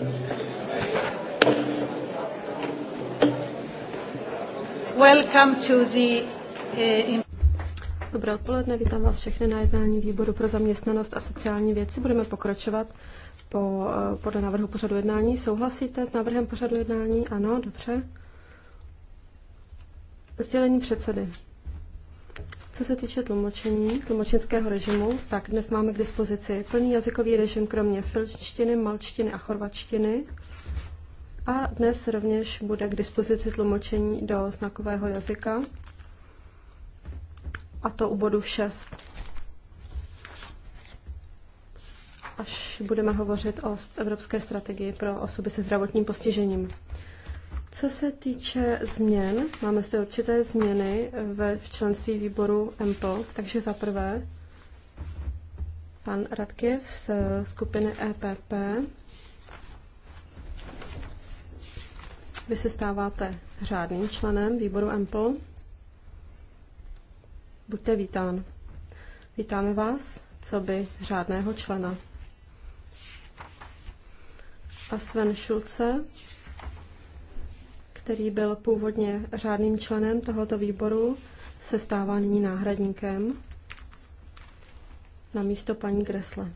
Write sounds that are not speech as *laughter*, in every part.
Eh, Dobré odpoledne, vítám vás všechny na jednání výboru pro zaměstnanost a sociální věci. Budeme pokračovat po, eh, podle návrhu pořadu jednání. Souhlasíte s návrhem pořadu jednání? Ano, dobře. Sdělení předsedy. Co se týče tlumočení, tlumočenského režimu, tak dnes máme k dispozici plný jazykový režim kromě filštiny, malčtiny a chorvačtiny. A dnes rovněž bude k dispozici tlumočení do znakového jazyka, a to u bodu 6. Až budeme hovořit o evropské strategii pro osoby se zdravotním postižením. Co se týče změn, máme zde určité změny ve, v členství výboru MPO, Takže za prvé, pan Radkiv z skupiny EPP. Vy se stáváte řádným členem výboru MPO. Buďte vítán. Vítáme vás, co by řádného člena. A Sven Šulce který byl původně řádným členem tohoto výboru, se stává nyní náhradníkem na místo paní Gresle.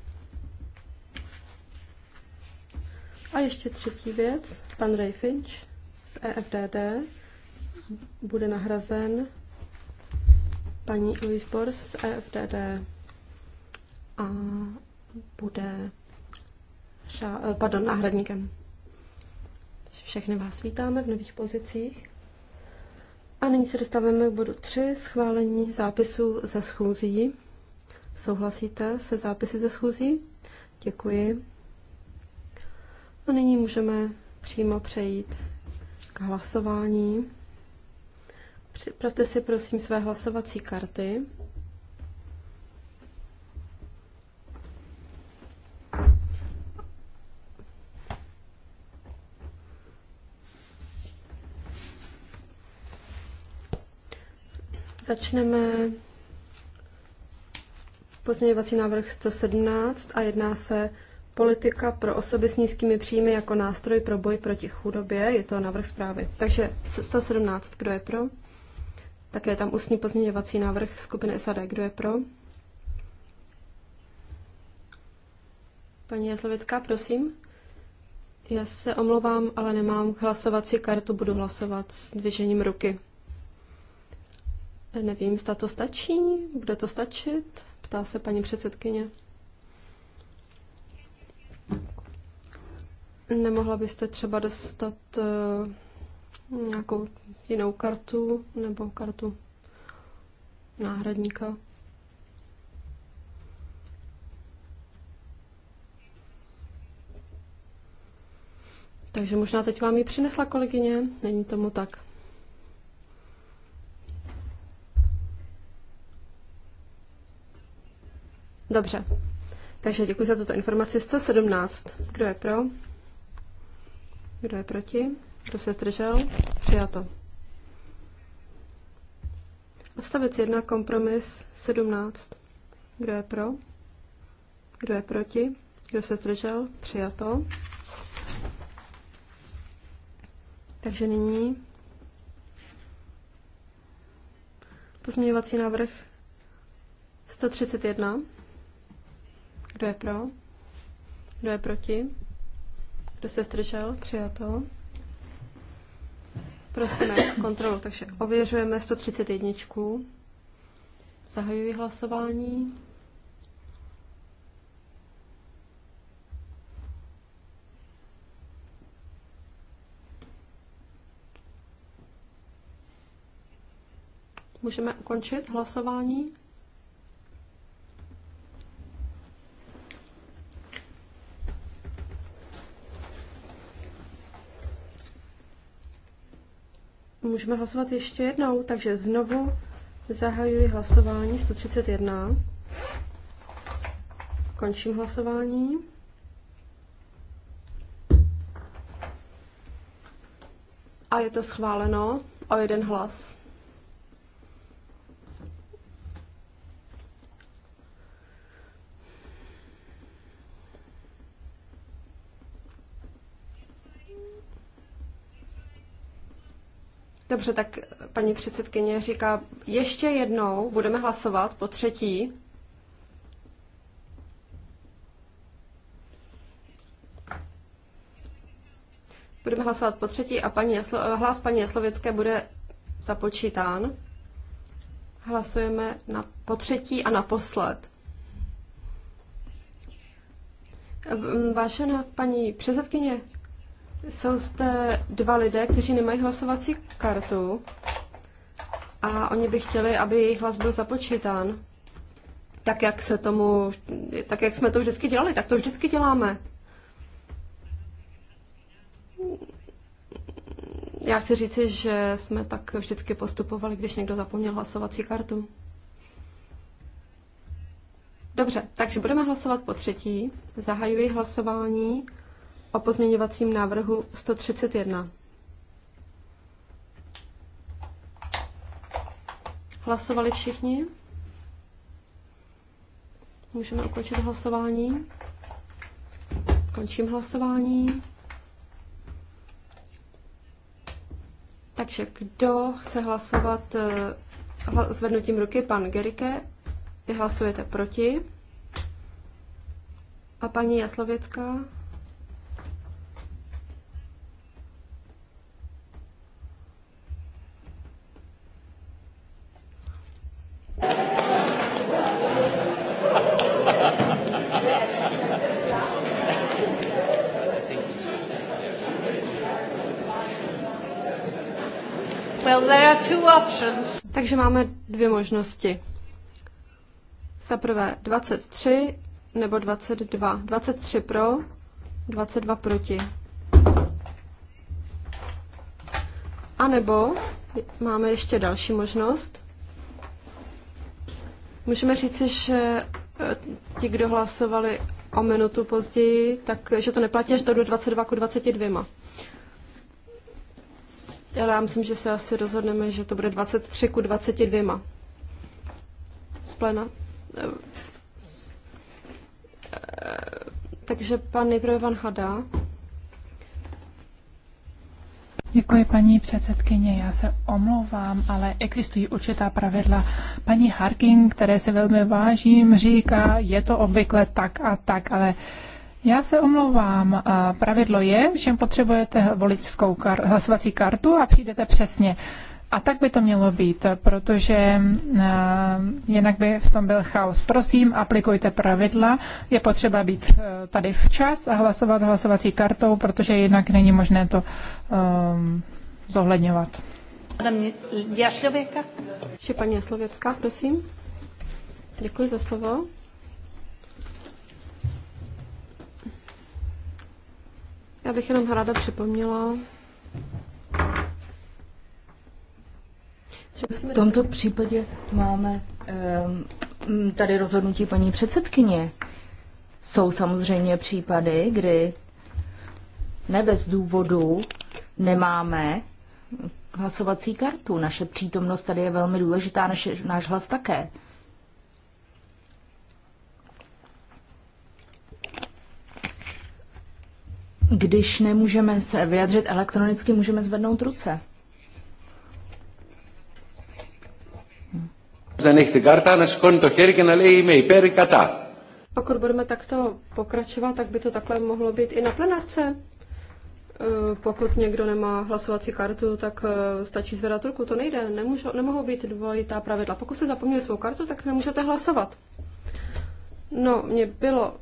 A ještě třetí věc, pan Ray Finch z EFDD bude nahrazen paní Louise Bors z EFDD a bude pardon, náhradníkem. Všechny vás vítáme v nových pozicích. A nyní se dostáváme k bodu 3, schválení zápisu ze schůzí. Souhlasíte se zápisy ze schůzí? Děkuji. A nyní můžeme přímo přejít k hlasování. Připravte si prosím své hlasovací karty. Začneme pozměňovací návrh 117 a jedná se politika pro osoby s nízkými příjmy jako nástroj pro boj proti chudobě. Je to návrh zprávy. Takže 117, kdo je pro? Také je tam ústní pozměňovací návrh skupiny SAD. Kdo je pro? Paní Jezlovická, prosím. Já se omlouvám, ale nemám hlasovací kartu, budu hlasovat s dvěžením ruky. Nevím, zda to stačí, bude to stačit, ptá se paní předsedkyně. Nemohla byste třeba dostat eh, nějakou jinou kartu nebo kartu náhradníka? Takže možná teď vám ji přinesla kolegyně, není tomu tak. Dobře. Takže děkuji za tuto informaci. 117. Kdo je pro? Kdo je proti? Kdo se zdržel? Přijato. Odstavec 1, kompromis 17. Kdo je pro? Kdo je proti? Kdo se zdržel? Přijato. Takže nyní pozměňovací návrh 131. Kdo je pro? Kdo je proti? Kdo se zdržel? Přijato. Prosíme kontrolu, takže ověřujeme 131. Zahajuji hlasování. Můžeme ukončit hlasování. Můžeme hlasovat ještě jednou, takže znovu zahajuji hlasování 131. Končím hlasování. A je to schváleno o jeden hlas. Dobře, tak paní předsedkyně říká, ještě jednou budeme hlasovat po třetí. Budeme hlasovat po třetí a paní Jaslo, eh, hlas paní Jaslovické bude započítán. Hlasujeme na, po třetí a naposled. Eh, na paní předsedkyně, jsou zde dva lidé, kteří nemají hlasovací kartu a oni by chtěli, aby jejich hlas byl započítán. Tak jak se tomu, tak jak jsme to vždycky dělali, tak to vždycky děláme. Já chci říci, že jsme tak vždycky postupovali, když někdo zapomněl hlasovací kartu. Dobře, takže budeme hlasovat po třetí. Zahajuji hlasování o pozměňovacím návrhu 131. Hlasovali všichni? Můžeme ukončit hlasování. Končím hlasování. Takže kdo chce hlasovat eh, zvednutím ruky? Pan Gerike. Vy hlasujete proti. A paní Jaslověcká? Well, there are two options. Takže máme dvě možnosti. Za prvé 23 nebo 22. 23 pro, 22 proti. A nebo máme ještě další možnost. Můžeme říci, že eh, ti, kdo hlasovali o minutu později, tak že to neplatí že to do 22 ku 22. Ale já myslím, že se asi rozhodneme, že to bude 23 ku 22. Z plena. Eh, eh, takže pan nejprve Van Hada. Děkuji, paní předsedkyně. Já se omlouvám, ale existují určitá pravidla. Paní Harking, které se velmi vážím, říká, je to obvykle tak a tak, ale uh, já se omlouvám. Pravidlo je, že potřebujete voličskou kar- hlasovací kartu a přijdete přesně. A tak by to mělo být, protože jinak by v tom byl chaos. Prosím, aplikujte pravidla. Je potřeba být e, tady včas a hlasovat hlasovací kartou, protože jinak není možné to um, zohledňovat. Jašlověka? Ještě prosím. Děkuji za slovo. Já bych jenom ráda připomněla, v tomto případě máme um, tady rozhodnutí paní předsedkyně. Jsou samozřejmě případy, kdy ne bez důvodu nemáme hlasovací kartu. Naše přítomnost tady je velmi důležitá, naše, náš hlas také. Když nemůžeme se vyjadřit elektronicky, můžeme zvednout ruce. Pokud budeme takto pokračovat, tak by to takhle mohlo být i na plenárce. E, pokud někdo nemá hlasovací kartu, tak e, stačí zvedat ruku. To nejde, Nemůžu, nemohou být dvojitá pravidla. Pokud jste zapomněli svou kartu, tak nemůžete hlasovat. No, mě bylo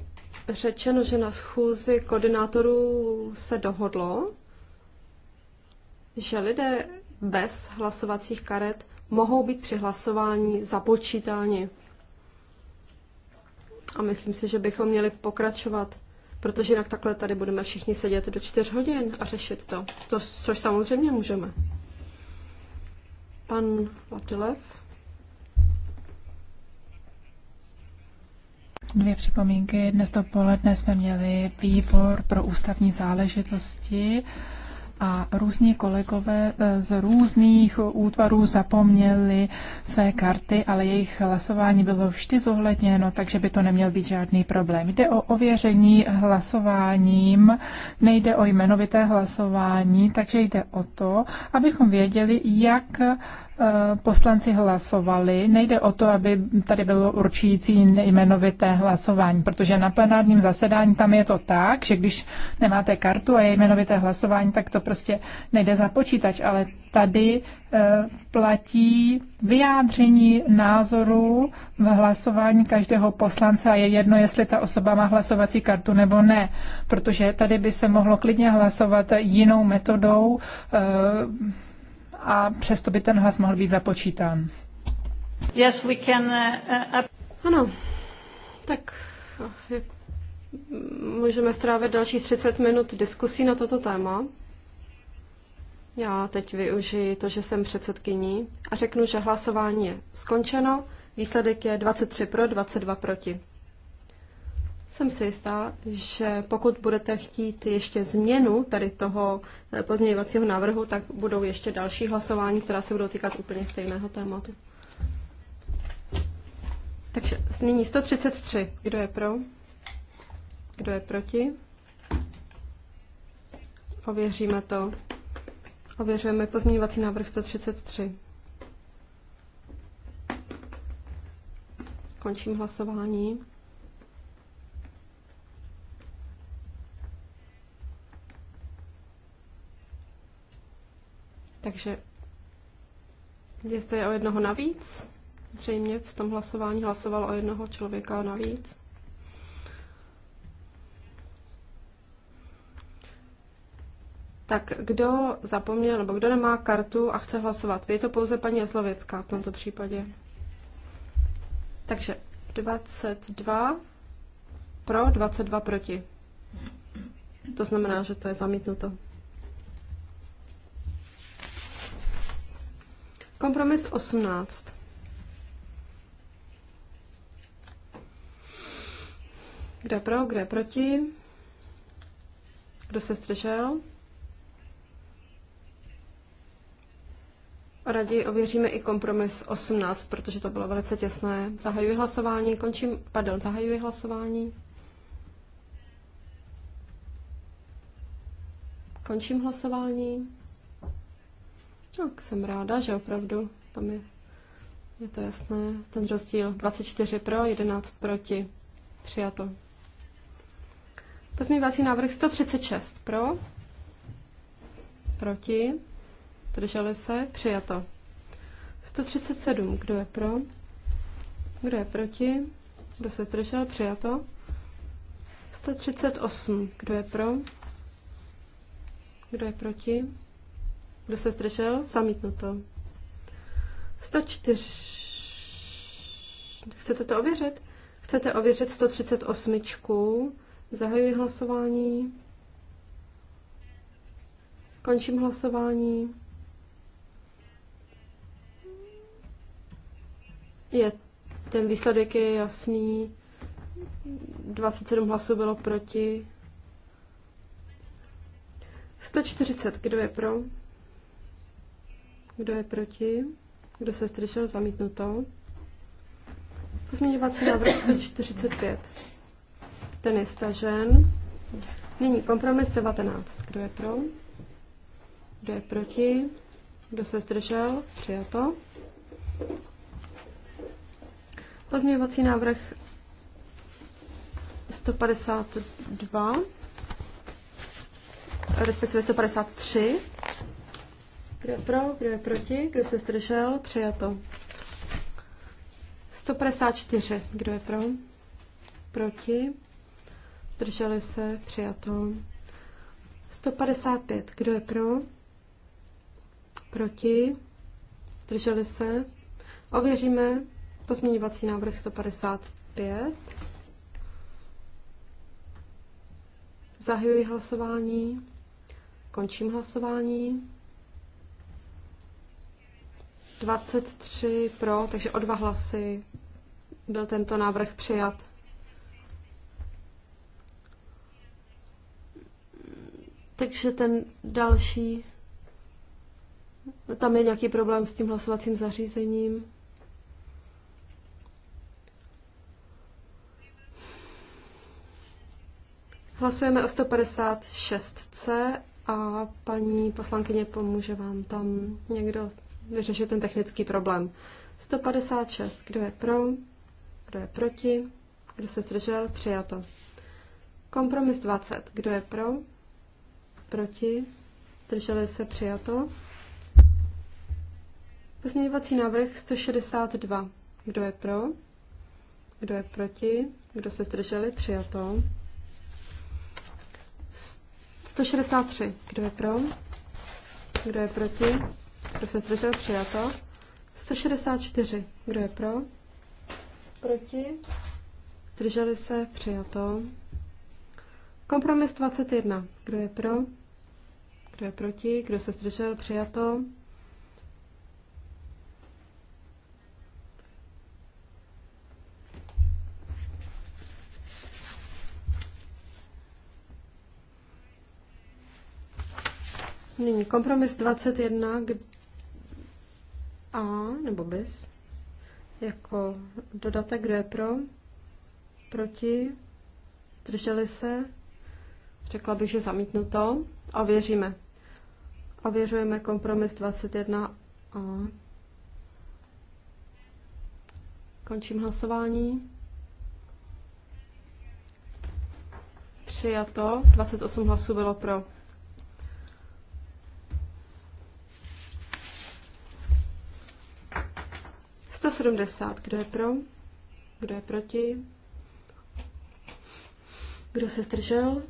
řečeno, že na schůzi koordinátorů se dohodlo, že lidé bez hlasovacích karet mohou být při hlasování započítáni. A myslím si, že bychom měli pokračovat, protože jinak takhle tady budeme všichni sedět do čtyř hodin a řešit to, to což samozřejmě můžeme. Pan Vatilev. Dvě připomínky. Dnes dopoledne jsme měli výbor pro ústavní záležitosti a různí kolegové eh, z různých útvarů zapomněli své karty, ale jejich hlasování bylo vždy zohledněno, takže by to neměl být žádný problém. Jde o ověření hlasováním, nejde o jmenovité hlasování, takže jde o to, abychom věděli, jak Eh, poslanci hlasovali. Nejde o to, aby tady bylo určující jmenovité hlasování, protože na plenárním zasedání tam je to tak, že když nemáte kartu a je jmenovité hlasování, tak to prostě nejde za počítač, ale tady eh, platí vyjádření názoru v hlasování každého poslance a je jedno, jestli ta osoba má hlasovací kartu nebo ne, protože tady by se mohlo klidně hlasovat jinou metodou, eh, a přesto by ten hlas mohl být započítán. Yes, we can, uh, uh... Ano, tak eh, můžeme strávit dalších 30 minut diskusí na toto téma. Já teď využiji to, že jsem předsedkyní a řeknu, že hlasování je skončeno. Výsledek je 23 pro, 22 proti. Jsem si jistá, že pokud budete chtít ještě změnu tady toho eh, pozměňovacího návrhu, tak budou ještě další hlasování, která se budou týkat úplně stejného tématu. Takže nyní 133. Kdo je pro? Kdo je proti? Ověříme to. Ověřujeme pozměňovací návrh 133. Končím hlasování. Takže je zde o jednoho navíc. Zřejmě v tom hlasování hlasoval o jednoho člověka navíc. Tak kdo zapomněl, nebo kdo nemá kartu a chce hlasovat? Je to pouze paní Jezlověcká v tomto případě. Takže 22 pro, 22 proti. To znamená, že to je zamítnuto. Kompromis 18. Kdo pro, kdo proti? Kdo se zdržel? Raději ověříme i kompromis 18, protože to bylo velice těsné. Zahajuji hlasování, končím, pardon, zahajuji hlasování. Končím hlasování. Tak jsem ráda, že opravdu tam je, je to jasné, ten rozdíl 24 pro, 11 proti. Přijato. Pozměňovací návrh 136 pro, proti, drželi se, přijato. 137, kdo je pro, kdo je proti, kdo se zdržel, přijato. 138, kdo je pro, kdo je proti, kdo se zdržel? Zamítnuto. 104. Chcete to ověřit? Chcete ověřit 138. Zahajuji hlasování. Končím hlasování. Je, ten výsledek je jasný. 27 hlasů bylo proti. 140, kdo je pro? Kdo je proti? Kdo se zdržel? Zamítnuto. Pozměňovací návrh 45. Ten je stažen. Nyní kompromis 19. Kdo je pro? Kdo je proti? Kdo se zdržel? Přijato. Pozměňovací návrh 152, respektive 153. Kdo je pro, kdo je proti, kdo se zdržel, přijato. 154. Kdo je pro? Proti? Zdrželi se, přijato. 155. Kdo je pro? Proti? Zdrželi se? Ověříme pozměňovací návrh 155. Zahajuji hlasování. Končím hlasování. 23 pro, takže o dva hlasy byl tento návrh přijat. Takže ten další, tam je nějaký problém s tím hlasovacím zařízením. Hlasujeme o 156C a paní poslankyně pomůže vám tam někdo vyřešit ten technický problém. 156. Kdo je pro? Kdo je proti? Kdo se zdržel? Přijato. Kompromis 20. Kdo je pro? Proti? Zdrželi se? Přijato. Pozměňovací návrh 162. Kdo je pro? Kdo je proti? Kdo se zdrželi? Přijato. 163. Kdo je pro? Kdo je proti? Kdo se zdržel? Přijato. 164. Kdo je pro? Proti? Zdrželi se? Přijato. Kompromis 21. Kdo je pro? Kdo je proti? Kdo se zdržel? Přijato. Nyní kompromis 21, a nebo bez. Jako dodatek, kdo je pro, proti, drželi se, řekla bych, že zamítnuto a věříme. A věřujeme kompromis 21 a končím hlasování. Přijato, 28 hlasů bylo pro. 170. Kdo je pro? Kdo je proti? Kdo se zdržel?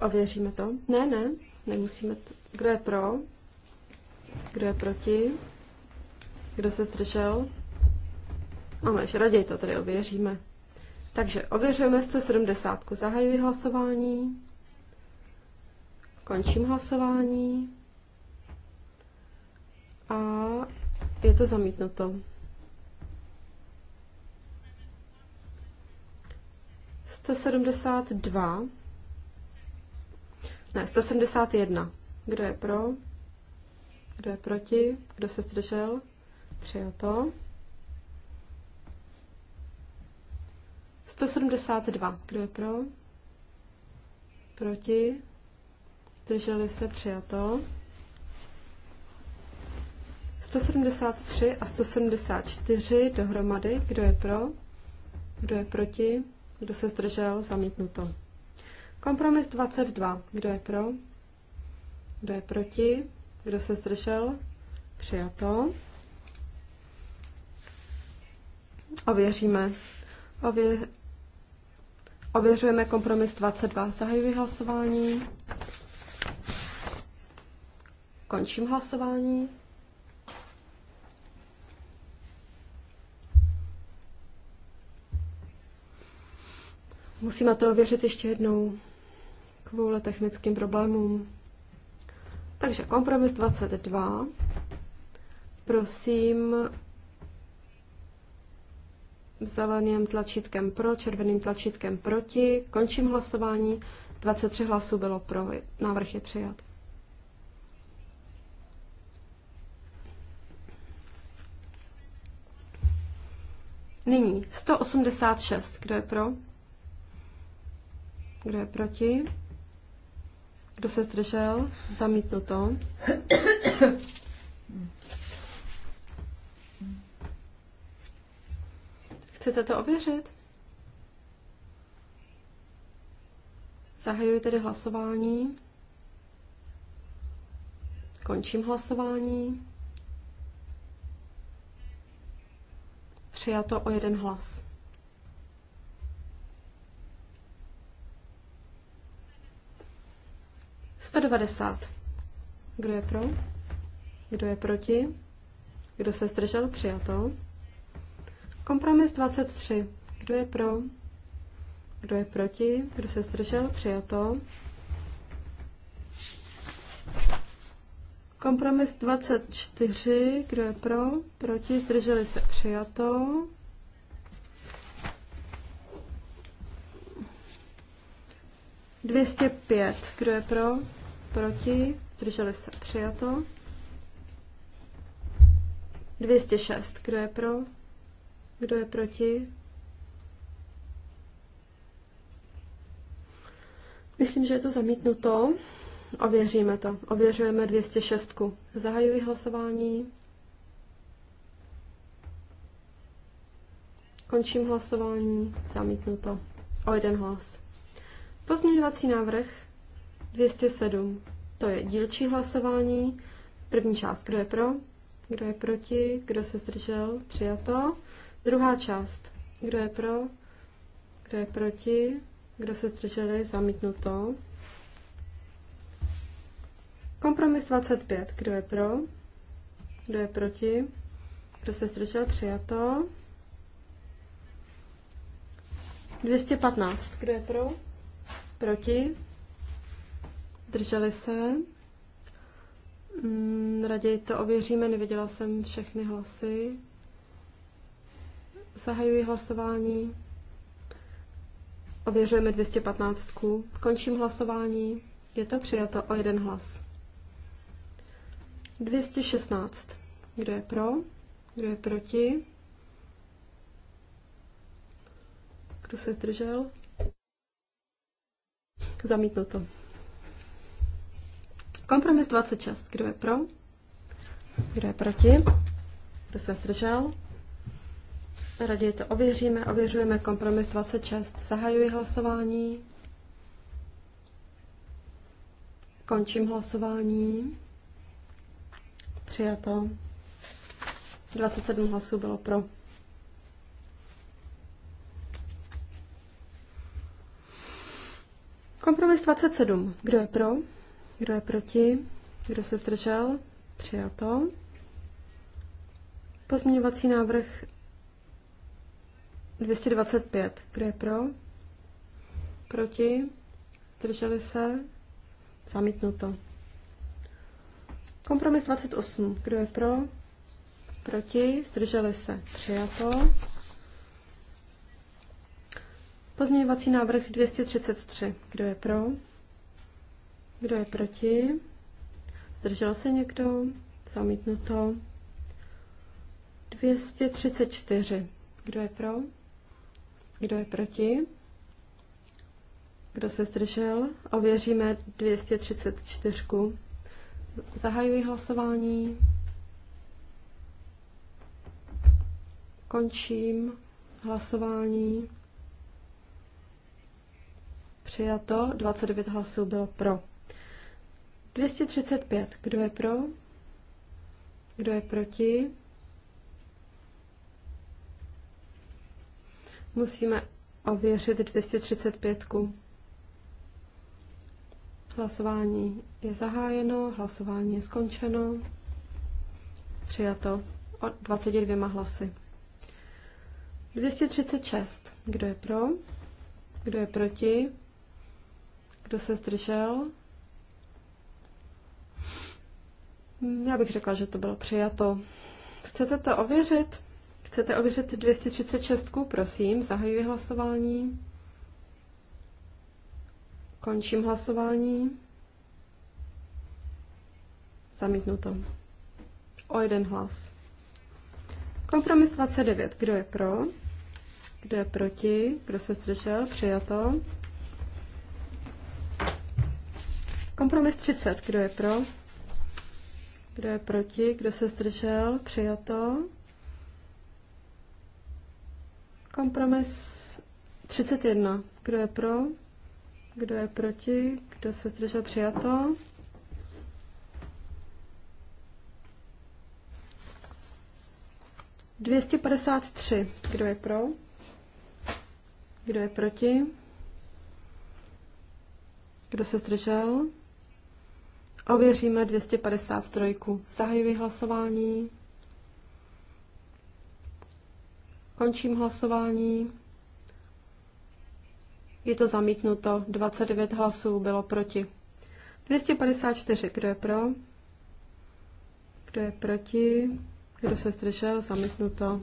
Ověříme to? Ne, ne, nemusíme to. Kdo je pro? Kdo je proti? Kdo se zdržel? Ano, ještě raději to tady ověříme. Takže ověřujeme 170. Zahajuji hlasování. Končím hlasování a je to zamítnuto. 172. Ne, 171. Kdo je pro? Kdo je proti? Kdo se zdržel? Přijato. 172. Kdo je pro? Proti? Zdrželi se? Přijato. 173 a 174 dohromady. Kdo je pro? Kdo je proti? Kdo se zdržel? Zamítnuto. Kompromis 22. Kdo je pro? Kdo je proti? Kdo se zdržel? Přijato. Ověříme. Ově... Ověřujeme kompromis 22. Zahajuji hlasování. Končím hlasování. Musíme to ověřit ještě jednou kvůli technickým problémům. Takže kompromis 22. Prosím zeleným tlačítkem pro, červeným tlačítkem proti. Končím hlasování. 23 hlasů bylo pro. Návrh je přijat. Nyní 186. Kdo je pro? Kdo je proti? Kdo se zdržel? Zamítnuto. *coughs* Chcete to ověřit? Zahajuji tedy hlasování. Končím hlasování. Přijato o jeden hlas. 190. Kdo je pro? Kdo je proti? Kdo se zdržel? Přijato. Kompromis 23. Kdo je pro? Kdo je proti? Kdo se zdržel? Přijato. Kompromis 24. Kdo je pro? Proti? Zdrželi se? Přijato. Dvěstě pět. Kdo je pro? proti, zdrželi se, přijato. 206, kdo je pro, kdo je proti. Myslím, že je to zamítnuto. Ověříme to. Ověřujeme 206. Zahajuji hlasování. Končím hlasování. Zamítnuto. O jeden hlas. Pozměňovací návrh 207. To je dílčí hlasování. První část, kdo je pro, kdo je proti, kdo se zdržel, přijato. Druhá část, kdo je pro, kdo je proti, kdo se zdrželi, zamítnuto. Kompromis 25, kdo je pro, kdo je proti, kdo se zdržel, přijato. 215, kdo je pro, proti, Drželi se? Mm, raději to ověříme, neviděla jsem všechny hlasy. Zahajuji hlasování. Ověřujeme 215. Končím hlasování. Je to přijato o jeden hlas. 216. Kdo je pro? Kdo je proti? Kdo se zdržel? Zamítnuto. Kompromis 26. Kdo je pro? Kdo je proti? Kdo se zdržel? Raději to ověříme. Ověřujeme kompromis 26. Zahajuji hlasování. Končím hlasování. Přijato. 27 hlasů bylo pro. Kompromis 27. Kdo je pro? Kdo je proti? Kdo se zdržel? Přijato. Pozměňovací návrh 225. Kdo je pro? Proti? Zdrželi se? Zamítnuto. Kompromis 28. Kdo je pro? Proti? Zdrželi se? Přijato. Pozměňovací návrh 233. Kdo je pro? Kdo je proti? Zdržel se někdo? Zamítnuto. 234. Kdo je pro? Kdo je proti? Kdo se zdržel? Ověříme 234. Zahajuji hlasování. Končím hlasování. Přijato. 29 hlasů bylo pro. 235. Kdo je pro? Kdo je proti? Musíme ověřit 235. Hlasování je zahájeno, hlasování je skončeno. Přijato o 22 hlasy. 236. Kdo je pro? Kdo je proti? Kdo se zdržel? Hm, já bych řekla, že to bylo přijato. Chcete to ověřit? Chcete ověřit 236? Prosím, zahajuji hlasování. Končím hlasování. Zamítnuto. O jeden hlas. Kompromis 29. Kdo je pro? Kdo je proti? Kdo se zdržel? Přijato. Kompromis 30. Kdo je pro? Kdo je proti? Kdo se zdržel? Přijato. Kompromis 31. Kdo je pro? Kdo je proti? Kdo se zdržel? Přijato. Dvěstě padesát tři. Kdo je pro? Kdo je proti? Kdo se zdržel? Ověříme 253. Zahajuji hlasování. Končím hlasování. Je to zamítnuto. 29 hlasů bylo proti. 254. Kdo je pro? Kdo je proti? Kdo se zdržel? Zamítnuto.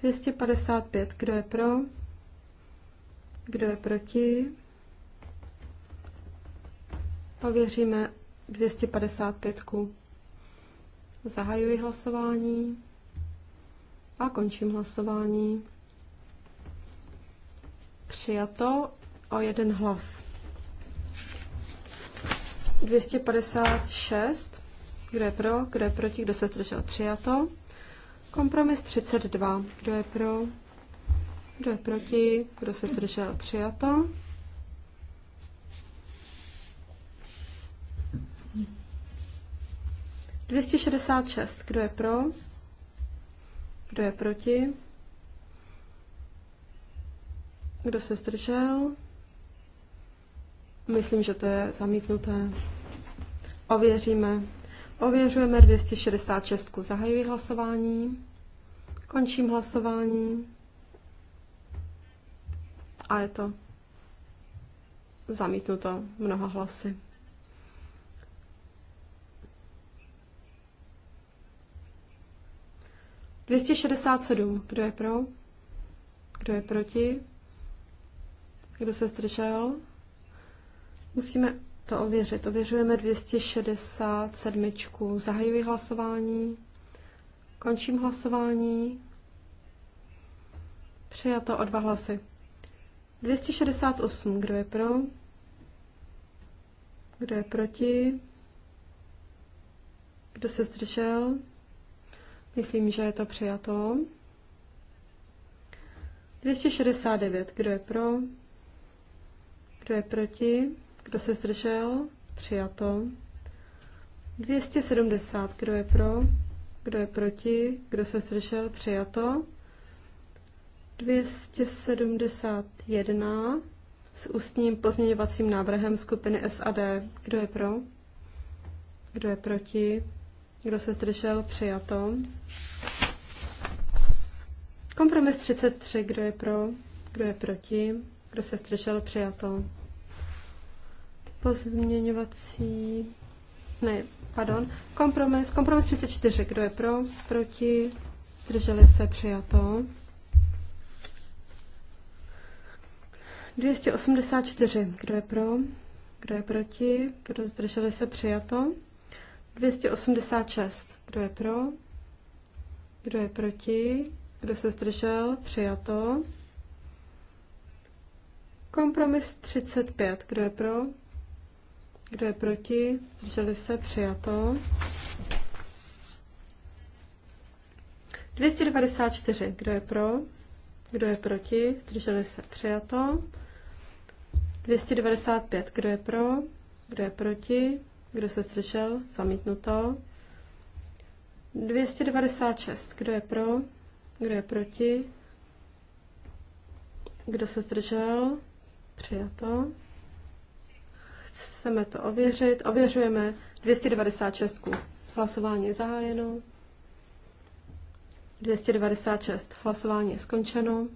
255. Kdo je pro? Kdo je proti? Pověříme 255. Zahajuji hlasování a končím hlasování. Přijato o jeden hlas. 256. Kdo je pro? Kdo je proti? Kdo se držel? Přijato. Kompromis 32. Kdo je pro? Kdo je proti? Kdo se držel? Přijato. 266. Kdo je pro? Kdo je proti? Kdo se zdržel? Myslím, že to je zamítnuté. Ověříme. Ověřujeme 266. Zahajuji hlasování. Končím hlasování. A je to zamítnuto mnoha hlasy. 267. Kdo je pro? Kdo je proti? Kdo se zdržel? Musíme to ověřit. Ověřujeme 267. Zahajuji hlasování. Končím hlasování. Přijato o dva hlasy. 268. Kdo je pro? Kdo je proti? Kdo se zdržel? Myslím, že je to přijato. 269. Kdo je pro? Kdo je proti? Kdo se zdržel? Přijato. 270. Kdo je pro? Kdo je proti? Kdo se zdržel? Přijato. 271 s ústním pozměňovacím návrhem skupiny SAD. Kdo je pro? Kdo je proti? Kdo se zdržel? Přijato. Kompromis 33. Kdo je pro? Kdo je proti? Kdo se zdržel? Přijato. Pozměňovací... Ne, pardon. Kompromis. Kompromis 34. Kdo je pro? Proti? Zdrželi se? Přijato. 284. Kdo je pro? Kdo je proti? Kdo zdrželi se? Přijato. 286. Kdo je pro? Kdo je proti? Kdo se zdržel? Přijato. Kompromis 35. Kdo je pro? Kdo je proti? Zdrželi se? Přijato. 294. Kdo je pro? Kdo je proti? Zdrželi se? Přijato. 295. Kdo je pro? Kdo je proti? Kdo se zdržel? Zamítnuto. 296. Kdo je pro? Kdo je proti? Kdo se zdržel? Přijato. Chceme to ověřit. Ověřujeme 296. Hlasování je zahájeno. 296. Hlasování je skončeno.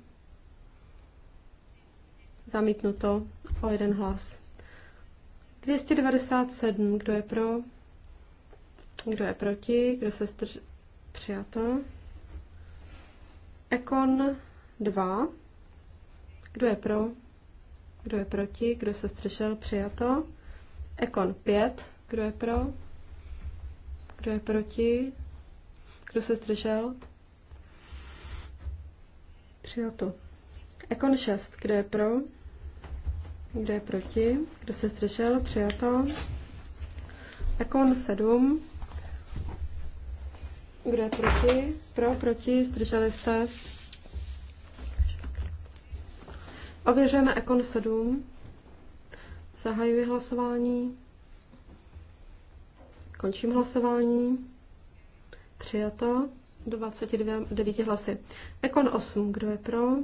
Zamítnuto o jeden hlas. 297, kdo je pro? Kdo je proti? Kdo se str... Přijato. Ekon 2. Kdo je pro? Kdo je proti? Kdo se zdržel? Přijato. Ekon 5. Kdo je pro? Kdo je proti? Kdo se zdržel? Přijato. Ekon 6. Kdo je pro? Kdo je proti? Kdo se zdržel? Přijato. Akon 7. Kdo je proti? Pro, proti, zdrželi se. Ověřujeme Ekon 7. Zahajuji hlasování. Končím hlasování. Přijato. 29 hlasy. Ekon 8. Kdo je pro?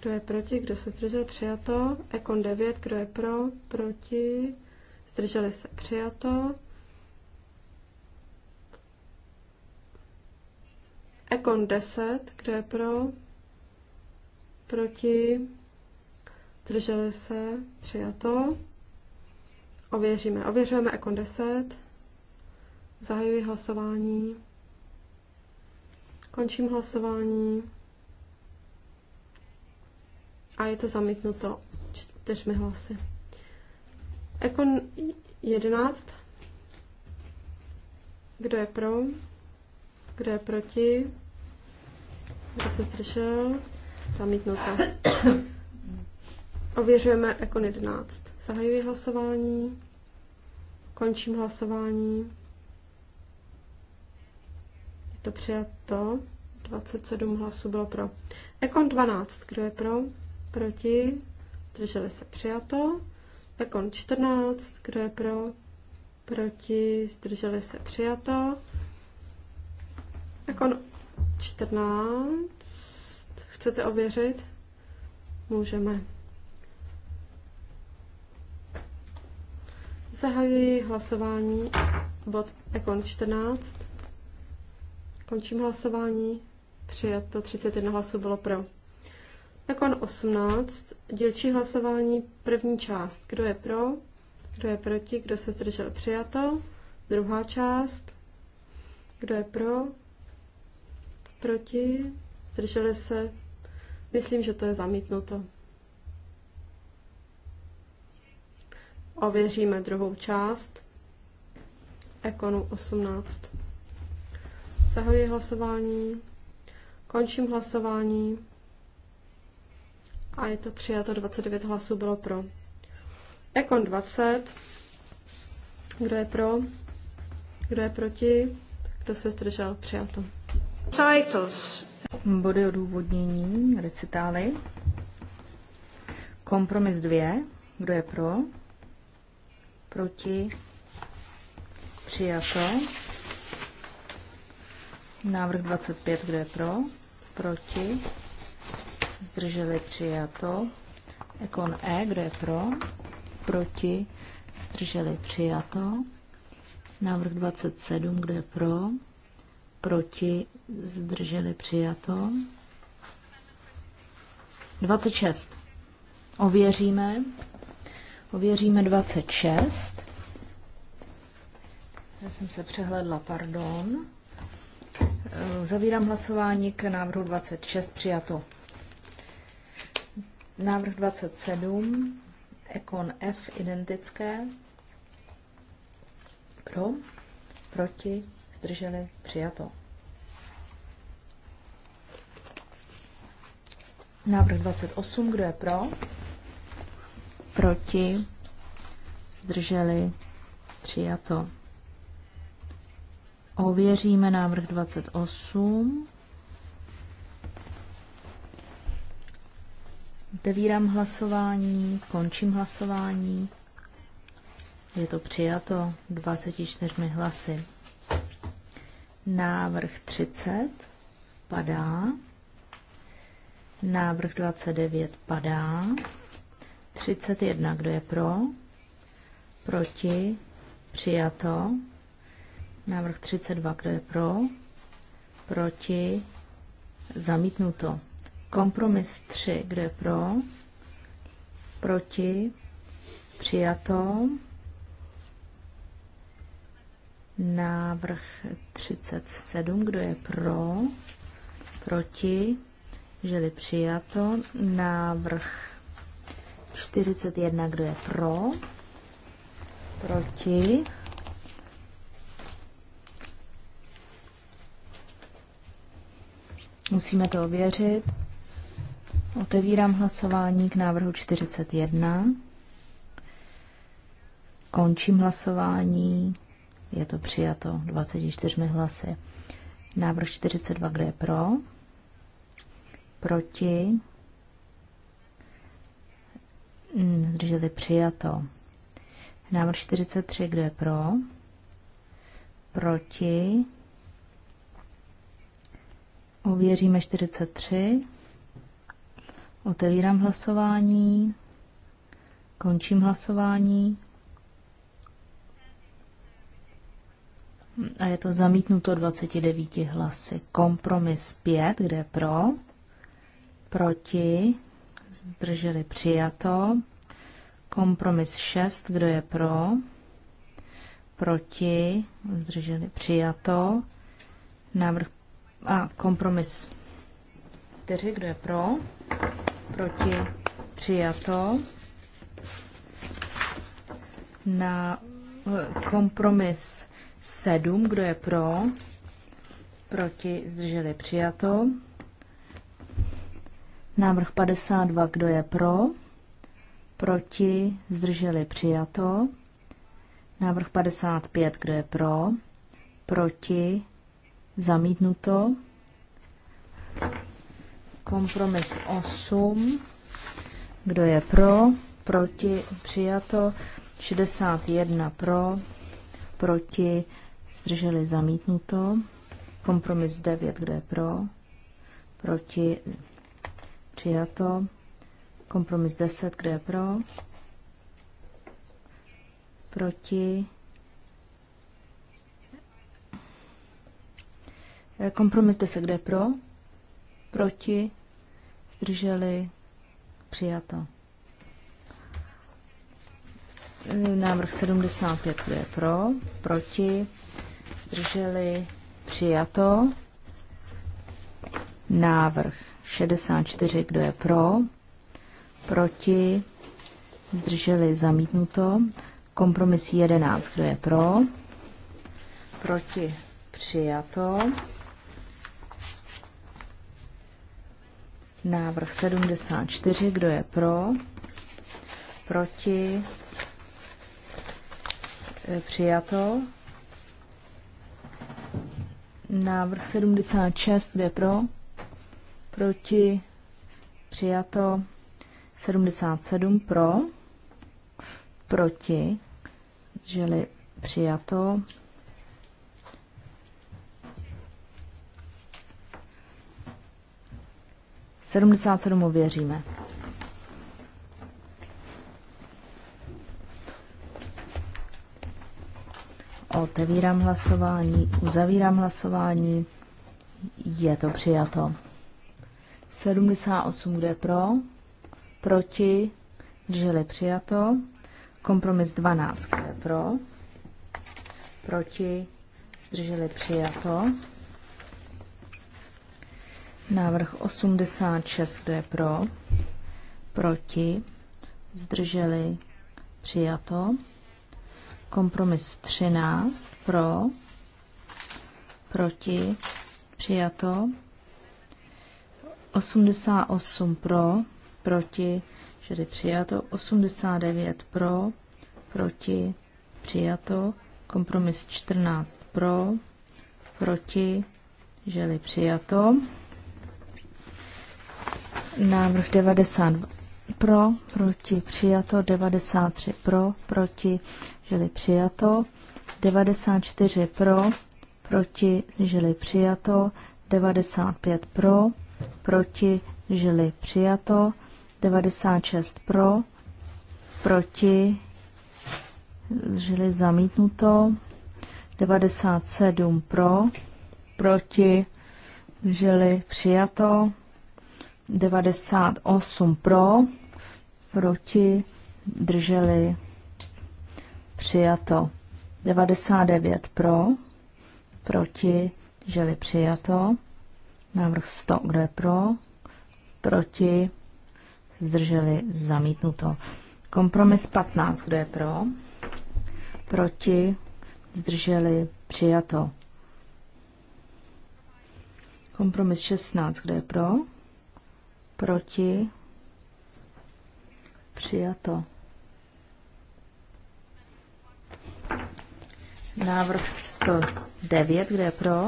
Kdo je proti? Kdo se zdržel? Přijato. Ekon 9. Kdo je pro? Proti. Zdrželi se? Přijato. Ekon 10. Kdo je pro? Proti. Zdrželi se? Přijato. Ověříme. Ověřujeme Ekon 10. Zahajuji hlasování. Končím hlasování a je to zamítnuto čtyřmi hlasy. Ekon 11. Kdo je pro? Kdo je proti? Kdo se zdržel? Zamítnuto. Ověřujeme Ekon 11. Zahajuji hlasování. Končím hlasování. Je to přijato. 27 hlasů bylo pro. Ekon 12. Kdo je pro? proti, Drželi se přijato. Ekon 14, kdo je pro, proti, zdrželi se přijato. Ekon 14, chcete ověřit? Můžeme. Zahajuji hlasování bod Ekon 14. Končím hlasování. Přijato 31 hlasů bylo pro. Ekon 18, dílčí hlasování, první část. Kdo je pro? Kdo je proti? Kdo se zdržel? Přijato. Druhá část. Kdo je pro? Proti? Zdrželi se? Myslím, že to je zamítnuto. Ověříme druhou část. Ekonu 18. Zahajuji hlasování. Končím hlasování. A je to přijato 29 hlasů bylo pro. Ekon 20. Kdo je pro? Kdo je proti? Kdo se zdržel? Přijato. Citos. Body odůvodnění, recitály. Kompromis 2. Kdo je pro? Proti? Přijato. Návrh 25. Kdo je pro? Proti? zdrželi přijato. Ekon E, kdo je pro, proti, zdrželi přijato. Návrh 27, kdo je pro, proti, zdrželi přijato. 26. Ověříme. Ověříme 26. Já jsem se přehledla, pardon. Zavírám hlasování k návrhu 26 přijato. Návrh 27, ekon F identické. Pro, proti, zdrželi, přijato. Návrh 28, kdo je pro? Proti, zdrželi, přijato. Ověříme návrh 28. Otevírám hlasování, končím hlasování. Je to přijato 24 hlasy. Návrh 30 padá. Návrh 29 padá. 31, kdo je pro? Proti? Přijato. Návrh 32, kdo je pro? Proti? Zamítnuto. Kompromis 3, kde pro, proti, přijato. Návrh 37, kdo je pro, proti, želi přijato. Návrh 41, kdo je pro, proti, Musíme to ověřit. Otevírám hlasování k návrhu 41. Končím hlasování. Je to přijato 24 hlasy. Návrh 42, kde je pro? Proti? Hmm, zdrželi přijato. Návrh 43, kde je pro? Proti? Ověříme 43. Otevírám hlasování. Končím hlasování. A je to zamítnuto 29 hlasy. Kompromis 5, kde pro, proti, zdrželi přijato. Kompromis 6, kdo je pro, proti, zdrželi přijato. Návrh a kompromis 4, kdo je pro? Proti? Přijato. Na eh, kompromis 7, kdo je pro? Proti? Zdrželi přijato. Návrh 52, kdo je pro? Proti? Zdrželi přijato. Návrh 55, kdo je pro? Proti? Zamítnuto. Kompromis 8. Kdo je pro? Proti? Přijato. 61 pro. Proti? Zdrželi zamítnuto. Kompromis 9. Kdo je pro? Proti? Přijato. Kompromis 10. Kdo je pro? Proti? Eh, kompromis 10, kde pro? Proti? drželi přijato. Návrh 75 je pro, proti, drželi přijato. Návrh 64, kdo je pro, proti, drželi zamítnuto. Kompromis 11, kdo je pro, proti, přijato. Návrh 74, e, kdo je pro? Proti? Přijato. Návrh 76, kdo je pro? Proti? Přijato. 77 pro? Proti? Žili přijato. 77 ověříme. Otevírám hlasování, uzavírám hlasování. Je to přijato. 78 kde pro, proti, drželi přijato. Kompromis 12 kde pro, proti, drželi přijato. Návrh 86, kdo je pro? Proti? Zdrželi? Přijato. Kompromis 13, pro? Proti? Přijato. 88 pro, proti, čili přijato. 89 pro, proti, přijato. Kompromis 14 pro, proti, želi přijato. Návrh 90 pro, proti přijato, 93 pro, proti žili přijato, 94 pro, proti žili přijato, 95 pro, proti žili přijato, 96 pro, proti žili zamítnuto, 97 pro, proti žili přijato, 98 pro, proti, drželi, přijato. 99 pro, proti, drželi, přijato. Návrh 100, kdo je pro, proti, zdrželi, zamítnuto. Kompromis 15, kdo je pro, proti, zdrželi, přijato. Kompromis 16, kdo je pro, Proti? Přijato. Návrh 109, kde je pro?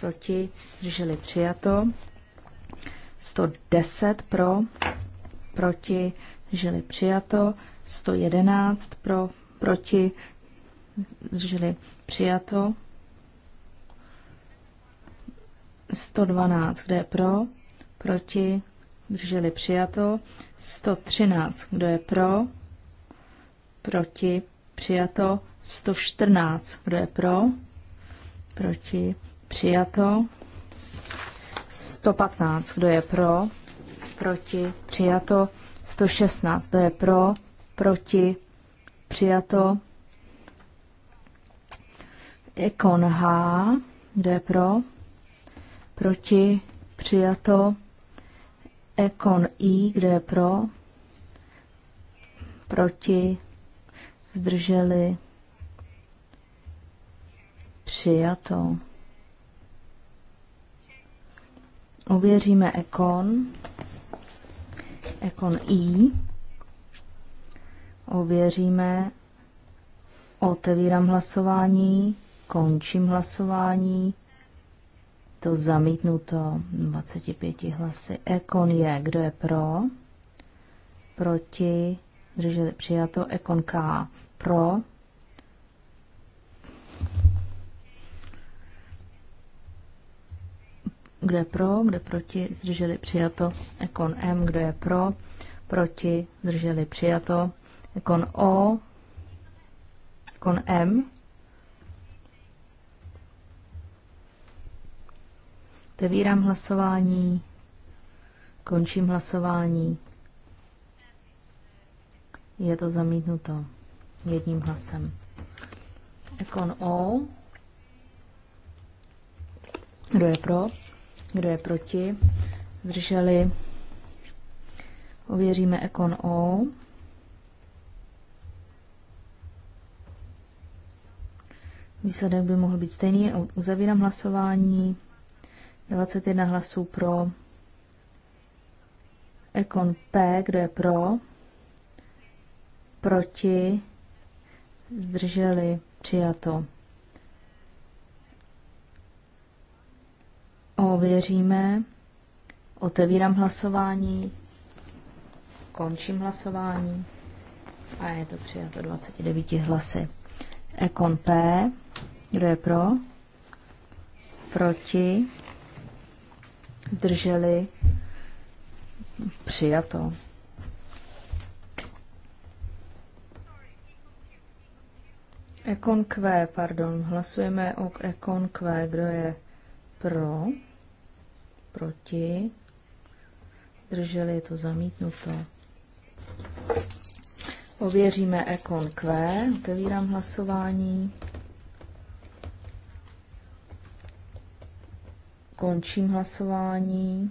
Proti? Drželi přijato. 110 pro? Proti? Drželi přijato. 111 pro? Proti? Drželi přijato. 112, kde je pro? Proti? drželi přijato. 113, kdo je pro, proti, přijato. 114, kdo je pro, proti, přijato. 115, kdo je pro, proti, přijato. 116, kdo je pro, proti, přijato. Ekon H, kdo je pro, proti, přijato. Ekon I, kde je pro, proti, zdrželi, přijato. Ověříme Ekon, Ekon I, ověříme, otevírám hlasování, končím hlasování, to zamítnuto 25 hlasy. Ekon je, kdo je pro, proti, drželi přijato, Ekon K pro, kdo je pro, kdo je proti, zdrželi přijato, Ekon M, kdo je pro, proti, zdrželi přijato, Ekon O, Ekon M, Otevírám hlasování. Končím hlasování. Je to zamítnuto jedním hlasem. Ekon O. Kdo je pro? Kdo je proti? Zdrželi. Ověříme Ekon O. Výsledek by mohl být stejný. Uzavírám hlasování. 21 hlasů pro. Ekon P, kdo je pro? Proti? Zdrželi? Přijato. Ověříme. Otevírám hlasování. Končím hlasování. A je to přijato 29 hlasy. Ekon P. Kdo je pro? Proti? zdrželi, přijato. Ekon Q, pardon, hlasujeme o Ekon Q, kdo je pro, proti, zdrželi, je to zamítnuto. Ověříme Ekon Q, otevírám hlasování. Končím hlasování.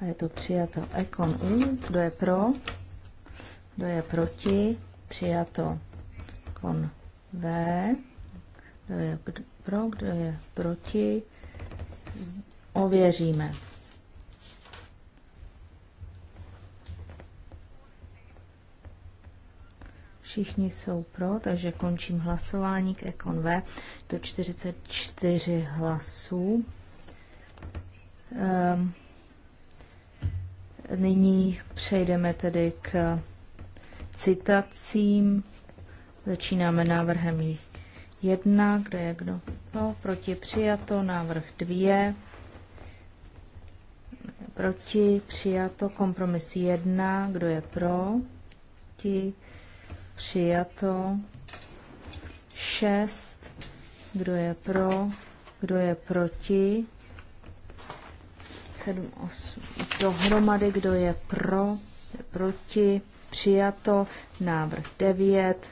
A je to přijato Ekon U. Kdo je pro? Kdo je proti? Přijato Kon V. Kdo je pro? Kdo je proti? Ověříme. Všichni jsou pro, takže končím hlasování k Econ V. To 44 hlasů. Um, nyní přejdeme tedy k citacím. Začínáme návrhem 1, kde je kdo pro, no, proti přijato, návrh 2, proti přijato, kompromis 1, kdo je pro, proti Přijato. Šest. Kdo je pro? Kdo je proti? Sedm, osm. Dohromady, kdo je pro? je proti? Přijato. Návrh devět.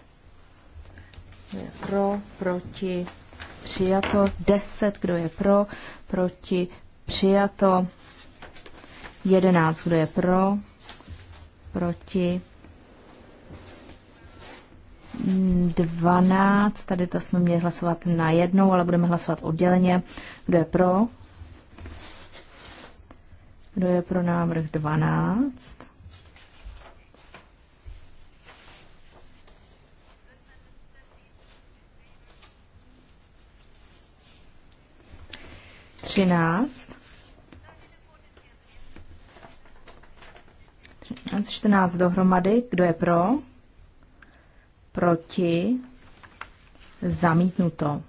Kdo je pro? Proti? Přijato. Deset. Kdo je pro? Proti? Přijato. jedenáct kdo je pro, proti, 12, tady ta jsme měli hlasovat na jednou, ale budeme hlasovat odděleně. Kdo je pro? Kdo je pro návrh 12? Třináct. Třináct, čtrnáct dohromady. Kdo je pro? proti, zamítnuto.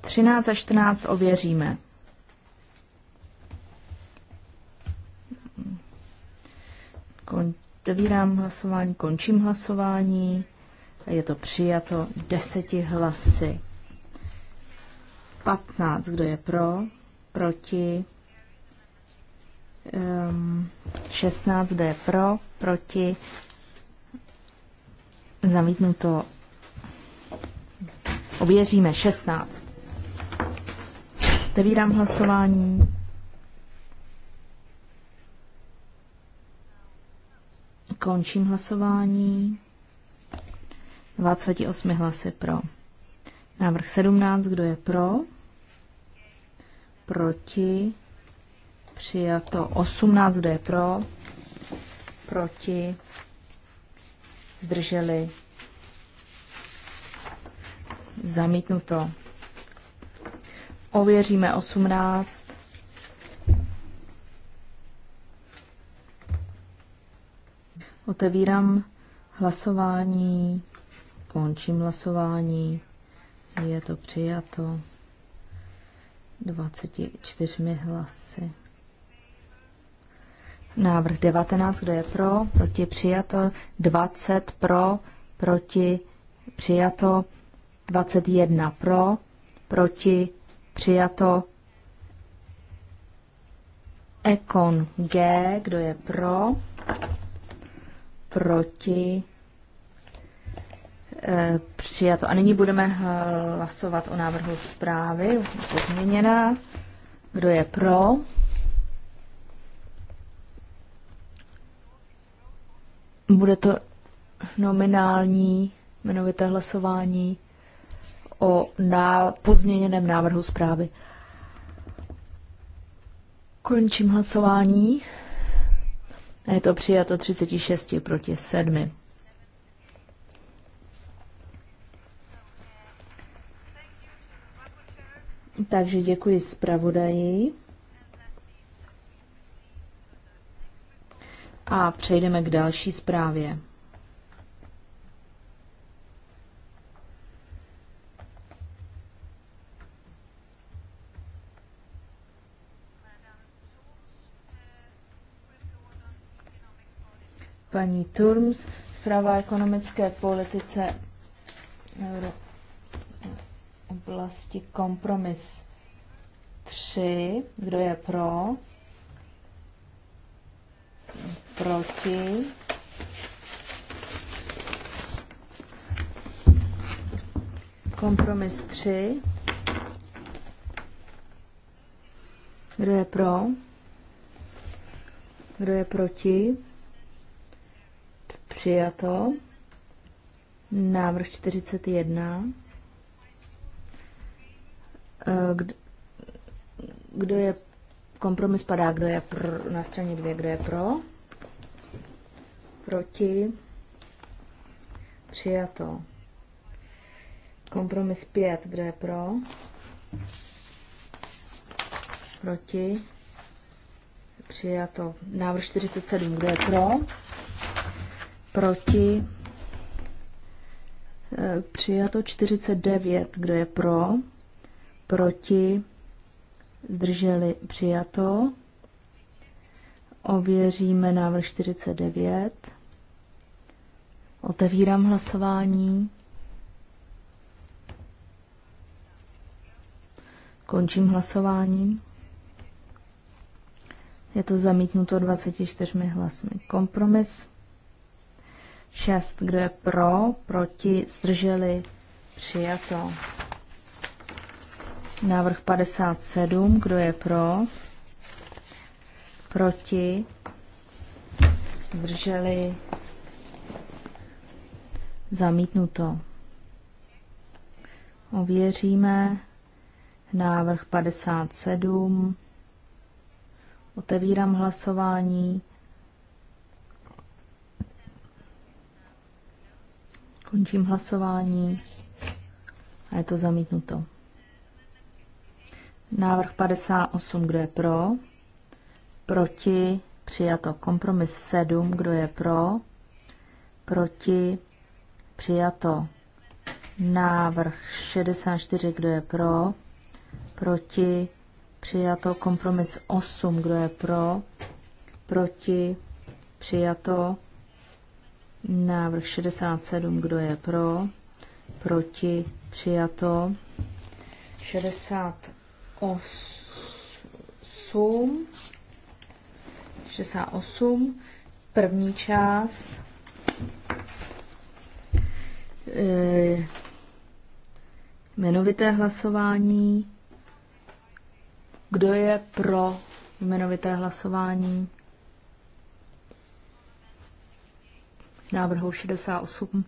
13 a 14 ověříme. Otevírám hlasování, končím hlasování. Je to přijato deseti hlasy. 15, kdo je pro, proti. Um, ehm, 16, kdo je pro, proti. Zamítnuto. Ověříme 16. Otevírám hlasování. Končím hlasování. 28 hlasy pro. Návrh 17, kdo je pro? Proti. Přijato 18, kdo je pro? Proti zdrželi, zamítnuto. Ověříme 18. Otevírám hlasování, končím hlasování, je to přijato 24 hlasy. Návrh 19, kdo je pro, proti přijato, 20 pro, proti přijato, 21 pro, proti přijato, Ekon G, kdo je pro, proti e, přijato. A nyní budeme hlasovat o návrhu zprávy, pozměněná. Kdo je pro? Bude to nominální jmenovité hlasování o na pozměněném návrhu zprávy. Končím hlasování. Je to přijato 36 proti 7. Takže děkuji zpravodaji. A přejdeme k další zprávě. Paní Turms, zpráva ekonomické politice Euro oblasti kompromis 3. Kdo je pro? proti. Kompromis 3. Kdo je pro? Kdo je proti? Přijato. Návrh 41. Eh, kdo je Kompromis padá, kdo je pro, na straně dvě, kdo je pro. Proti. Přijato. Kompromis pět, kdo je pro. Proti. Přijato. Návrh 47, kdo je pro. Proti. Eh, přijato 49, kdo je pro. Proti zdrželi přijato. Ověříme návrh 49. Otevírám hlasování. Končím hlasování. Je to zamítnuto 24 hlasmi. Kompromis 6. Kdo je pro, proti, zdrželi, přijato. Návrh 57, kdo je pro? Proti? Zdrželi? Zamítnuto. Ověříme návrh 57. Otevírám hlasování. Končím hlasování a je to zamítnuto. Návrh 58, kdo je pro? Proti? Přijato. Kompromis 7, kdo je pro? Proti? Přijato. Návrh 64, kdo je pro? Proti? Přijato. Kompromis 8, kdo je pro? Proti? Přijato. Návrh 67, kdo je pro? Proti? Přijato. 60. 68, 68, první část. Eh, jmenovité hlasování. Kdo je pro jmenovité hlasování? Návrhu 68.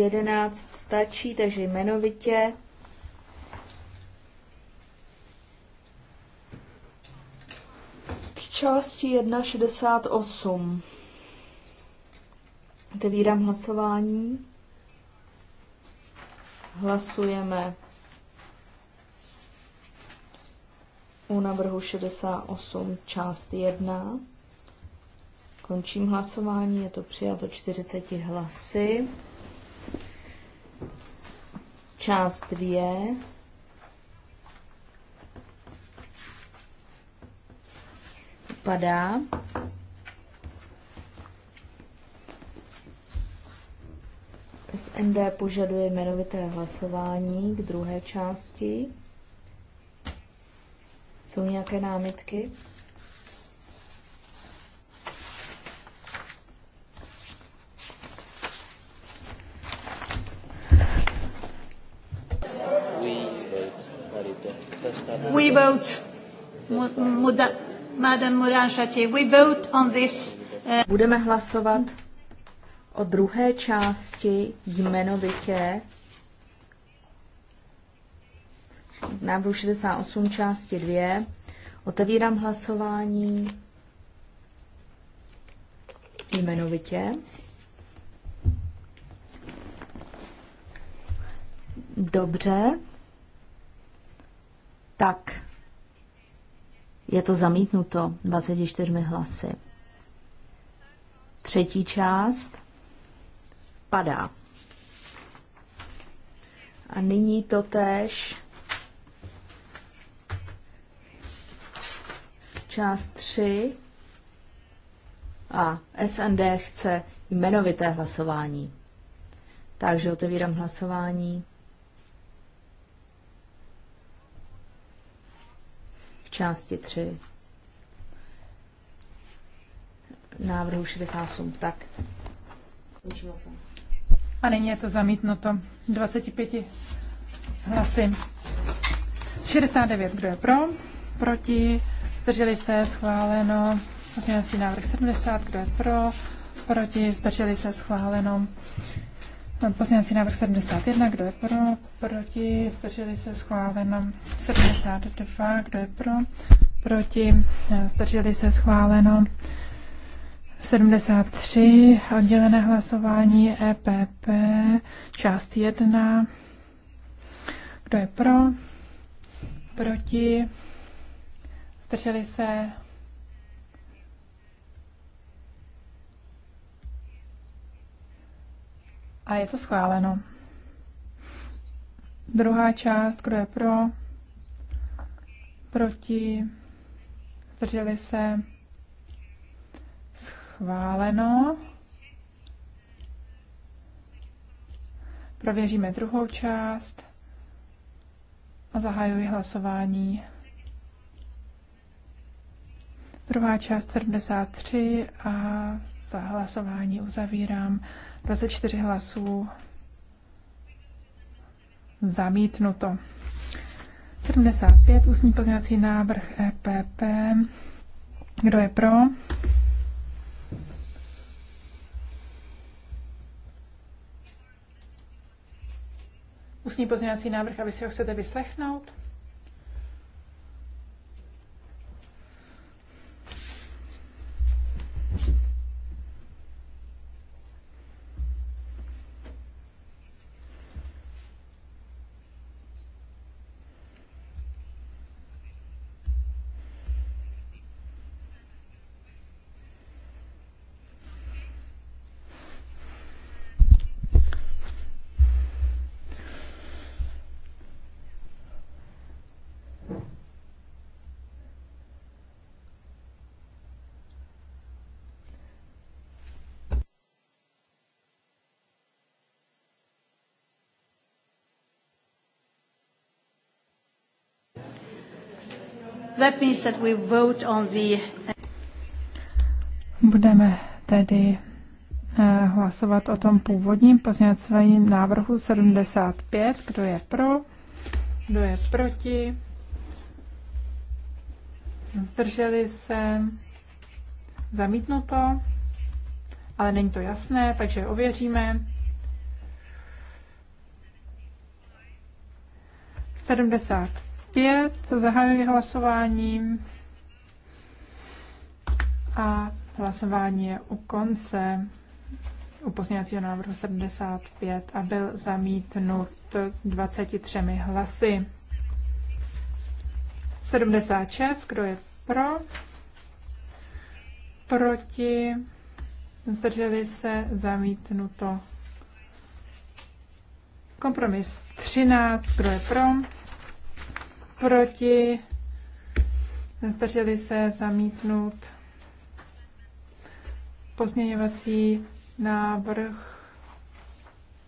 11 stačí, takže jmenovitě. K části 1.68. Otevírám hlasování. Hlasujeme u navrhu 68 část 1. Končím hlasování, je to přijato 40 hlasy. Část dvě. Padá. SND požaduje jmenovité hlasování k druhé části. Jsou nějaké námitky? we vote, Madam Moran we vote on this. Uh, Budeme hlasovat o druhé části jmenovitě návrhu 68 části 2. Otevírám hlasování jmenovitě. Dobře tak je to zamítnuto 24 hlasy. Třetí část padá. A nyní to též část 3 a SND chce jmenovité hlasování. Takže otevírám hlasování. části 3 návrhu 68. Tak. Končíme se. A nyní je to zamítnuto 25 hlasy. 69, kdo je pro? Proti? Zdrželi se, schváleno. Pozměňovací návrh 70, kdo je pro? Proti? Zdrželi se, schváleno. Pozměňovací návrh 71, kdo je pro, proti, zdrželi se schváleno 72, kdo je pro, proti, zdrželi se schváleno 73, oddělené hlasování EPP, část 1, kdo je pro, proti, zdrželi se a je to schváleno. Druhá část, kdo je pro, proti, zdrželi se, schváleno. Prověříme druhou část a zahajuji hlasování. Druhá část 73 a hlasování uzavírám. 24 hlasů zamítnuto. 75 ústní pozměňovací návrh EPP. Kdo je pro? Ústní pozměňovací návrh, aby si ho chcete vyslechnout? That means that we vote on the... Budeme tedy eh, hlasovat o tom původním pozměňovacím návrhu 75. Kdo je pro? Kdo je proti? Zdrželi se? Zamítnuto? Ale není to jasné, takže ověříme. 75. 5 zahajuji hlasováním a hlasování je u konce u pozměňovacího návrhu 75 a byl zamítnut 23 hlasy. 76, kdo je pro? Proti? Zdrželi se? Zamítnuto. Kompromis 13, kdo je pro? proti, zdrželi se zamítnout pozměňovací návrh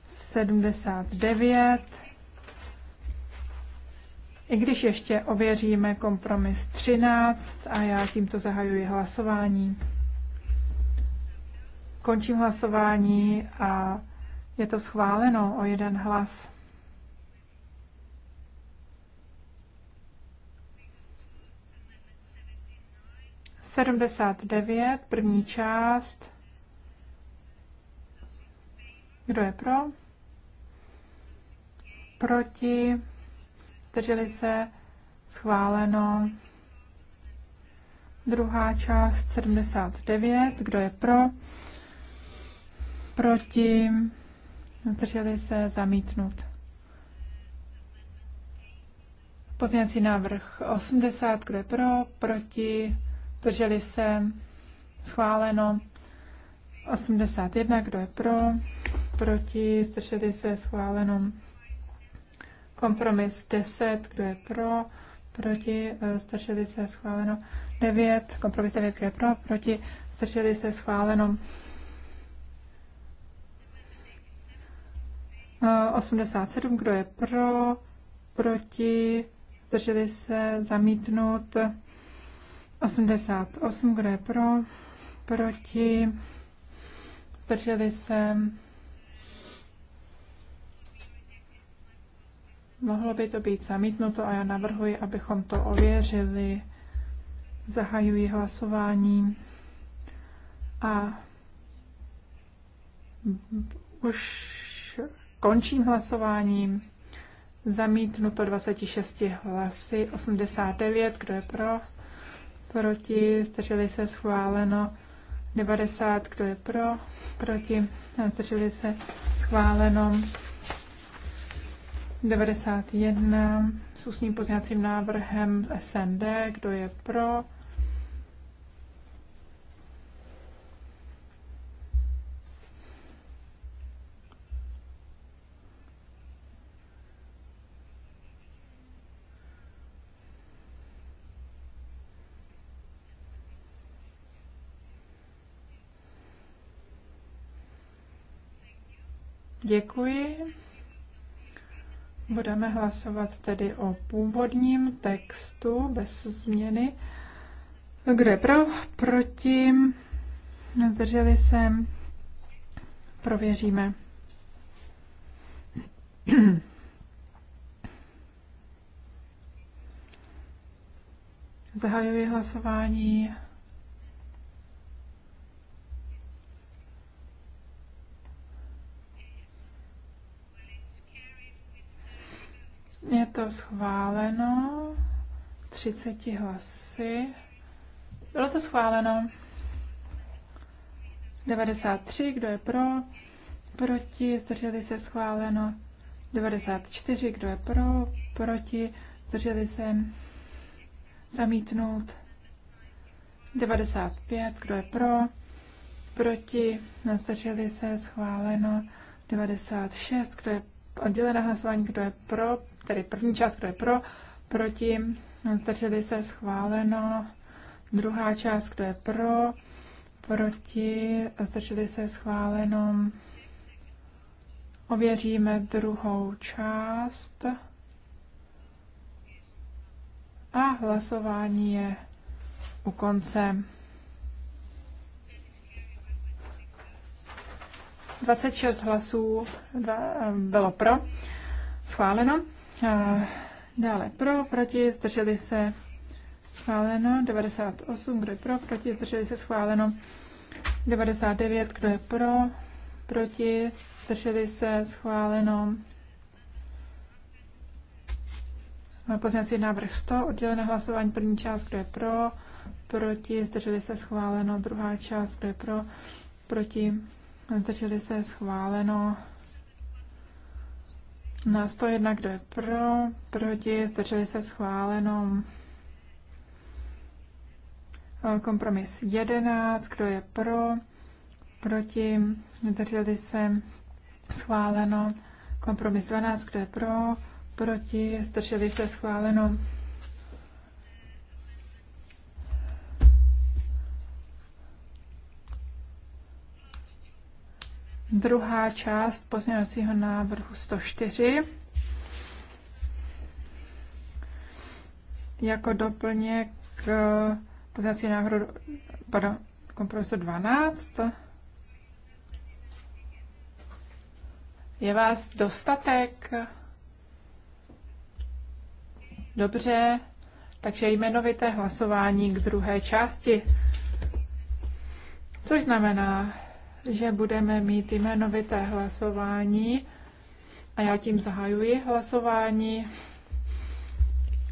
79. I když ještě ověříme kompromis 13 a já tímto zahajuji hlasování. Končím hlasování a je to schváleno o jeden hlas. 79, první část. Kdo je pro? Proti? Zdrželi se? Schváleno. Druhá část 79. Kdo je pro? Proti? Zdrželi se? Zamítnut. Pozněcí návrh 80. Kdo je pro? Proti? Drželi se? Schváleno. 81, kdo je pro? Proti? Zdrželi se? Schváleno. Kompromis 10, kdo je pro? Proti? Zdrželi se? Schváleno. 9, kompromis 9, kdo je pro? Proti? Zdrželi se? Schváleno. 87, kdo je pro? Proti? Zdrželi se? Zamítnut. 88, kdo je pro, proti, zdrželi se. Mohlo by to být zamítnuto a já navrhuji, abychom to ověřili. Zahajuji hlasování a už končím hlasováním. Zamítnuto 26 hlasy, 89, kdo je pro? proti, zdrželi se schváleno 90, kdo je pro, proti, zdrželi se schváleno 91 s ústním pozněvacím návrhem SND, kdo je pro, Děkuji. Budeme hlasovat tedy o původním textu bez změny. Kdo je pro? Proti? Zdrželi se? Prověříme. Zahajuji hlasování. to schváleno 30 hlasy. Bylo to schváleno 93, kdo je pro, proti, zdrželi se schváleno 94, kdo je pro, proti, zdrželi se zamítnout 95, kdo je pro, proti, zdrželi se schváleno 96, kdo je oddělené hlasování, kdo je pro, tedy první část, kdo je pro, proti, zdrželi se schváleno, druhá část, kdo je pro, proti, zdrželi se schváleno, ověříme druhou část a hlasování je u konce. 26 hlasů bylo pro, schváleno. Dále pro, proti, zdrželi se schváleno. 98, kdo je pro, proti, zdrželi se schváleno. 99, kdo je pro, proti, zdrželi se schváleno. pozněcí návrh 100, oddělené hlasování, první část, kdo je pro, proti, zdrželi se schváleno, druhá část, kdo je pro, proti, zdrželi se schváleno, na 101, eh, kdo je pro, proti, zdrželi se schváleno. Kompromis 11, kdo je pro, proti, zdrželi se schváleno. Kompromis 12, kdo je pro, proti, zdrželi se schváleno. Druhá část pozměňovacího návrhu 104. Jako doplněk eh, pozměňovacího návrhu pardon, kompromisu 12. Je vás dostatek? Dobře, takže jmenovité hlasování k druhé části. Což znamená, že budeme mít jmenovité hlasování a já tím zahajuji hlasování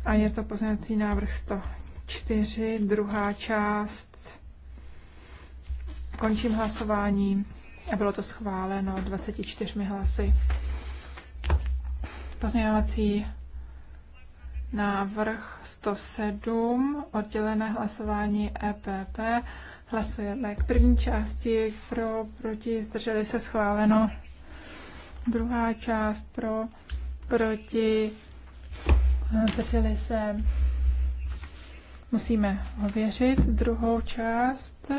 a je to poznací návrh 104, druhá část. Končím hlasování a bylo to schváleno 24 hlasy. Pozměňovací návrh 107, oddělené hlasování EPP. Hlasujeme k první části pro, proti, zdrželi se schváleno. Druhá část pro, proti, zdrželi se. Musíme ověřit druhou část.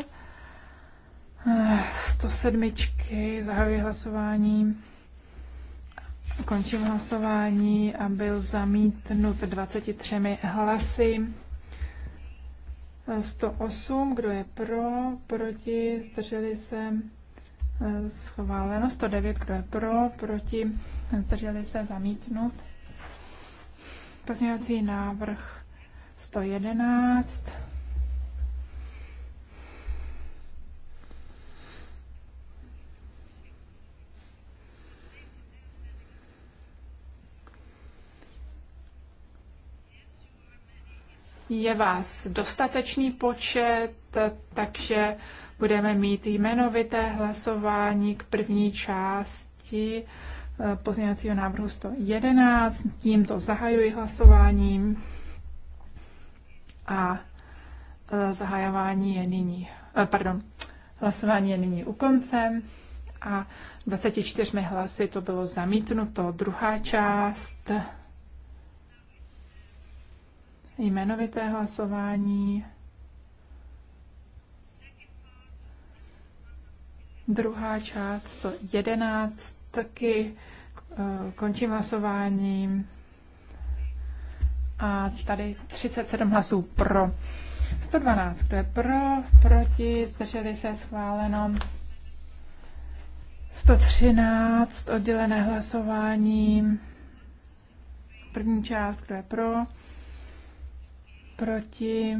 107. Zahajuji hlasování. Končím hlasování a byl zamítnut 23 hlasy. 108, kdo je pro, proti, zdrželi se, schváleno. 109, kdo je pro, proti, zdrželi se, zamítnut. Pozměňovací návrh 111, je vás dostatečný počet, takže budeme mít jmenovité hlasování k první části eh, pozměňovacího návrhu 111. Tímto zahajuji hlasováním a eh, zahajování je nyní, eh, pardon, hlasování je nyní u konce a 24 hlasy to bylo zamítnuto. Druhá část jmenovité hlasování. Druhá část 111 taky eh, končím hlasováním. A tady 37 hlasů pro. 112, kdo je pro, proti, zdrželi se schváleno. 113, oddělené hlasování. První část, kdo je pro, proti.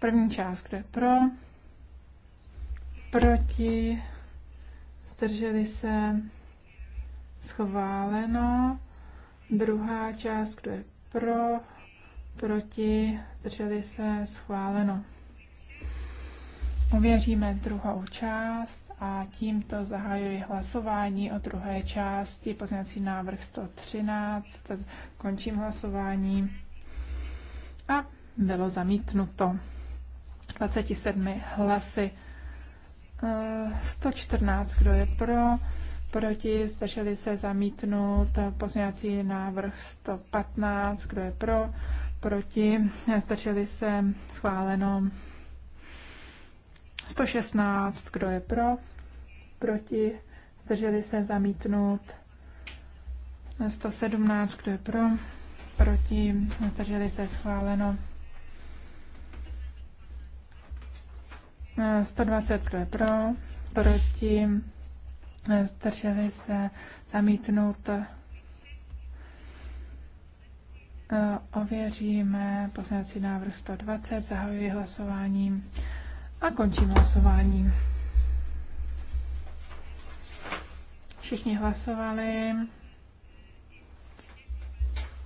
První část, kdo je pro, proti, zdrželi se, schváleno. Druhá část, kdo je pro, proti, zdrželi se, schváleno. Uvěříme druhou část a tímto zahajuji hlasování o druhé části, pozměňovací návrh 113. Končím hlasování. A bylo zamítnuto. 27 hlasy. 114, eh, kdo je pro, proti, zdrželi se zamítnout. Pozměňovací návrh 115, kdo je pro, proti, zdrželi se schváleno. 116, kdo je pro, proti, zdrželi se zamítnout. 117, kdo je pro, proti, zdrželi se schváleno. 120, kdo je pro, proti, zdrželi se zamítnout. Ověříme poslanecí návrh 120, zahajuji hlasování a končím hlasování. Všichni hlasovali.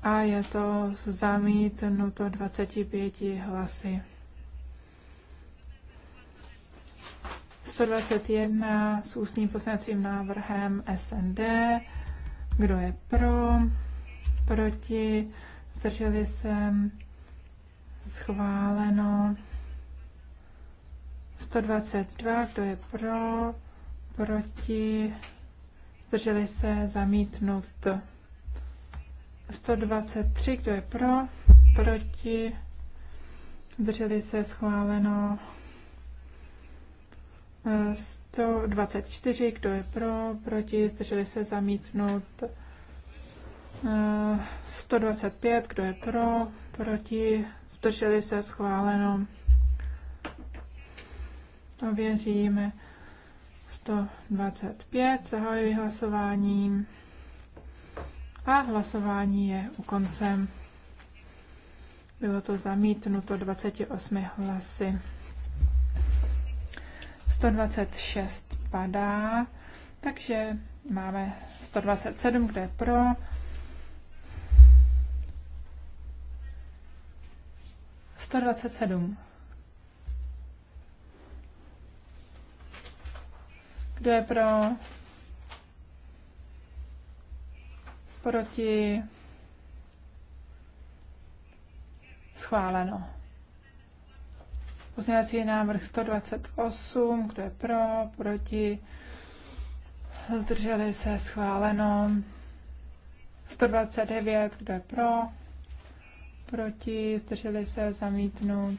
A je to zamítnuto 25 hlasy. 121 s ústním poslancím návrhem SND. Kdo je pro? Proti? Zdrželi se? Schváleno. 122. Kdo je pro? Proti? zdrželi se, zamítnut. 123, kdo je pro, proti, zdrželi se, schváleno. 124, kdo je pro, proti, zdrželi se, zamítnout. 125, kdo je pro, proti, zdrželi se, schváleno. To věříme. 125, zahajuji hlasování a hlasování je u konce. Bylo to zamítnuto 28 hlasy. 126 padá, takže máme 127, kde je pro. Sto dvacet sedm. Kdo je pro? Proti? Schváleno. Pozměňovací návrh 128, kdo je pro, proti, zdrželi se, schváleno. 129, kdo je pro, proti, zdrželi se, zamítnout.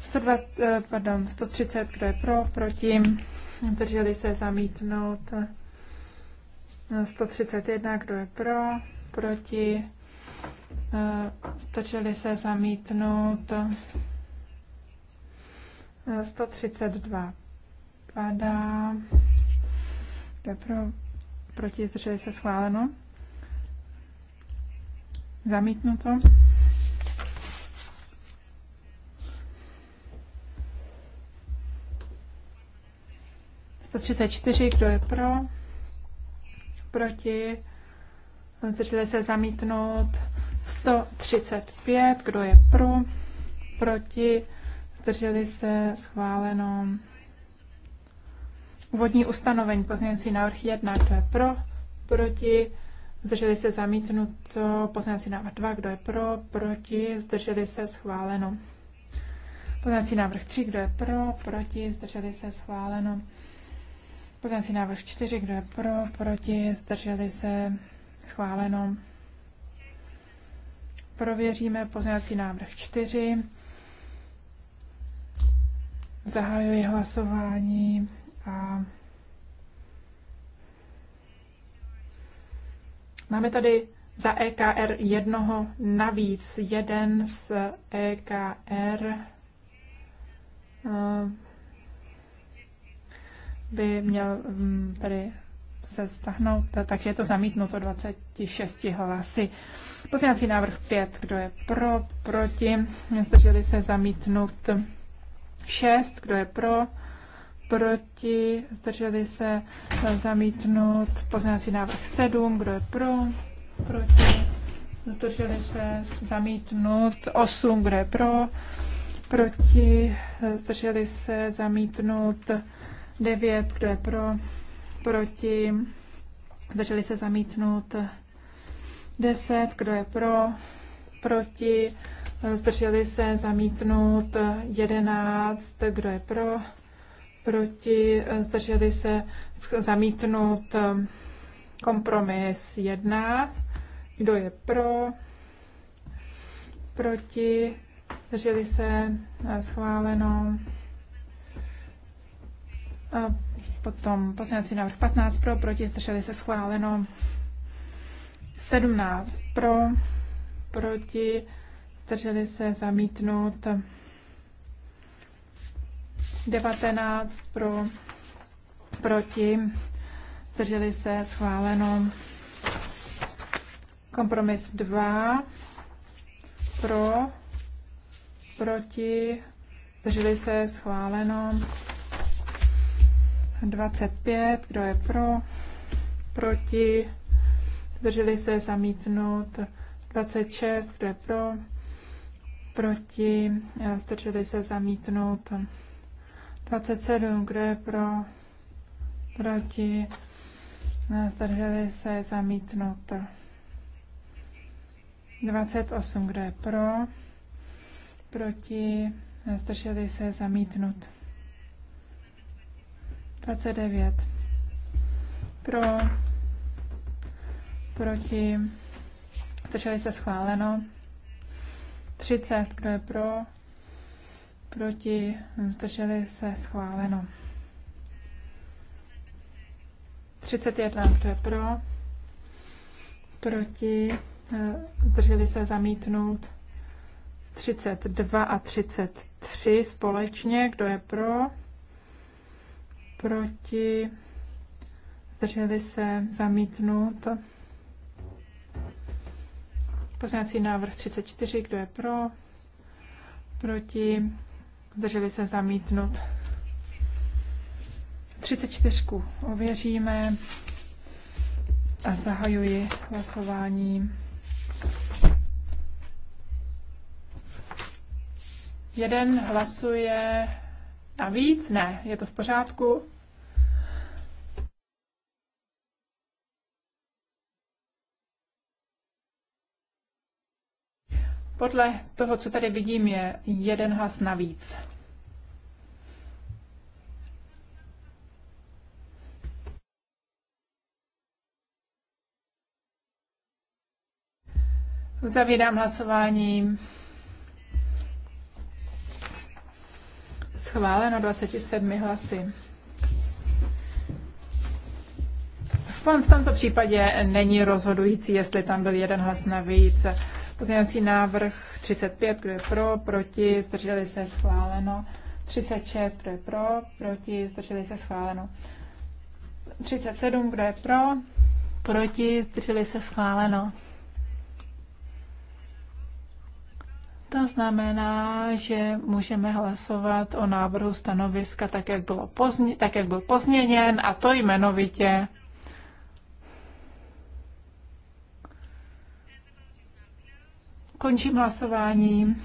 120, eh, pardon, 130, kdo je pro, proti, drželi se zamítnout. 131, eh, kdo je pro, proti, eh, drželi se zamítnout. 132 padá. Kdo je pro, proti, drželi se schváleno. Zamítnuto. 134, kdo je pro? Proti? Zdrželi se zamítnout. 135, kdo je pro? Proti? Zdrželi se schváleno. Vodní ustanovení, pozměnící návrh 1, kdo je pro? Proti? Zdrželi se zamítnuto. Pozměnící návrh 2, kdo je pro? Proti? Zdrželi se schváleno. Pozměnící návrh 3, kdo je pro? Proti? Zdrželi se schváleno. Pozměňovací návrh 4, kdo je pro, proti, zdrželi se, schváleno. Prověříme pozměňovací návrh 4. Zahajuji hlasování a máme tady za EKR jednoho navíc, jeden z EKR. Uh, eh, by měl um, tady se stahnout, tak je to zamítnuto 26 hlasy. Pozměňovací návrh 5, kdo je pro, proti, zdrželi se zamítnut 6, kdo je pro, proti, zdrželi se zamítnut pozměňovací návrh 7, kdo je pro, proti, zdrželi se zamítnut 8, kdo je pro, proti, zdrželi se zamítnut 9, kdo je pro, proti, zdrželi se zamítnout 10, kdo je pro, proti, zdrželi se zamítnout 11, kdo je pro, proti, zdrželi se zamítnout kompromis 1, kdo je pro, proti, zdrželi se schváleno Potom poslanecí návrh 15 pro, proti, zdrželi se schváleno. 17 pro, proti, zdrželi se zamítnout. 19 pro, proti, zdrželi se schváleno. Kompromis 2 pro, proti, zdrželi se schváleno. 25, kdo je pro, proti, zdrželi se zamítnout 26, kdo je pro, proti, zdrželi se zamítnout 27, kdo je pro, proti, zdrželi se zamítnout 28, kdo je pro, proti, zdrželi se zamítnout 29. Pro, proti, zdrželi se schváleno. 30. Kdo je pro, proti, zdrželi se schváleno. 31. Kdo je pro, proti, zdrželi se zamítnout. 32 a 33 společně. Kdo je pro? proti, zdrželi se, zamítnut. Poznací návrh 34, kdo je pro, proti, zdrželi se, zamítnut. 34 ověříme a zahajuji hlasování. Jeden hlasuje a víc ne, je to v pořádku. Podle toho, co tady vidím, je jeden hlas navíc. Zavírám hlasování. Schváleno 27 hlasy. V tomto případě není rozhodující, jestli tam byl jeden hlas navíc. Pozměňovací návrh 35, kdo je pro, proti, zdrželi se schváleno. 36, kdo je pro, proti, zdrželi se schváleno. 37, kdo je pro, proti, zdrželi se schváleno. To znamená, že můžeme hlasovat o návrhu stanoviska tak, jak, bylo pozně, tak, jak byl pozměněn a to jmenovitě. Končím hlasování.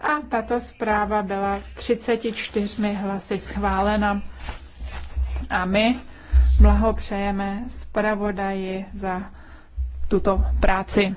A tato zpráva byla 34 hlasy schválena. A my blahopřejeme zpravodaji za tuto práci.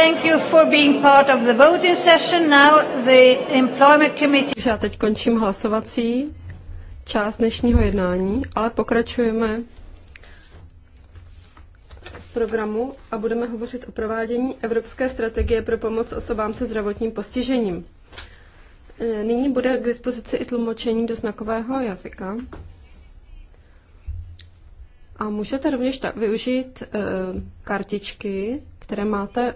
Thank you for being part of the voting session. Now the employment committee. Já teď končím hlasovací část dnešního jednání, ale pokračujeme v programu a budeme hovořit o provádění Evropské strategie pro pomoc osobám se zdravotním postižením. E, nyní bude k dispozici i tlumočení do znakového jazyka. A můžete rovněž tak využít e, kartičky, které máte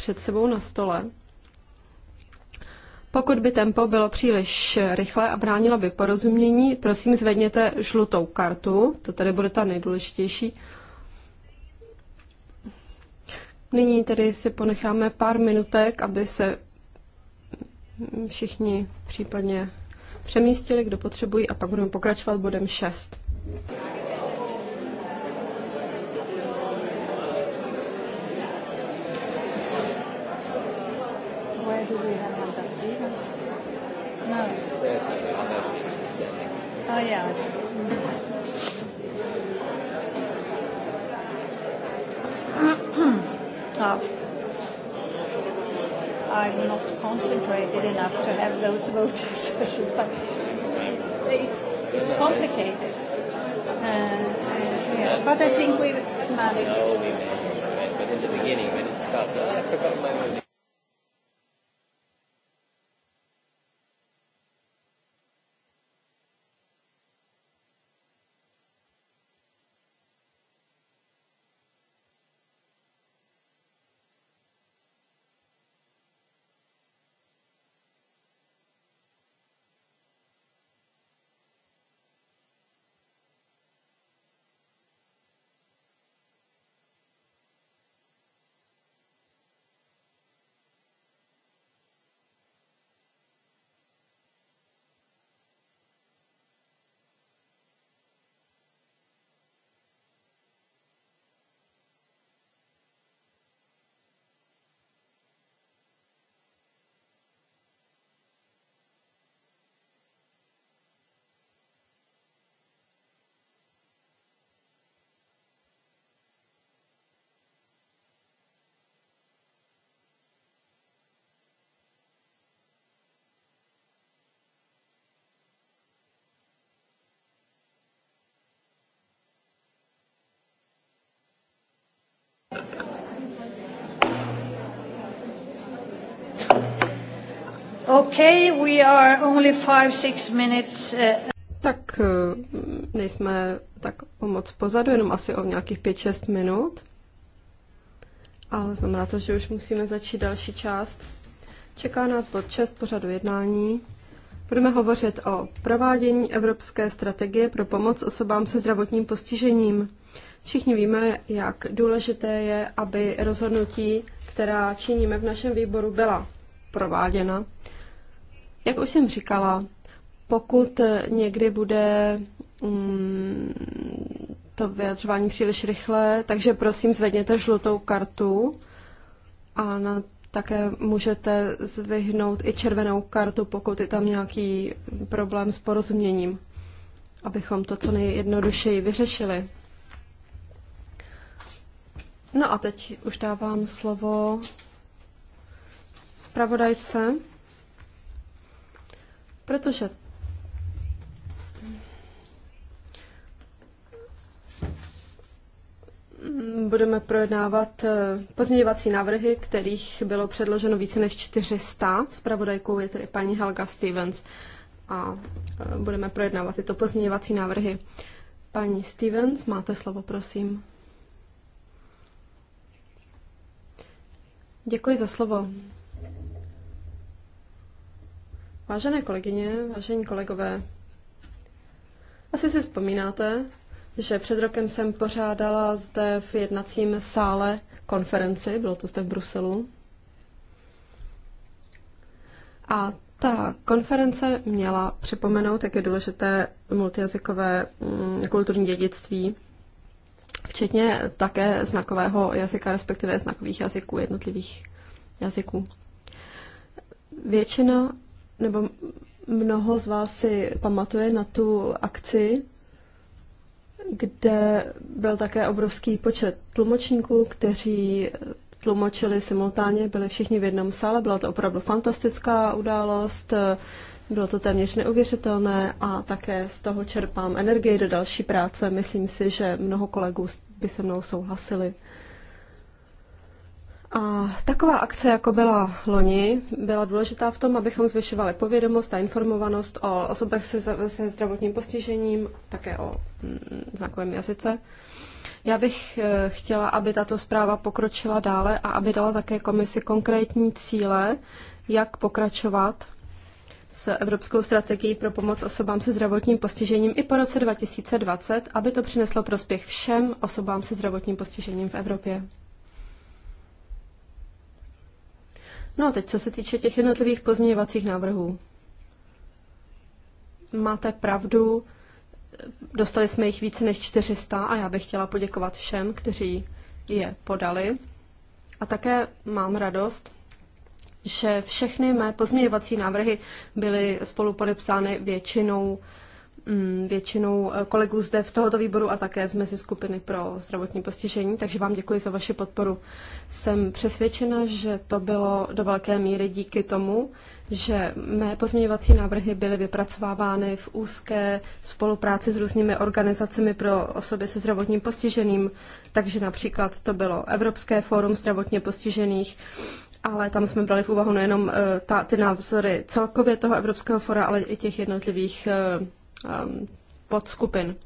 před sebou na stole. Pokud by tempo bylo příliš rychlé a bránilo by porozumění, prosím zvedněte žlutou kartu, to tady bude ta nejdůležitější. Nyní tedy si ponecháme pár minutek, aby se všichni případně přemístili, kdo potřebují, a pak budeme pokračovat bodem 6. do we have Helga Stevens? No. Oh, yeah. oh. I'm not concentrated enough to have those voting sessions, but it's, it's complicated. Uh, uh, yeah. But I think we've managed. No, we managed, right? But in the beginning, when it starts, I forgot my voting Okay, we are only five, six minutes. Uh, tak eh, nejsme tak o moc pozadu, jenom asi o nějakých 5-6 minut. Ale znamená to, že už musíme začít další část. Čeká nás bod 6 pořadu jednání. Budeme hovořit o provádění Evropské strategie pro pomoc osobám se zdravotním postižením. Všichni víme, jak důležité je, aby rozhodnutí, která činíme v našem výboru, byla prováděna jak už jsem říkala, pokud někdy bude mm, to vyjadřování příliš rychle, takže prosím zvedněte žlutou kartu a na, také můžete zvyhnout i červenou kartu, pokud je tam nějaký problém s porozuměním, abychom to co nejjednodušeji vyřešili. No a teď už dávám slovo zpravodajce protože budeme projednávat eh, pozměňovací návrhy, kterých bylo předloženo více než 400. Spravodajkou je tedy paní Helga Stevens a eh, budeme projednávat tyto pozměňovací návrhy. Paní Stevens, máte slovo, prosím. Děkuji za slovo. Vážené kolegyně, vážení kolegové, asi si vzpomínáte, že před rokem jsem pořádala zde v jednacím sále konferenci, bylo to zde v Bruselu. A ta konference měla připomenout, jak je důležité multijazykové mm, kulturní dědictví, včetně také znakového jazyka, respektive znakových jazyků, jednotlivých jazyků. Většina nebo mnoho z vás si pamatuje na tu akci, kde byl také obrovský počet tlumočníků, kteří tlumočili simultánně, byli všichni v jednom sále, byla to opravdu fantastická událost, bylo to téměř neuvěřitelné a také z toho čerpám energii do další práce. Myslím si, že mnoho kolegů by se mnou souhlasili. A taková akce, jako byla loni, byla důležitá v tom, abychom zvyšovali povědomost a informovanost o osobách se, se zdravotním postižením, také o mm, znakovém jazyce. Já bych eh, chtěla, aby tato zpráva pokročila dále a aby dala také komisi konkrétní cíle, jak pokračovat s Evropskou strategií pro pomoc osobám se zdravotním postižením i po roce 2020, aby to přineslo prospěch všem osobám se zdravotním postižením v Evropě. No a teď, co se týče těch jednotlivých pozměňovacích návrhů. Máte pravdu, dostali jsme jich více než 400 a já bych chtěla poděkovat všem, kteří je podali. A také mám radost, že všechny mé pozměňovací návrhy byly spolu podepsány většinou Mm, většinou eh, kolegů zde v tohoto výboru a také z mezi skupiny pro zdravotní postižení, takže vám děkuji za vaši podporu. Jsem přesvědčena, že to bylo do velké míry díky tomu, že mé pozměňovací návrhy byly vypracovávány v úzké spolupráci s různými organizacemi pro osoby se zdravotním postižením, takže například to bylo Evropské fórum zdravotně postižených, ale tam jsme brali v úvahu nejenom eh, ta, ty názory celkově toho Evropského fora, ale i těch jednotlivých eh, Ehm, podskupin.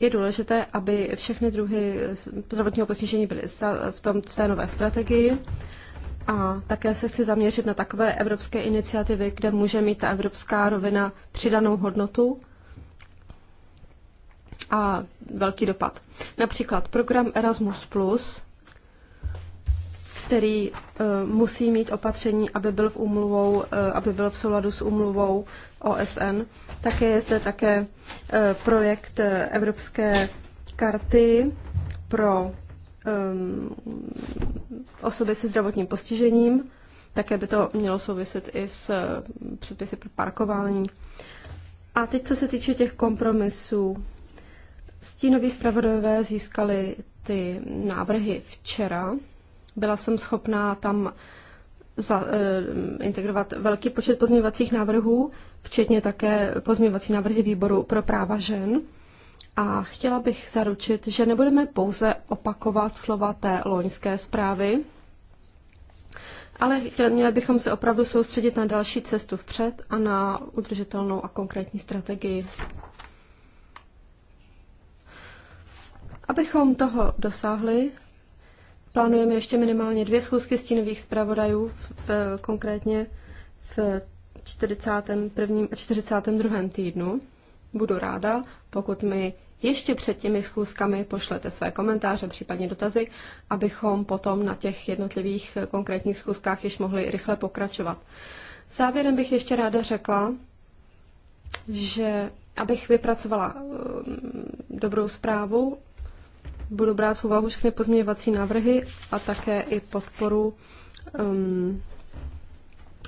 Je důležité, aby všechny druhy zdravotního postižení byly v, tom, v té nové strategii. A také se chci zaměřit na takové evropské iniciativy, kde může mít ta evropská rovina přidanou hodnotu a velký dopad. Například program Erasmus, který eh, musí mít opatření, aby byl, v umluvou, eh, aby byl v souladu s umluvou OSN. Také je zde také eh, projekt Evropské karty pro ehm, osoby se zdravotním postižením. Také by to mělo souviset i s předpisy pro parkování. A teď, co se týče těch kompromisů, stínoví zpravodajové získali ty návrhy včera byla jsem schopná tam za, e, integrovat velký počet pozměňovacích návrhů, včetně také pozměňovací návrhy výboru pro práva žen. A chtěla bych zaručit, že nebudeme pouze opakovat slova té loňské zprávy, ale chtěli, měli bychom se opravdu soustředit na další cestu vpřed a na udržitelnou a konkrétní strategii. Abychom toho dosáhli, Plánujeme ještě minimálně dvě schůzky stínových zpravodajů, v, konkrétně v 41. a 42. týdnu. Budu ráda, pokud mi ještě před těmi schůzkami pošlete své komentáře, případně dotazy, abychom potom na těch jednotlivých konkrétních schůzkách již mohli rychle pokračovat. Závěrem bych ještě ráda řekla, že abych vypracovala um, dobrou zprávu, budu brát v úvahu všechny pozměňovací návrhy a také i podporu um,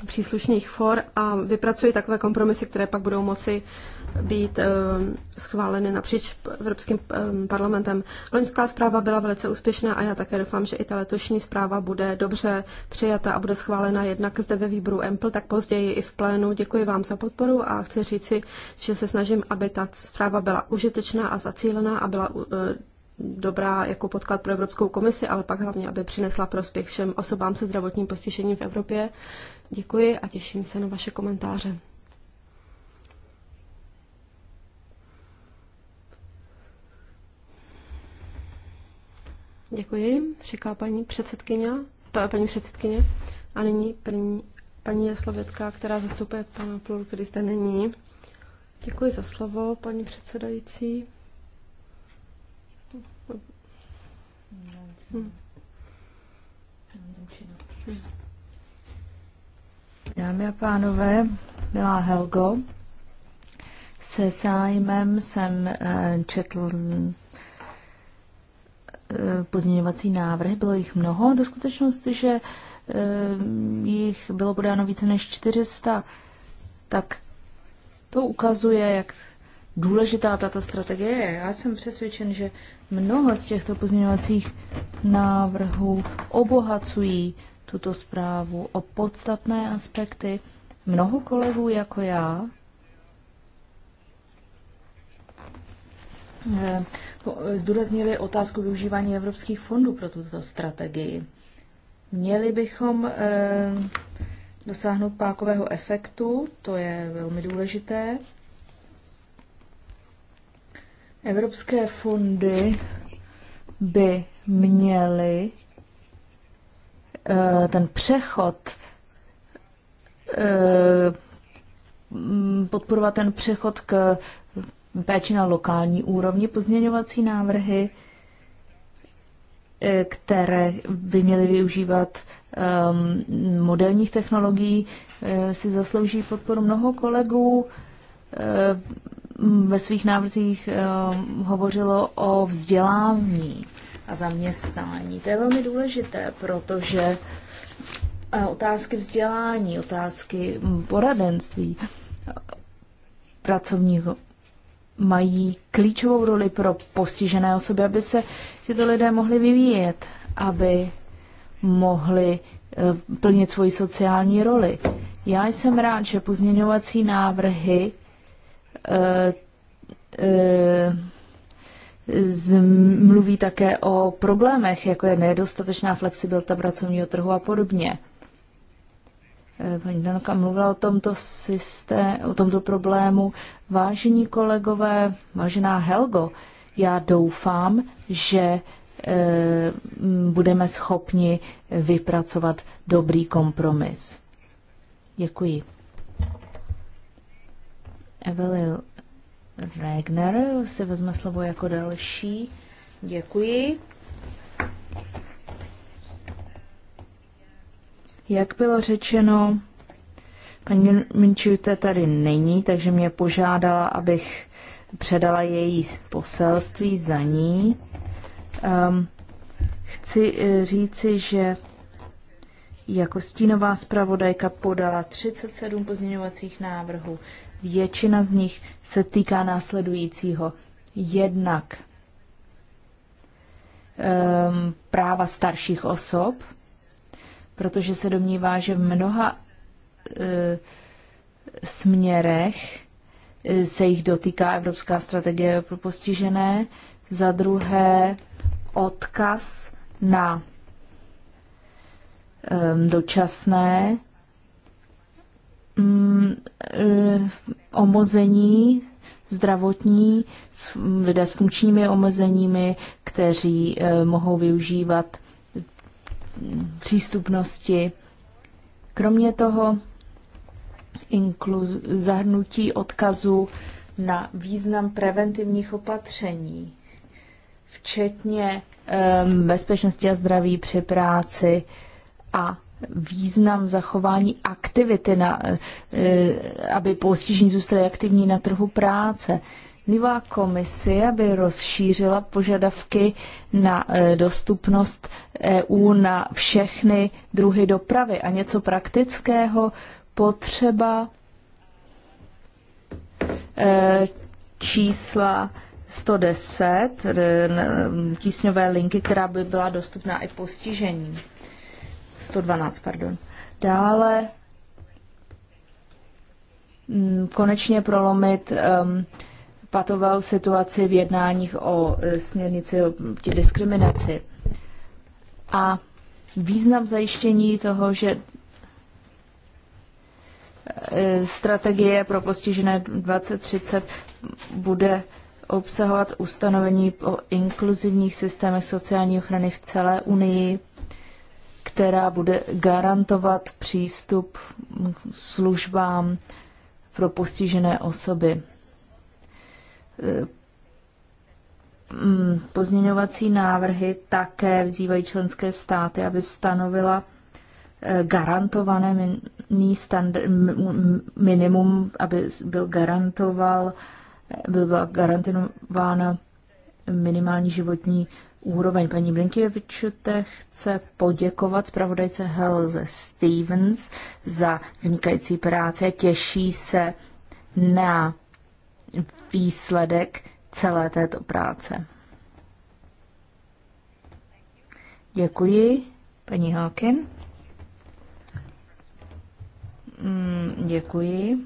příslušných for a vypracuji takové kompromisy, které pak budou moci být um, schváleny napříč Evropským um, parlamentem. Loňská zpráva byla velice úspěšná a já také doufám, že i ta letošní zpráva bude dobře přijata a bude schválena jednak zde ve výboru EMPL, tak později i v plénu. Děkuji vám za podporu a chci říci, že se snažím, aby ta zpráva byla užitečná a zacílená a byla uh, dobrá jako podklad pro Evropskou komisi, ale pak hlavně, aby přinesla prospěch všem osobám se zdravotním postižením v Evropě. Děkuji a těším se na vaše komentáře. Děkuji, říká paní předsedkyně. Paní předsedkyně. A nyní první, paní Jaslovětka, která zastupuje pana Plur, který zde není. Děkuji za slovo, paní předsedající. Hmm. Dámy a pánové, milá Helgo, se zájmem jsem eh, četl eh, pozměňovací návrhy, bylo jich mnoho. Do skutečnosti, že eh, jich bylo podáno více než 400, tak to ukazuje, jak důležitá tato strategie je. Já jsem přesvědčen, že Mnoho z těchto pozměňovacích návrhů obohacují tuto zprávu o podstatné aspekty. Mnoho kolegů jako já eh, zdůraznili otázku využívání evropských fondů pro tuto strategii. Měli bychom eh, dosáhnout pákového efektu, to je velmi důležité. Evropské fondy by měly eh, ten přechod eh, podporovat ten přechod k péči na lokální úrovni, pozměňovací návrhy, eh, které by měly využívat ehm, moderních technologií, si zaslouží podporu mnoho kolegů. Mm, ve svých návrzích eh, hovořilo o vzdělání a zaměstnání. To je velmi důležité, protože eh, otázky vzdělání, otázky mm, poradenství eh, pracovního mají klíčovou roli pro postižené osoby, aby se tyto lidé mohli vyvíjet, aby mohli plnit svoji sociální roli. Já jsem rád, že pozměňovací návrhy Eh, eh, mluví také o problémech, jako je nedostatečná flexibilita pracovního trhu a podobně. Eh, paní Danoka mluvila o tomto systém, o tomto problému. Vážení kolegové, vážená Helgo, já doufám, že budeme schopni vypracovat dobrý kompromis. Děkuji. Evelyn Regner si vezme slovo jako další. Děkuji. Jak bylo řečeno, paní Minčute tady není, takže mě požádala, abych předala její poselství za ní. Um, chci eh, říci, že jako stínová zpravodajka podala 37 pozměňovacích návrhů Většina z nich se týká následujícího. Jednak um, práva starších osob, protože se domnívá, že v mnoha uh, směrech e, se jich dotýká Evropská strategie pro postižené. Za druhé odkaz na um, dočasné Mm, e, omození zdravotní, lidé s funkčními omezeními, kteří e, mohou využívat přístupnosti. Kromě toho inklu- zahrnutí odkazu na význam preventivních opatření, včetně e, bezpečnosti a zdraví při práci a význam zachování aktivity, na, eh, eh, aby postižení zůstali aktivní na trhu práce. Nová komise aby rozšířila požadavky na eh, dostupnost EU na všechny druhy dopravy a něco praktického potřeba čísla 110, tísňové linky, která by byla dostupná i postižením. 112, pardon. Dále mm, konečně prolomit um, patoval situaci v jednáních o e, směrnici o diskriminaci. A význam zajištění toho, že e, strategie pro postižené 2030 bude obsahovat ustanovení o inkluzivních systémech sociální ochrany v celé Unii která bude garantovat přístup k službám pro postižené osoby. Mm, pozměňovací návrhy také vzývají členské státy, aby stanovila eh, garantované minimum, aby byl garantoval, eh, by byla garantována minimální životní úroveň. Paní Blinkevičute chce poděkovat zpravodajce Helze Stevens za vynikající práci a těší se na výsledek celé této práce. Děkuji, paní Hawkin. Mm, děkuji.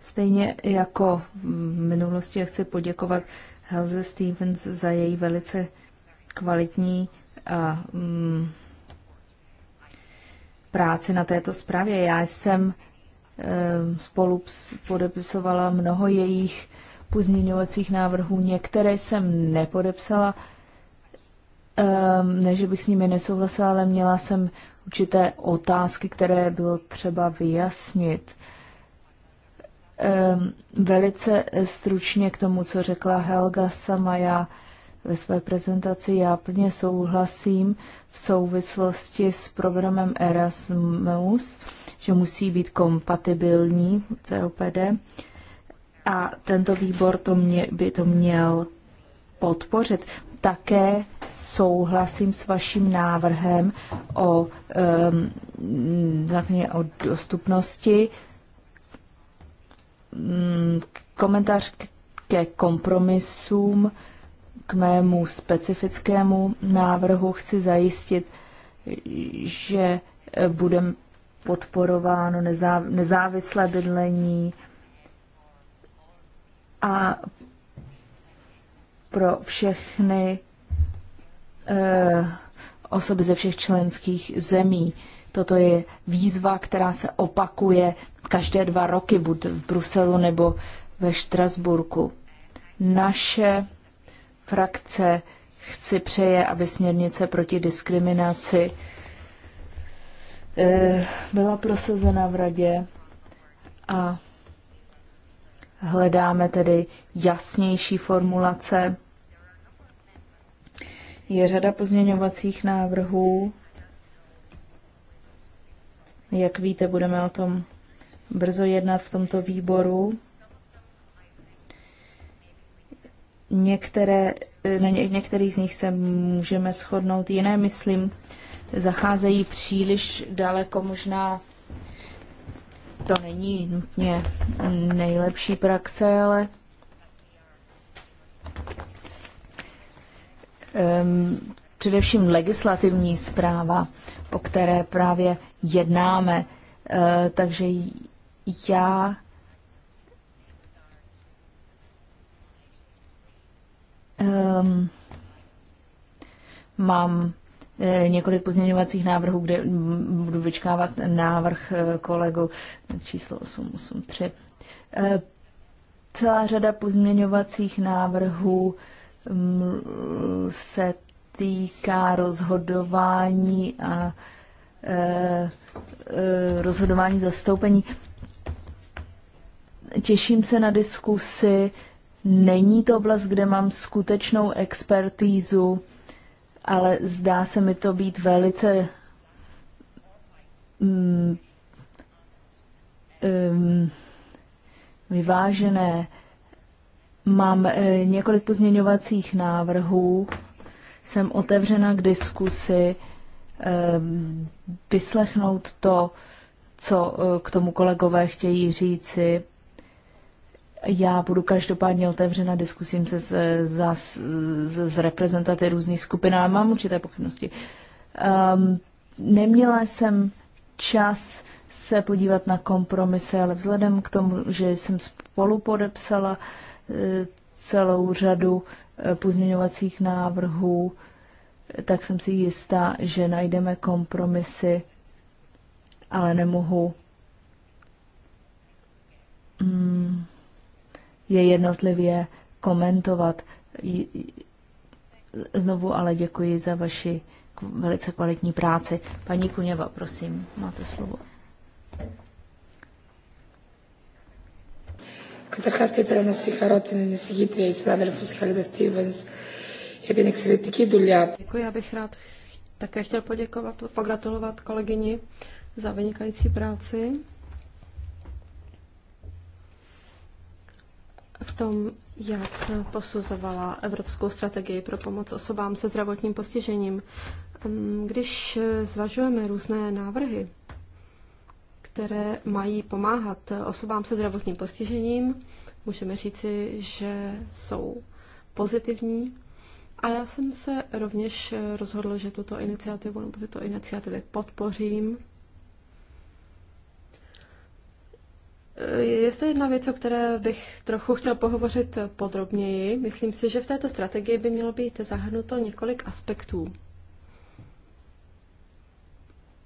Stejně jako v minulosti chci poděkovat Helze Stevens za její velice kvalitní a, mm, práci na této zprávě. Já jsem e, spolu podepisovala mnoho jejich pozměňovacích návrhů. Některé jsem nepodepsala, e, ne, že bych s nimi nesouhlasila, ale měla jsem určité otázky, které bylo třeba vyjasnit. Velice stručně k tomu, co řekla Helga sama já ve své prezentaci, já plně souhlasím v souvislosti s programem Erasmus, že musí být kompatibilní COPD a tento výbor to mě, by to měl podpořit. Také souhlasím s vaším návrhem o, um, o dostupnosti Mm, komentář ke kompromisům, k mému specifickému návrhu chci zajistit, že e, budem podporováno nezávislé bydlení a pro všechny eh, osoby ze všech členských zemí. Eh, Toto je výzva, která se opakuje každé dva roky, buď v Bruselu nebo ve Štrasburku. Naše frakce chci přeje, aby směrnice proti diskriminaci eh, byla prosazena v radě a hledáme tedy jasnější formulace. Je řada pozměňovacích návrhů, jak víte, budeme o tom brzo jednat v tomto výboru. Některé, eh, na ně, některých z nich se můžeme shodnout, jiné, myslím, zacházejí příliš daleko. Možná to není nutně nejlepší praxe, ale um, především legislativní zpráva, o které právě jednáme. Eh, takže já um, mám eh, několik pozměňovacích návrhů, kde budu vyčkávat návrh eh, kolegu číslo 883. Celá řada pozměňovacích návrhů mm, se týká rozhodování a Eh, eh, rozhodování zastoupení. Těším se na diskusy. Není to oblast, kde mám skutečnou expertízu, ale zdá se mi to být velice um, um, vyvážené. Mám e, několik pozměňovacích návrhů, jsem otevřena k diskusi Eh, vyslechnout to, co eh, k tomu kolegové chtějí říci. Já budu každopádně otevřena diskusím se z, z, z, z reprezentaty různých skupin, ale mám určité pochybnosti. Um, neměla jsem čas se podívat na kompromisy, ale vzhledem k tomu, že jsem spolu podepsala eh, celou řadu pozměňovacích návrhů, tak jsem si jistá, že najdeme kompromisy, ale nemohu mm, je jednotlivě komentovat. Znovu ale děkuji za vaši velice kvalitní práci. Paní Kuněva, prosím, máte slovo. Καταρχάς θα ήθελα να συγχαρώ την εισηγήτρια η συνάδελφο Χαλίδα Στίβενς για την εξαιρετική δουλειά. Děkuji, já bych rád také chtěl poděkovat, pogratulovat kolegyni za vynikající práci. v tom, jak posuzovala Evropskou strategii pro pomoc osobám se zdravotním postižením. Když zvažujeme různé návrhy, které mají pomáhat osobám se zdravotním postižením, můžeme říci, že jsou pozitivní a já jsem se rovněž eh, rozhodla, že tuto iniciativu nebo tyto iniciativy podpořím. Eh, je zde jedna věc, o které bych trochu chtěl pohovořit podrobněji. Myslím si, že v této strategii by mělo být zahrnuto několik aspektů.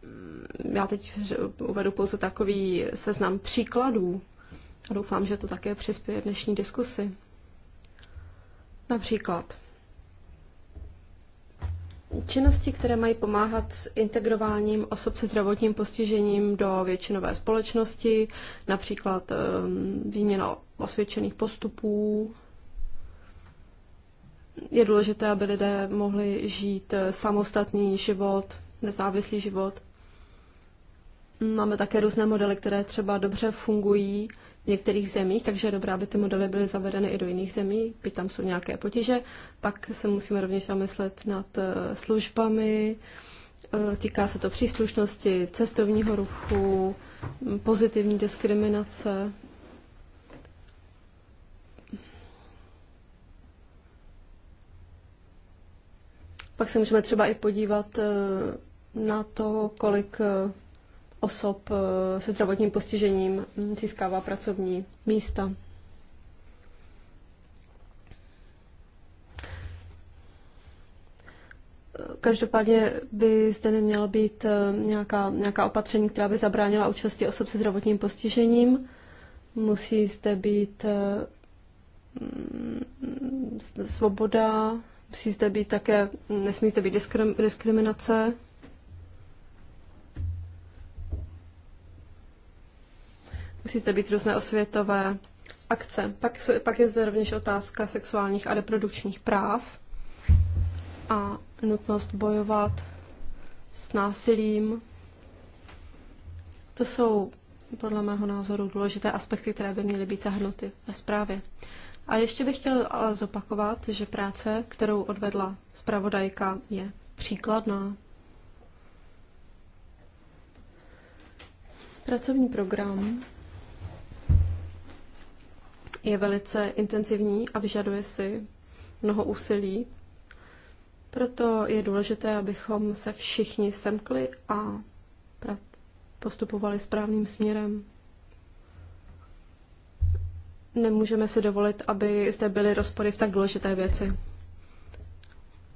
Mm, já teď uvedu pouze takový seznam příkladů a doufám, že to také přispěje dnešní diskusi. Například Činnosti, které mají pomáhat s integrováním osob se zdravotním postižením do většinové společnosti, například ehm, výměna osvědčených postupů. Je důležité, aby lidé mohli žít eh, samostatný život, nezávislý život. Máme také různé modely, které třeba dobře fungují v některých zemích, takže je dobré, aby ty modely byly zavedeny i do jiných zemí, by tam jsou nějaké potíže. Pak se musíme rovněž zamyslet nad eh, službami, eh, týká se to příslušnosti, cestovního ruchu, hm, pozitivní diskriminace. Pak se můžeme třeba i podívat eh, na to, kolik osob eh, se zdravotním postižením hm, získává pracovní místa. Každopádně by zde neměla být eh, nějaká, nějaká opatření, která by zabránila účasti osob se zdravotním postižením. Musí zde být eh, hm, svoboda, musí zde být také, nesmí zde být diskriminace. Musí být různé osvětové akce. Pak, pak je zde rovněž otázka sexuálních a reprodukčních práv a nutnost bojovat s násilím. To jsou podle mého názoru důležité aspekty, které by měly být zahrnuty ve zprávě. A ještě bych chtěla ale zopakovat, že práce, kterou odvedla zpravodajka, je příkladná. Pracovní program je velice intenzivní a vyžaduje si mnoho úsilí. Proto je důležité, abychom se všichni semkli a postupovali správným směrem. Nemůžeme si dovolit, aby zde byly rozpory v tak důležité věci.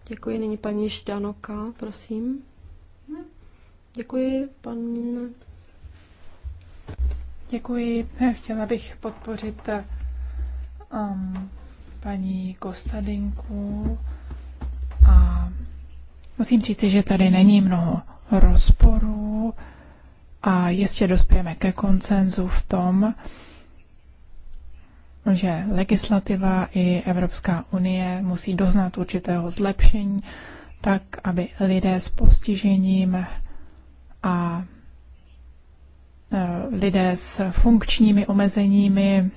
Děkuji. Nyní paní Ždanoka, prosím. Děkuji, pan... Děkuji. Chtěla bych podpořit um, paní Kostadinku a musím říci, že tady není mnoho rozporů a jistě dospějeme ke koncenzu v tom, že legislativa i Evropská unie musí doznat určitého zlepšení, tak aby lidé s postižením a e, lidé s funkčními omezeními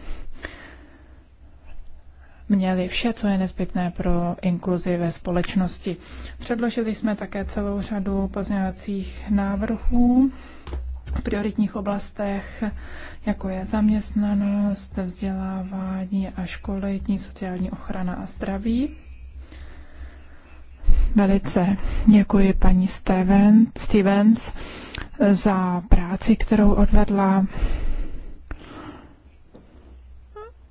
měli vše, co je nezbytné pro inkluzi ve společnosti. Předložili jsme také celou řadu pozměňovacích návrhů v prioritních oblastech, jako je zaměstnanost, vzdělávání a školení, sociální ochrana a zdraví. Velice děkuji paní Steven, Stevens za práci, kterou odvedla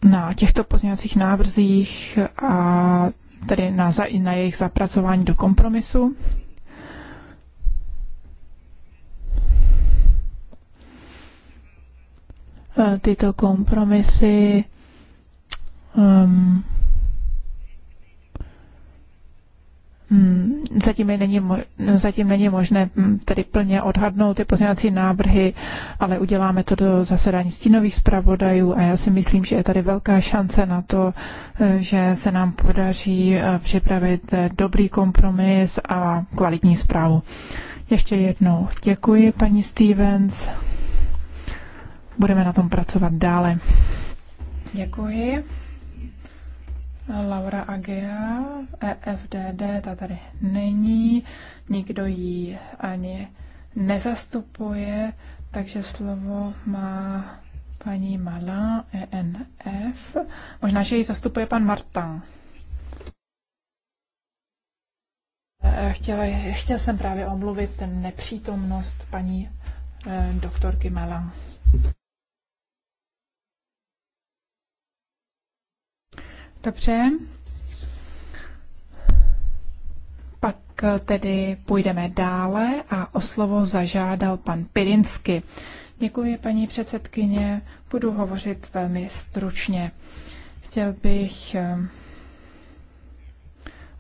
na těchto pozměňovacích návrzích a tedy na, za, na jejich zapracování do kompromisu. E, tyto kompromisy um, Hmm, zatím není, zatím není možné hmm, tedy plně odhadnout ty pozměňovací návrhy, ale uděláme to do zasedání stínových zpravodajů a já si myslím, že je tady velká šance na to, eh, že se nám podaří eh, připravit eh, dobrý kompromis a kvalitní zprávu. Ještě jednou děkuji, paní Stevens. Budeme na tom pracovat dále. Děkuji. Laura Agea, EFDD, ta tady není, nikdo ji ani nezastupuje, takže slovo má paní Malin, e ENF. Možná, že ji zastupuje pan Martin. Eh, chtěla, chtěl jsem právě omluvit nepřítomnost paní eh, doktorky Malin. Dobře. Pak eh, tedy půjdeme dále a o slovo zažádal pan Pirinsky. Děkuji, paní předsedkyně. Budu hovořit velmi stručně. Chtěl bych eh,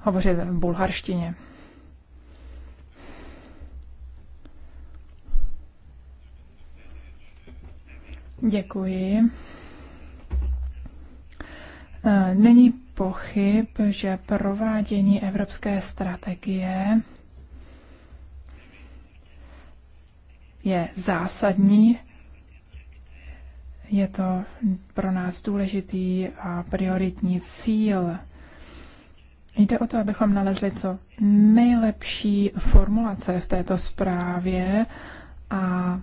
hovořit v bulharštině. Děkuji. Eh, není pochyb, že provádění evropské strategie je zásadní. Je to pro nás důležitý a prioritní cíl. Jde o to, abychom nalezli co nejlepší formulace v této zprávě a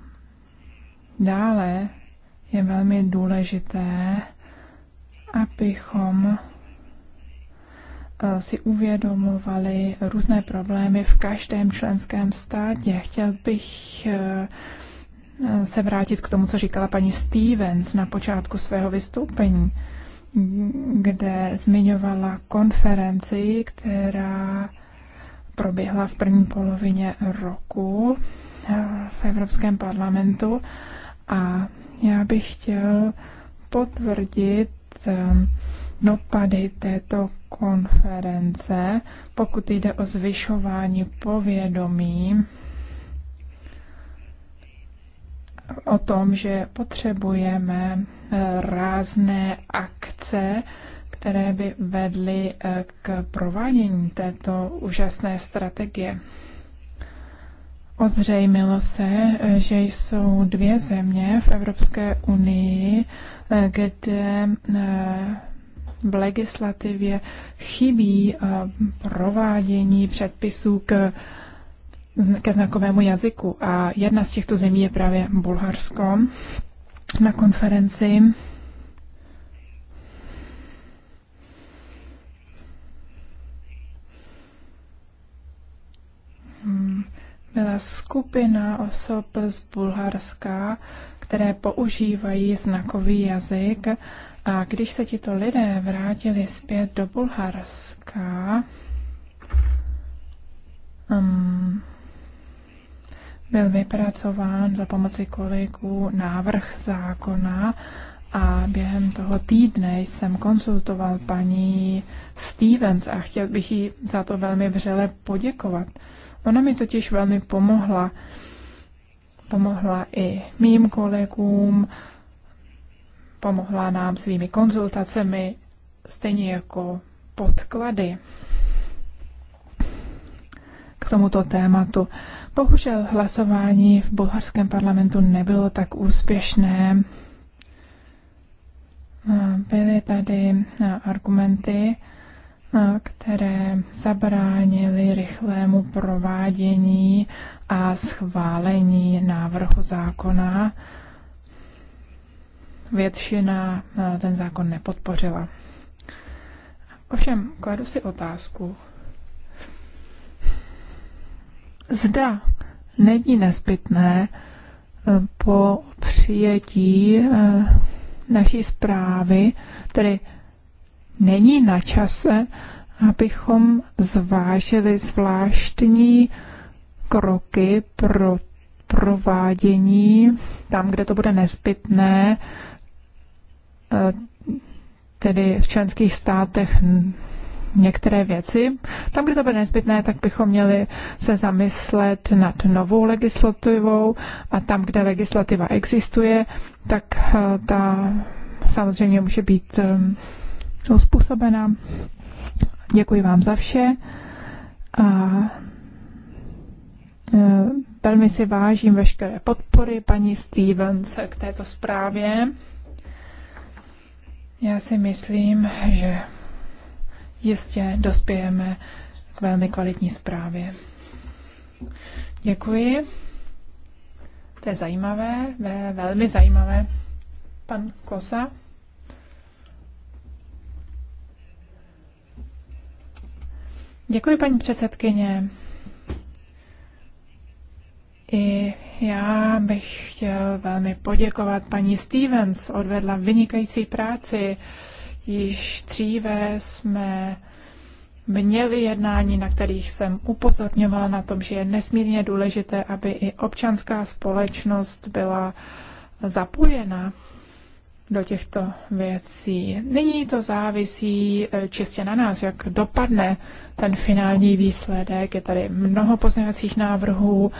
dále je velmi důležité abychom eh, si uvědomovali různé problémy v každém členském státě. Chtěl bych eh, se vrátit k tomu, co říkala paní Stevens na počátku svého vystoupení, kde zmiňovala konferenci, která proběhla v první polovině roku eh, v Evropském parlamentu. A já bych chtěl potvrdit Um, dopady této konference, pokud jde o zvyšování povědomí o tom, že potřebujeme eh, rázné akce, které by vedly eh, k provádění této úžasné strategie. Ozřejmilo se, eh, že jsou dvě země v Evropské unii, kde eh, v legislativě chybí eh, provádění předpisů k, ke znakovému jazyku. A jedna z těchto zemí je právě Bulharsko. Na konferenci byla skupina osob z Bulharska, které používají znakový jazyk. A když se tito lidé vrátili zpět do Bulharska, um, byl vypracován za pomoci kolegů návrh zákona a během toho týdne jsem konsultoval paní Stevens a chtěl bych jí za to velmi vřele poděkovat. Ona mi totiž velmi pomohla. Pomohla i mým kolegům, pomohla nám svými konzultacemi, stejně jako podklady k tomuto tématu. Bohužel hlasování v bulharském parlamentu nebylo tak úspěšné. Byly tady eh, argumenty, které zabránily rychlému provádění a schválení návrhu zákona. Většina eh, ten zákon nepodpořila. Ovšem, kladu si otázku. Zda není nezbytné eh, po přijetí eh, naší zprávy, tedy není na čase, abychom zvážili zvláštní kroky pro provádění tam, kde to bude nezbytné, eh, tedy v členských státech některé věci. Tam, kde to bude nezbytné, tak bychom měli se zamyslet nad novou legislativou a tam, kde legislativa existuje, tak eh, ta samozřejmě může být eh, způsobena. Děkuji vám za vše a e, velmi si vážím veškeré podpory paní Stevens k této zprávě. Já si myslím, že jistě dospějeme k velmi kvalitní zprávě. Děkuji. To je zajímavé, velmi zajímavé. Pan Kosa. Děkuji, paní předsedkyně. I já bych chtěl velmi poděkovat paní Stevens, odvedla vynikající práci. Již dříve jsme měli jednání, na kterých jsem upozorňovala na tom, že je nesmírně důležité, aby i občanská společnost byla zapojena do těchto věcí. Nyní to závisí eh, čistě na nás, jak dopadne ten finální výsledek. Je tady mnoho pozměňovacích návrhů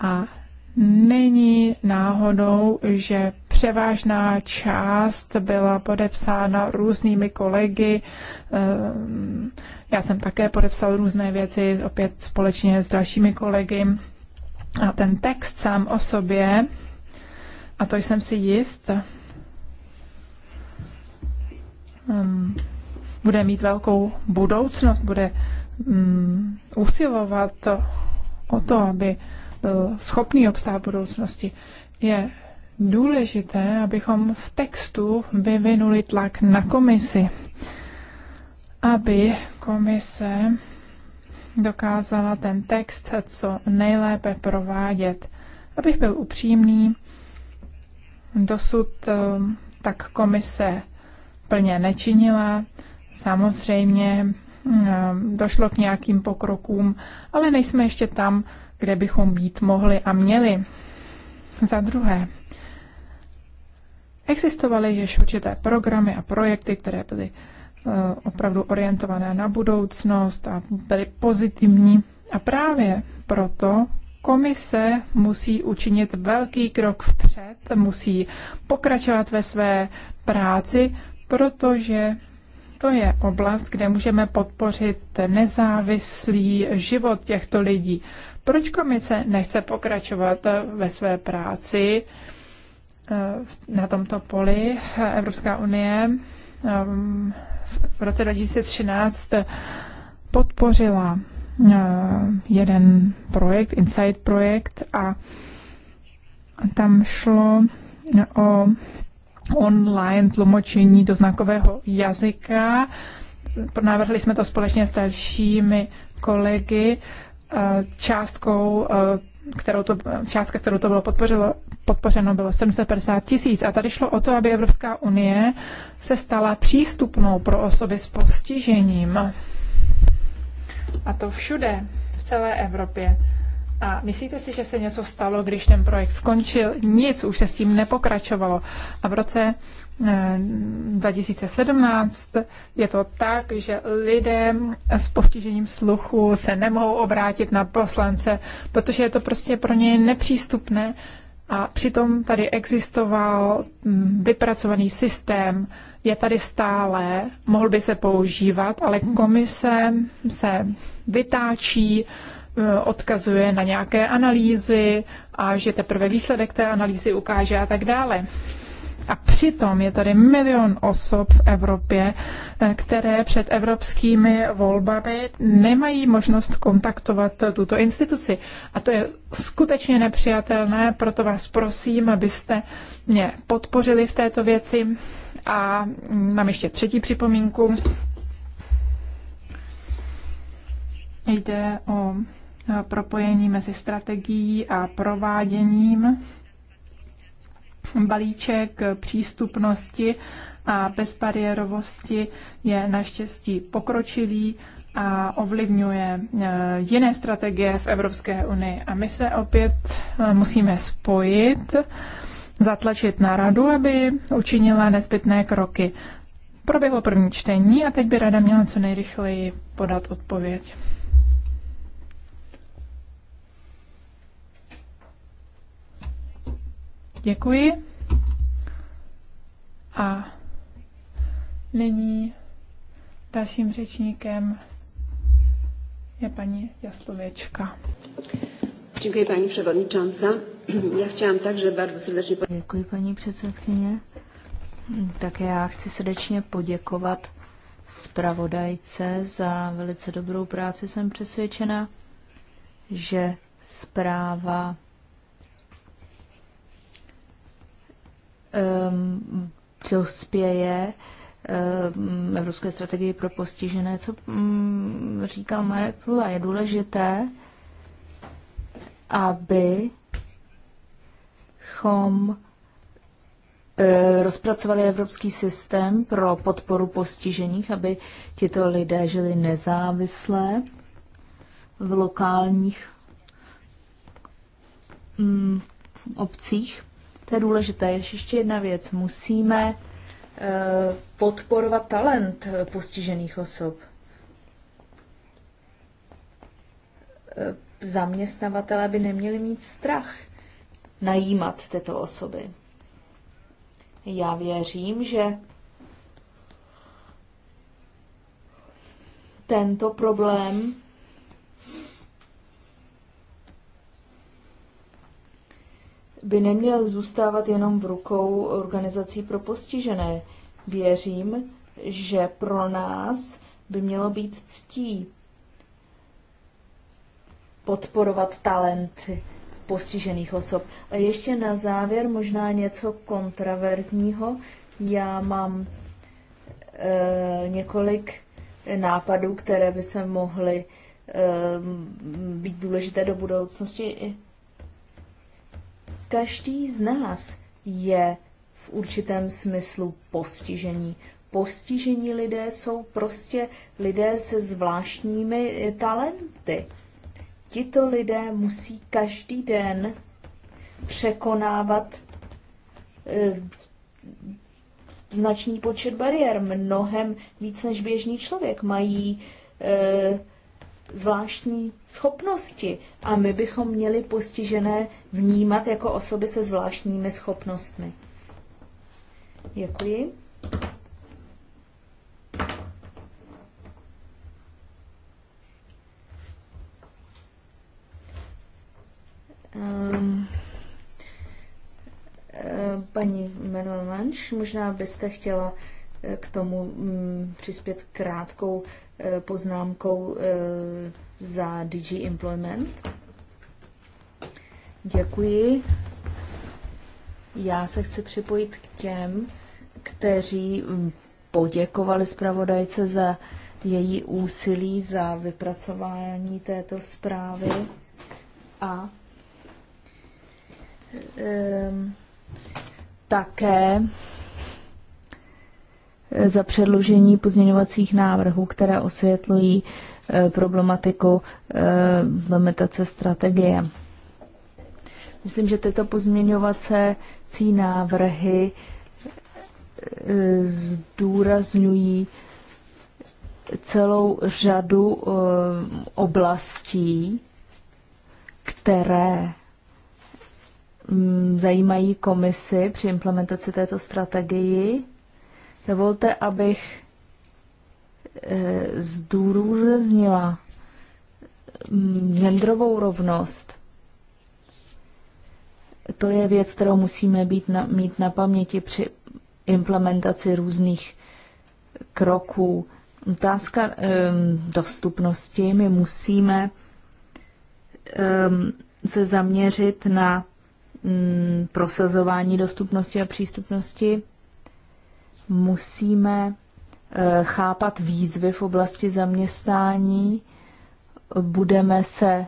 a není náhodou, že převážná část byla podepsána různými kolegy. Eh, já jsem také podepsal různé věci, opět společně s dalšími kolegy. A ten text sám o sobě, a to jsem si jist, Ehm, bude mít velkou budoucnost, bude mm, usilovat o to, aby byl schopný obstát v budoucnosti. Je důležité, abychom v textu vyvinuli tlak na komisi, aby komise dokázala ten text co nejlépe provádět. Abych byl upřímný, dosud ehm, tak komise plně nečinila. Samozřejmě mm, došlo k nějakým pokrokům, ale nejsme ještě tam, kde bychom být mohli a měli. Za druhé, existovaly již určité programy a projekty, které byly eh, opravdu orientované na budoucnost a byly pozitivní. A právě proto komise musí učinit velký krok vpřed, musí pokračovat ve své práci, protože to je oblast, kde můžeme podpořit nezávislý život těchto lidí. Proč komice nechce pokračovat ve své práci eh, na tomto poli? Evropská unie eh, v roce 2013 podpořila eh, jeden projekt, Inside projekt a tam šlo o online tlumočení do znakového jazyka. Navrhli jsme to společně s dalšími kolegy eh, částkou, eh, kterou to, částka, kterou to bylo podpořilo, podpořeno, bylo 750 tisíc. A tady šlo o to, aby Evropská unie se stala přístupnou pro osoby s postižením. A to všude, v celé Evropě. A myslíte si, že se něco stalo, když ten projekt skončil? Nic, už se s tím nepokračovalo. A v roce 2017 eh, je to tak, že lidem s postižením sluchu se nemohou obrátit na poslance, protože je to prostě pro ně nepřístupné. A přitom tady existoval hm, vypracovaný systém, je tady stále, mohl by se používat, ale komise se vytáčí, Eh, odkazuje na nějaké analýzy a že teprve výsledek té analýzy ukáže a tak dále. A přitom je tady milion osob v Evropě, eh, které před evropskými volbami nemají možnost kontaktovat tuto instituci. A to je skutečně nepřijatelné, proto vás prosím, abyste mě podpořili v této věci. A mám ještě třetí připomínku. Jde o propojení mezi strategií a prováděním, balíček přístupnosti a bezbariérovosti je naštěstí pokročilý a ovlivňuje eh, jiné strategie v Evropské unii. A my se opět eh, musíme spojit, zatlačit na radu, aby učinila nezbytné kroky. Proběhlo první čtení a teď by rada měla co nejrychleji podat odpověď. Děkuji. A nyní dalším řečníkem je paní Jaslověčka. Děkuji paní předsedkyně. Já chtěl takže bardzo srdečně poděkovat. Děkuji paní předsedkyně. Tak já chci srdečně poděkovat zpravodajce za velice dobrou práci. Jsem přesvědčena, že zpráva um, ehm, dospěje um, ehm, Evropské strategii pro postižené, co um, říkal Marek Plula. Je důležité, abychom chom e, rozpracovali evropský systém pro podporu postižených, aby tito lidé žili nezávisle v lokálních mm, obcích to je důležité. Ještě jedna věc. Musíme eh, podporovat talent eh, postižených osob. Eh, zaměstnavatele by neměli mít strach najímat tyto osoby. Já věřím, že tento problém by neměl zůstávat jenom v rukou organizací pro postižené. Věřím, že pro nás by mělo být ctí podporovat talenty postižených osob. A ještě na závěr možná něco kontraverzního. Já mám e, několik nápadů, které by se mohly e, být důležité do budoucnosti Každý z nás je v určitém smyslu postižení. Postižení lidé jsou prostě lidé se zvláštními talenty. Tito lidé musí každý den překonávat e, značný počet bariér, mnohem víc než běžný člověk. Mají e, zvláštní schopnosti a my bychom měli postižené vnímat jako osoby se zvláštními schopnostmi. Děkuji. Um, paní Manuel Manš, možná byste chtěla eh, k tomu mm, přispět krátkou Eh, poznámkou eh, za DG Employment. Děkuji. Já se chci připojit k těm, kteří mm, poděkovali zpravodajce za její úsilí, za vypracování této zprávy a e, také Eh, za předložení pozměňovacích návrhů, které osvětlují eh, problematiku eh, implementace strategie. Myslím, že tyto pozměňovací návrhy zdůrazňují celou řadu oblastí, které mm, zajímají komisi při implementaci této strategii Dovolte, abych eh, zdůraznila genderovou rovnost. To je věc, kterou musíme být na, mít na paměti při implementaci různých kroků. Otázka um, dostupnosti. My musíme um, se zaměřit na um, prosazování dostupnosti a přístupnosti musíme eh, chápat výzvy v oblasti zaměstnání, budeme se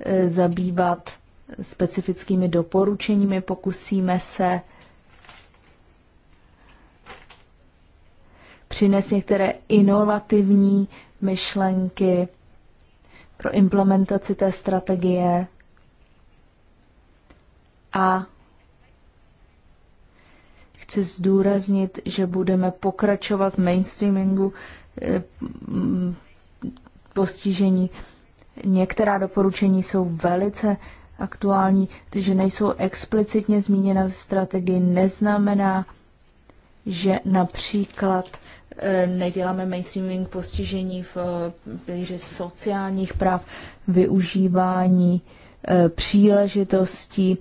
eh, zabývat specifickými doporučeními, pokusíme se přinést některé inovativní myšlenky pro implementaci té strategie a Chci zdůraznit, že budeme pokračovat v mainstreamingu eh, mm, postižení. Některá doporučení jsou velice aktuální, takže nejsou explicitně zmíněna v strategii, neznamená, že například eh, neděláme mainstreaming postižení v eh, pilíři sociálních práv, využívání příležitostí,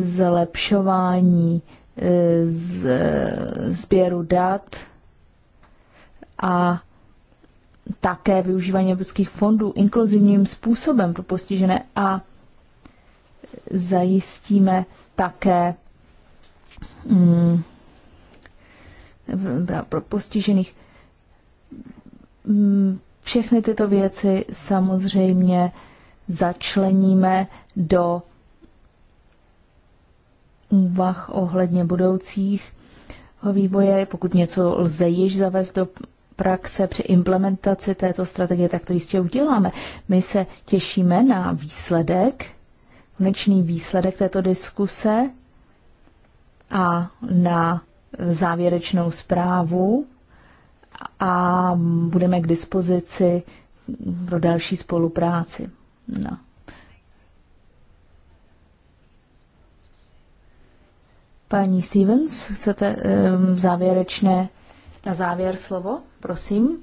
zlepšování z sběru dat a také využívání evropských fondů inkluzivním způsobem pro postižené a zajistíme také mm, pro postižených. Mm, všechny tyto věci samozřejmě začleníme do úvah ohledně budoucích vývoje. Pokud něco lze již zavést do praxe při implementaci této strategie, tak to jistě uděláme. My se těšíme na výsledek, konečný výsledek této diskuse a na závěrečnou zprávu a budeme k dispozici pro další spolupráci No. Paní Stevens, chcete um, závěrečné na závěr slovo? Prosím.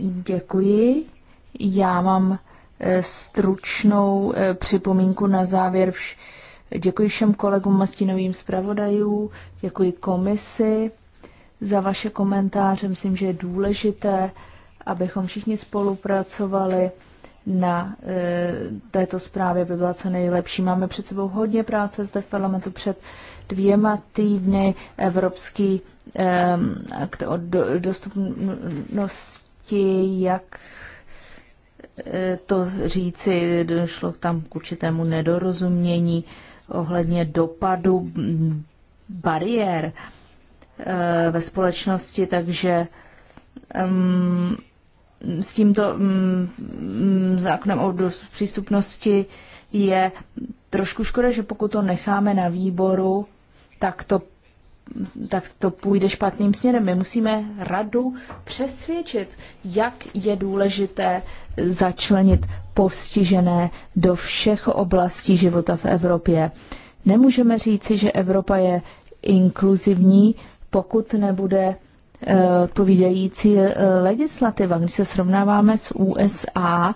Děkuji. Já mám e, stručnou e, připomínku na závěr. Děkuji všem kolegům a stínovým děkuji komisi za vaše komentáře. Myslím, že je důležité, abychom všichni spolupracovali na e, této zprávě by byla co nejlepší. Máme před sebou hodně práce zde v parlamentu. Před dvěma týdny Evropský e, akt o do, dostupnosti, jak e, to říci, došlo tam k určitému nedorozumění ohledně dopadu bariér e, ve společnosti, takže s tímto mm, mm, zákonem o přístupnosti je trošku škoda, že pokud to necháme na výboru, tak to, tak to půjde špatným směrem. My musíme radu přesvědčit, jak je důležité začlenit postižené do všech oblastí života v Evropě. Nemůžeme říci, že Evropa je inkluzivní, pokud nebude Eh, odpovídající eh, legislativa. Když se srovnáváme s USA,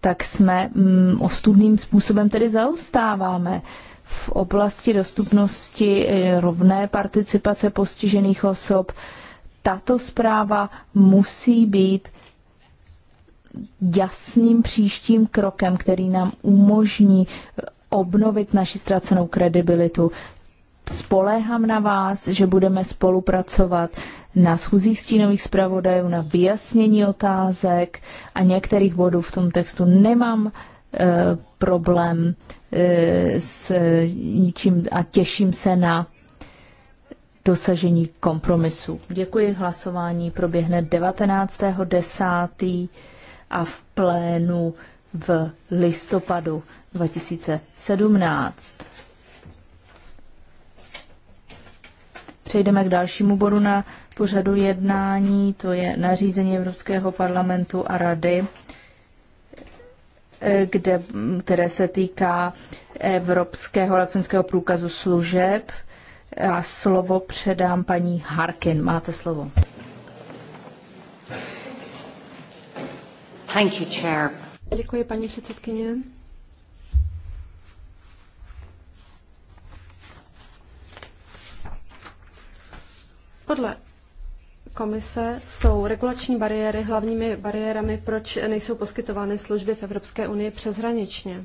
tak jsme mm, ostudným způsobem tedy zaostáváme v oblasti dostupnosti eh, rovné participace postižených osob. Tato zpráva musí být jasným příštím krokem, který nám umožní obnovit naši ztracenou kredibilitu spoléhám na vás, že budeme spolupracovat na schůzích stínových zpravodajů, na vyjasnění otázek a některých bodů v tom textu nemám e, problém e, s ničím a těším se na dosažení kompromisu. Děkuji, hlasování proběhne 19.10. a v plénu v listopadu 2017. Přejdeme k dalšímu bodu na pořadu jednání, to je nařízení Evropského parlamentu a rady, eh, kde, které se týká Evropského elektronického průkazu služeb. A slovo předám paní Harkin. Máte slovo. Thank you, chair. Děkuji, paní předsedkyně. Podle komise jsou regulační bariéry hlavními bariérami, proč nejsou poskytovány služby v Evropské unii přeshraničně.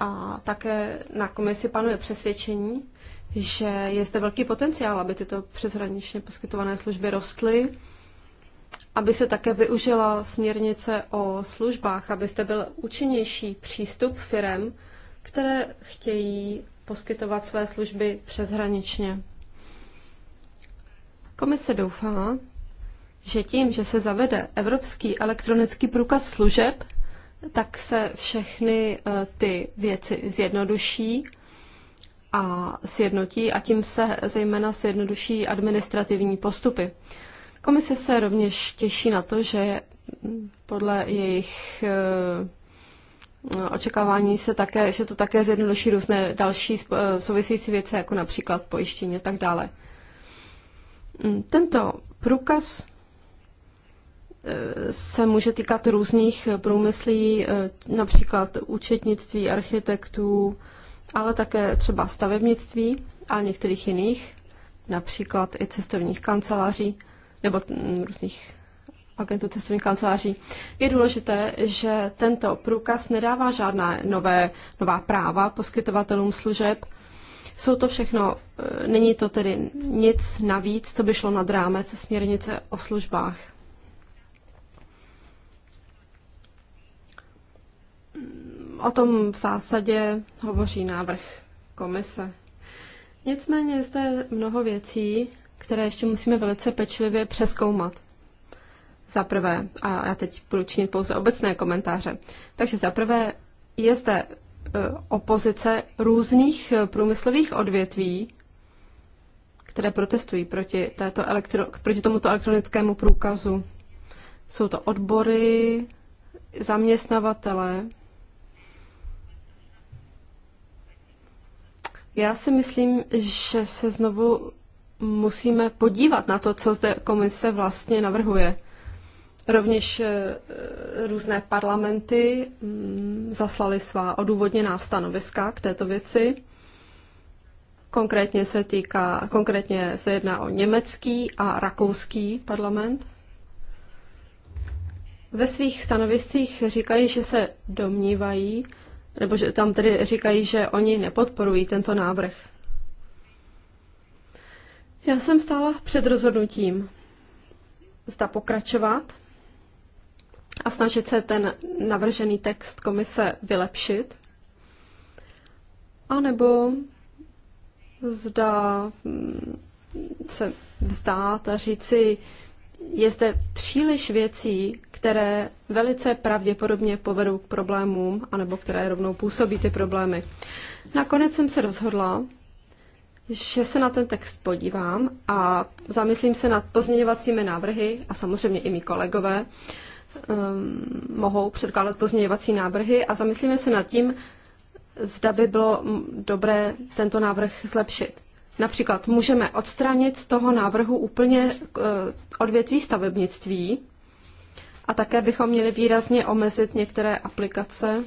A také na komisi panuje přesvědčení, že je zde velký potenciál, aby tyto přeshraničně poskytované služby rostly, aby se také využila směrnice o službách, aby zde byl účinnější přístup firem, které chtějí poskytovat své služby přeshraničně. Komise doufá, že tím, že se zavede Evropský elektronický průkaz služeb, tak se všechny eh, ty věci zjednoduší a sjednotí a tím se zejména sjednoduší administrativní postupy. Komise se rovněž těší na to, že podle jejich eh, očekávání se také, že to také zjednoduší různé další eh, související věci, jako například pojištění a tak dále. Mm, tento průkaz e, se může týkat různých e, průmyslí, e, například účetnictví, architektů, ale také třeba stavebnictví a některých jiných, například i cestovních kanceláří nebo mm, různých agentů cestovních kanceláří. Je důležité, že tento průkaz nedává žádná nová práva poskytovatelům služeb, jsou to všechno, eh, není to tedy nic navíc, co by šlo nad rámec směrnice o službách. O tom v zásadě hovoří návrh komise. Nicméně je zde mnoho věcí, které ještě musíme velice pečlivě přeskoumat. Za prvé, a já teď budu činit pouze obecné komentáře, takže za prvé je zde Eh, opozice různých eh, průmyslových odvětví, které protestují proti, této elektro, proti tomuto elektronickému průkazu. Jsou to odbory, zaměstnavatele. Já si myslím, že se znovu musíme podívat na to, co zde komise vlastně navrhuje. Rovněž eh, eh, různé parlamenty mm, zaslali svá odůvodněná stanoviska k této věci. Konkrétně se týká, konkrétně se jedná o německý a rakouský parlament. Ve svých stanoviscích říkají, že se domnívají, nebo že tam tedy říkají, že oni nepodporují tento návrh. Já jsem stála před rozhodnutím, zda pokračovat a snažit se ten navržený text komise vylepšit, anebo zda mm, se vzdát a říci, je zde příliš věcí, které velice pravděpodobně povedou k problémům, anebo které rovnou působí ty problémy. Nakonec jsem se rozhodla, že se na ten text podívám a zamyslím se nad pozměňovacími návrhy a samozřejmě i mý kolegové, Um, mohou předkládat pozměňovací návrhy a zamyslíme se nad tím, zda by bylo dobré tento návrh zlepšit. Například můžeme odstranit z toho návrhu úplně uh, odvětví stavebnictví a také bychom měli výrazně omezit některé aplikace.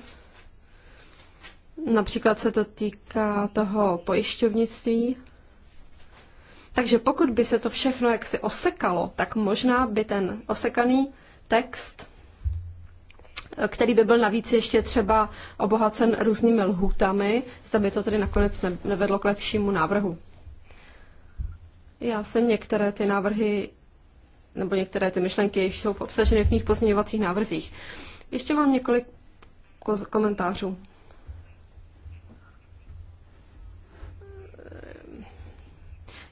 Například se to týká toho pojišťovnictví. Takže pokud by se to všechno jaksi osekalo, tak možná by ten osekaný text, který by byl navíc ještě třeba obohacen různými lhůtami, zda by to tedy nakonec nevedlo k lepšímu návrhu. Já jsem některé ty návrhy nebo některé ty myšlenky již jsou obsaženy v mých pozměňovacích návrzích. Ještě mám několik komentářů.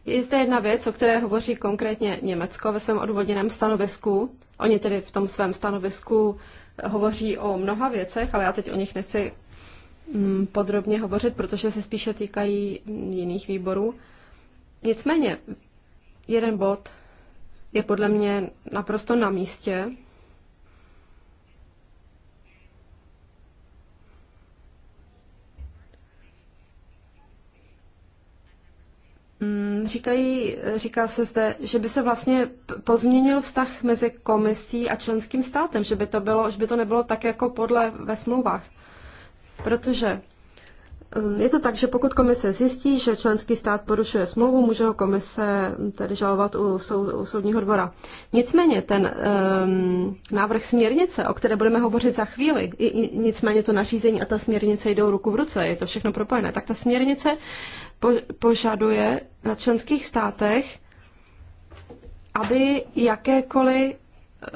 Je zde jedna věc, o které hovoří konkrétně Německo ve svém odvodněném stanovisku. Oni tedy v tom svém stanovisku eh, hovoří o mnoha věcech, ale já teď o nich nechci mm, podrobně hovořit, protože se spíše týkají mm, jiných výborů. Nicméně, jeden bod je podle mě naprosto na místě Mm, říkají, říká se zde, že by se vlastně pozměnil vztah mezi komisí a členským státem, že by to, bylo, že by to nebylo tak jako podle ve smlouvách. Protože mm, je to tak, že pokud komise zjistí, že členský stát porušuje smlouvu, může ho komise tedy žalovat u, sou, u soudního dvora. Nicméně ten um, návrh směrnice, o které budeme hovořit za chvíli, i, i, nicméně to nařízení a ta směrnice jdou ruku v ruce, je to všechno propojené, tak ta směrnice požaduje na členských státech, aby jakékoliv eh,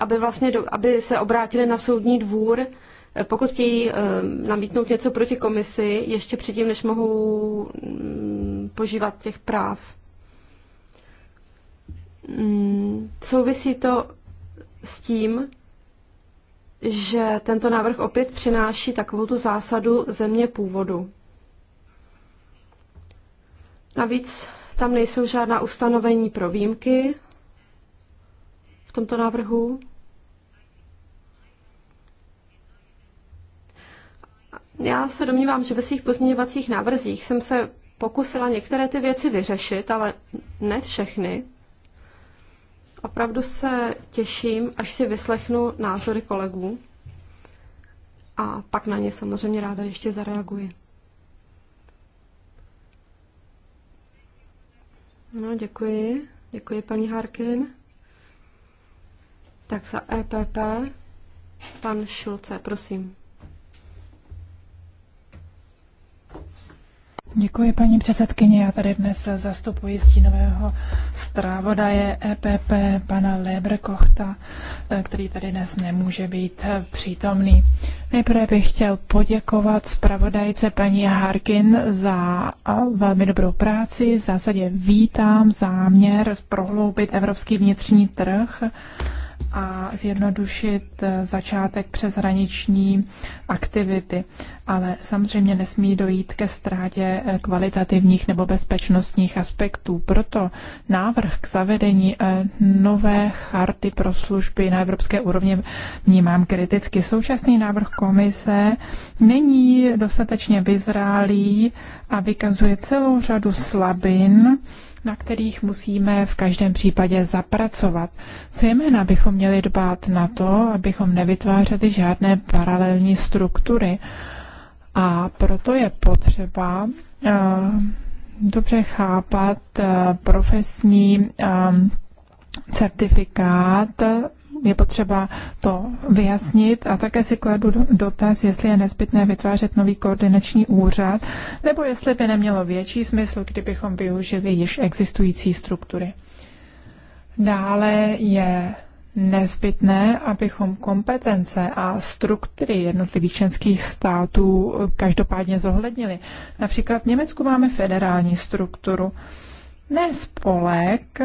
aby vlastně, aby se obrátili na soudní dvůr, eh, pokud chtějí eh, namítnout něco proti komisi, ještě předtím, než mohou mm, požívat těch práv. Mm, souvisí to s tím, že tento návrh opět přináší takovou tu zásadu země původu. Navíc tam nejsou žádná ustanovení pro výjimky v tomto návrhu. Já se domnívám, že ve svých pozměňovacích návrzích jsem se pokusila některé ty věci vyřešit, ale ne všechny. Opravdu se těším, až si vyslechnu názory kolegů a pak na ně samozřejmě ráda ještě zareaguji. No, děkuji. Děkuji, paní Harkin. Tak za EPP, pan Šulce, prosím. Děkuji, paní předsedkyně. Já tady dnes zastupuji stínového strávodaje EPP, pana Lebrkochta, který tady dnes nemůže být přítomný. Nejprve bych chtěl poděkovat zpravodajce paní Harkin za velmi dobrou práci. V zásadě vítám záměr prohloubit evropský vnitřní trh a zjednodušit eh, začátek přeshraniční aktivity. Ale samozřejmě nesmí dojít ke ztrátě eh, kvalitativních nebo bezpečnostních aspektů. Proto návrh k zavedení eh, nové charty pro služby na evropské úrovni vnímám kriticky. Současný návrh komise není dostatečně vyzrálý a vykazuje celou řadu slabin, na kterých musíme v každém případě zapracovat. Zejména bychom měli dbát na to, abychom nevytvářeli žádné paralelní struktury. A proto je potřeba uh, dobře chápat uh, profesní uh, certifikát je potřeba to vyjasnit a také si kladu dotaz, jestli je nezbytné vytvářet nový koordinační úřad, nebo jestli by nemělo větší smysl, kdybychom využili již existující struktury. Dále je nezbytné, abychom kompetence a struktury jednotlivých členských států každopádně zohlednili. Například v Německu máme federální strukturu, ne spolek,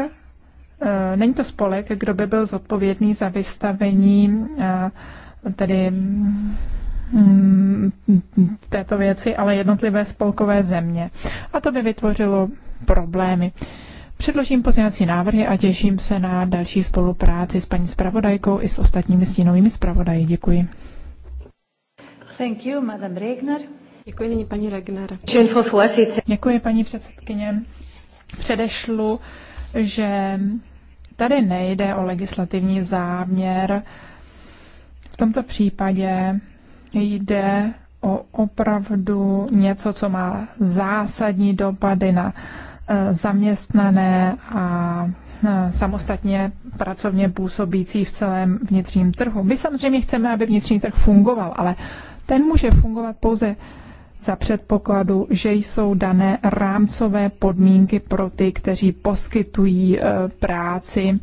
Eh, není to spolek, kdo by byl zodpovědný za vystavení eh, tedy mm, této věci, ale jednotlivé spolkové země. A to by vytvořilo problémy. Předložím pozměňovací návrhy a těším se na další spolupráci s paní zpravodajkou i s ostatními stínovými zpravodaji. Děkuji. Thank you, Madam Regner. Děkuji, nyní paní Regner. Děkuji, paní předsedkyně. Předešlu, že Tady nejde o legislativní záměr. V tomto případě jde o opravdu něco, co má zásadní dopady na eh, zaměstnané a eh, samostatně pracovně působící v celém vnitřním trhu. My samozřejmě chceme, aby vnitřní trh fungoval, ale ten může fungovat pouze za předpokladu, že jsou dané rámcové podmínky pro ty, kteří poskytují eh, práci.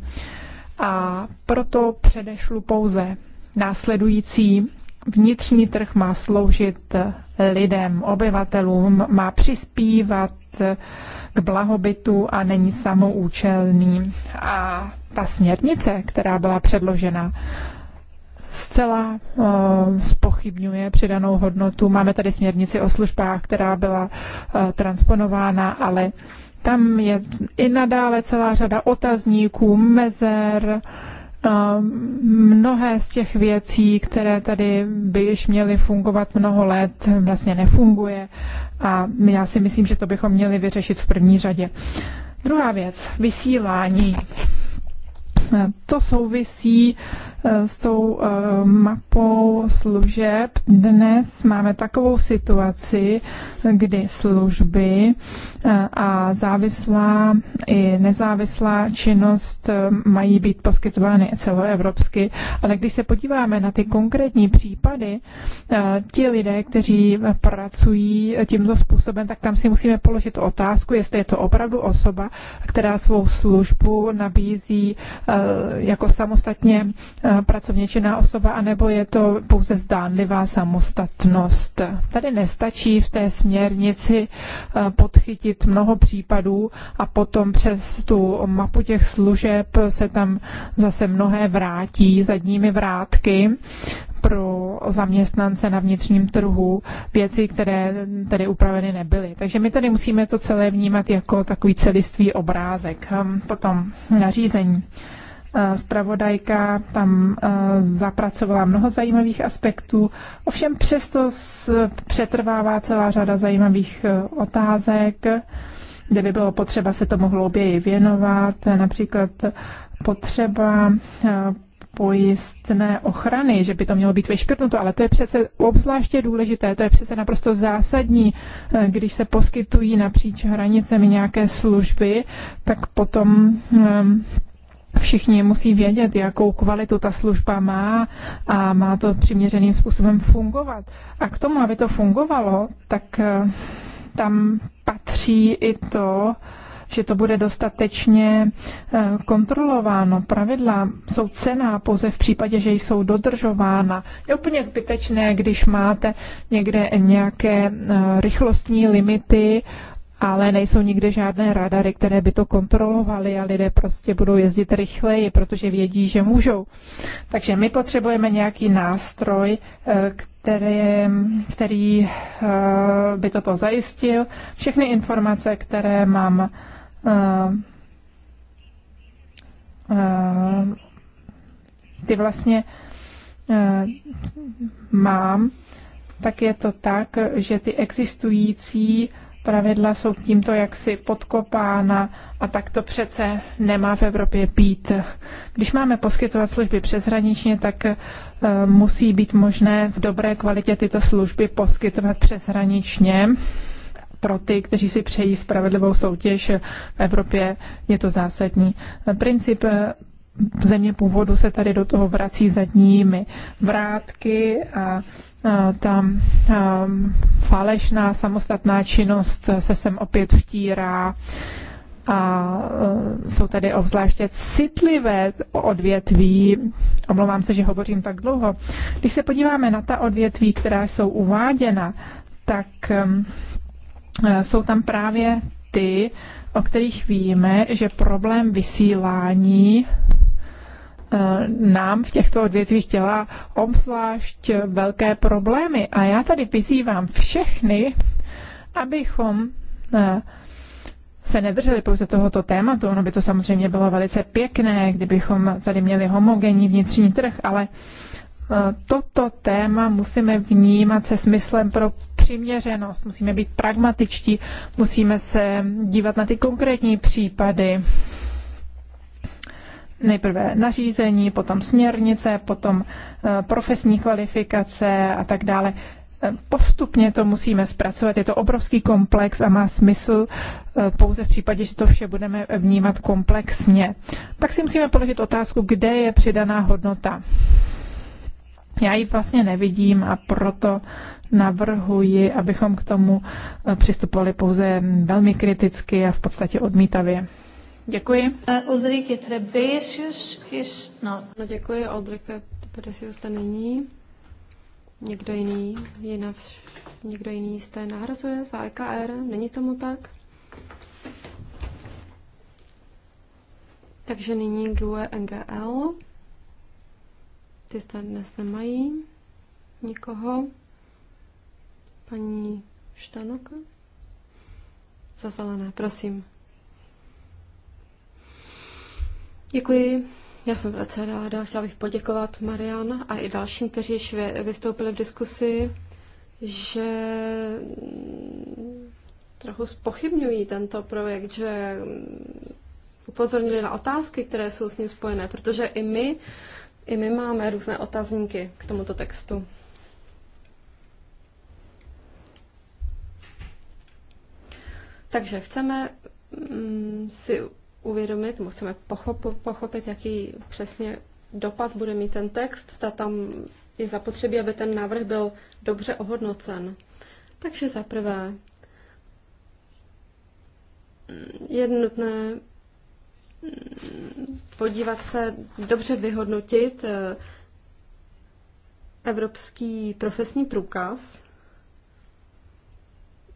A proto předešlu pouze následující. Vnitřní trh má sloužit eh, lidem, obyvatelům, má přispívat eh, k blahobytu a není samoučelný. A ta směrnice, která byla předložena, zcela uh, spochybňuje přidanou hodnotu. Máme tady směrnici o službách, která byla uh, transponována, ale tam je i nadále celá řada otazníků, mezer, eh, mnohé z těch věcí, které tady by již měly fungovat mnoho let, vlastně nefunguje a já si myslím, že to bychom měli vyřešit v první řadě. Druhá věc, vysílání. To souvisí Eh, s tou eh, mapou služeb. Dnes máme takovou situaci, kdy služby eh, a závislá i nezávislá činnost mají být poskytovány celoevropsky, ale když se podíváme na ty konkrétní případy, ti lidé, kteří pracují tímto způsobem, tak tam si musíme položit otázku, jestli je to opravdu osoba, která svou službu nabízí jako samostatně Eh, pracovně činná osoba, anebo je to pouze zdánlivá samostatnost. Tady nestačí v té směrnici eh, podchytit mnoho případů a potom přes tu mapu těch služeb se tam zase mnohé vrátí zadními vrátky pro zaměstnance na vnitřním trhu věci, které tady upraveny nebyly. Takže my tady musíme to celé vnímat jako takový celistvý obrázek, hm, potom nařízení. Spravodajka eh, tam eh, zapracovala mnoho zajímavých aspektů, ovšem přesto přetrvává celá řada zajímavých eh, otázek, kde by bylo potřeba se tomu hlouběji věnovat, například potřeba pojistné ochrany, že by to mělo být vyškrtnuto, ale to je přece obzvláště důležité, to je přece naprosto zásadní, když se poskytují napříč hranicemi nějaké služby, tak potom všichni musí vědět, jakou kvalitu ta služba má a má to přiměřeným způsobem fungovat. A k tomu, aby to fungovalo, tak eh, tam patří i to, že to bude dostatečně eh, kontrolováno. Pravidla jsou cená pouze v případě, že jsou dodržována. Je úplně zbytečné, když máte někde nějaké eh, rychlostní limity ale nejsou nikde žádné radary, které by to kontrolovaly a lidé prostě budou jezdit rychleji, protože vědí, že můžou. Takže my potřebujeme nějaký nástroj, eh, který, který eh, by toto zajistil. Všechny informace, které mám, eh, ty vlastně mám, tak je to tak, že ty existující pravidla jsou tímto jaksi podkopána a tak to přece nemá v Evropě být. Když máme poskytovat služby přeshraničně, tak eh, musí být možné v dobré kvalitě tyto služby poskytovat přeshraničně. Pro ty, kteří si přejí spravedlivou soutěž v Evropě, je to zásadní. Princip eh, země původu se tady do toho vrací zadními vrátky a ta um, falešná samostatná činnost se sem opět vtírá a uh, jsou tady obzvláště citlivé odvětví. Omlouvám se, že hovořím tak dlouho. Když se podíváme na ta odvětví, která jsou uváděna, tak um, uh, jsou tam právě ty, o kterých víme, že problém vysílání Eh, nám v těchto odvětvích dělá obzvlášť velké problémy. A já tady vyzývám všechny, abychom eh, se nedrželi pouze tohoto tématu. Ono by to samozřejmě bylo velice pěkné, kdybychom tady měli homogenní vnitřní trh, ale eh, toto téma musíme vnímat se smyslem pro přiměřenost, musíme být pragmatičtí, musíme se dívat na ty konkrétní případy, nejprve nařízení, potom směrnice, potom eh, profesní kvalifikace a tak dále. Eh, postupně to musíme zpracovat, je to obrovský komplex a má smysl eh, pouze v případě, že to vše budeme vnímat komplexně. Tak si musíme položit otázku, kde je přidaná hodnota. Já ji vlastně nevidím a proto navrhuji, abychom k tomu přistupovali pouze velmi kriticky a v podstatě odmítavě. Děkuji. Uh, Ulrike Trebesius is not. No děkuji, Ulrike Trebesius to není. Někdo jiný, jiná, někdo jiný jste nahrazuje za EKR, není tomu tak? Takže nyní GUE NGL. Ty zde dnes nemají nikoho. Paní Štanoka? Za zelené, prosím. Děkuji. Já jsem velice ráda. Chtěla bych poděkovat Marian a i dalším, kteří již vystoupili v diskusi, že trochu spochybňují tento projekt, že upozornili na otázky, které jsou s ním spojené, protože i my, i my máme různé otazníky k tomuto textu. Takže chceme mm, si uvědomit, nebo chceme pochopit, jaký přesně dopad bude mít ten text, zda tam je zapotřebí, aby ten návrh byl dobře ohodnocen. Takže za prvé je nutné mm, podívat se, dobře vyhodnotit eh, evropský profesní průkaz.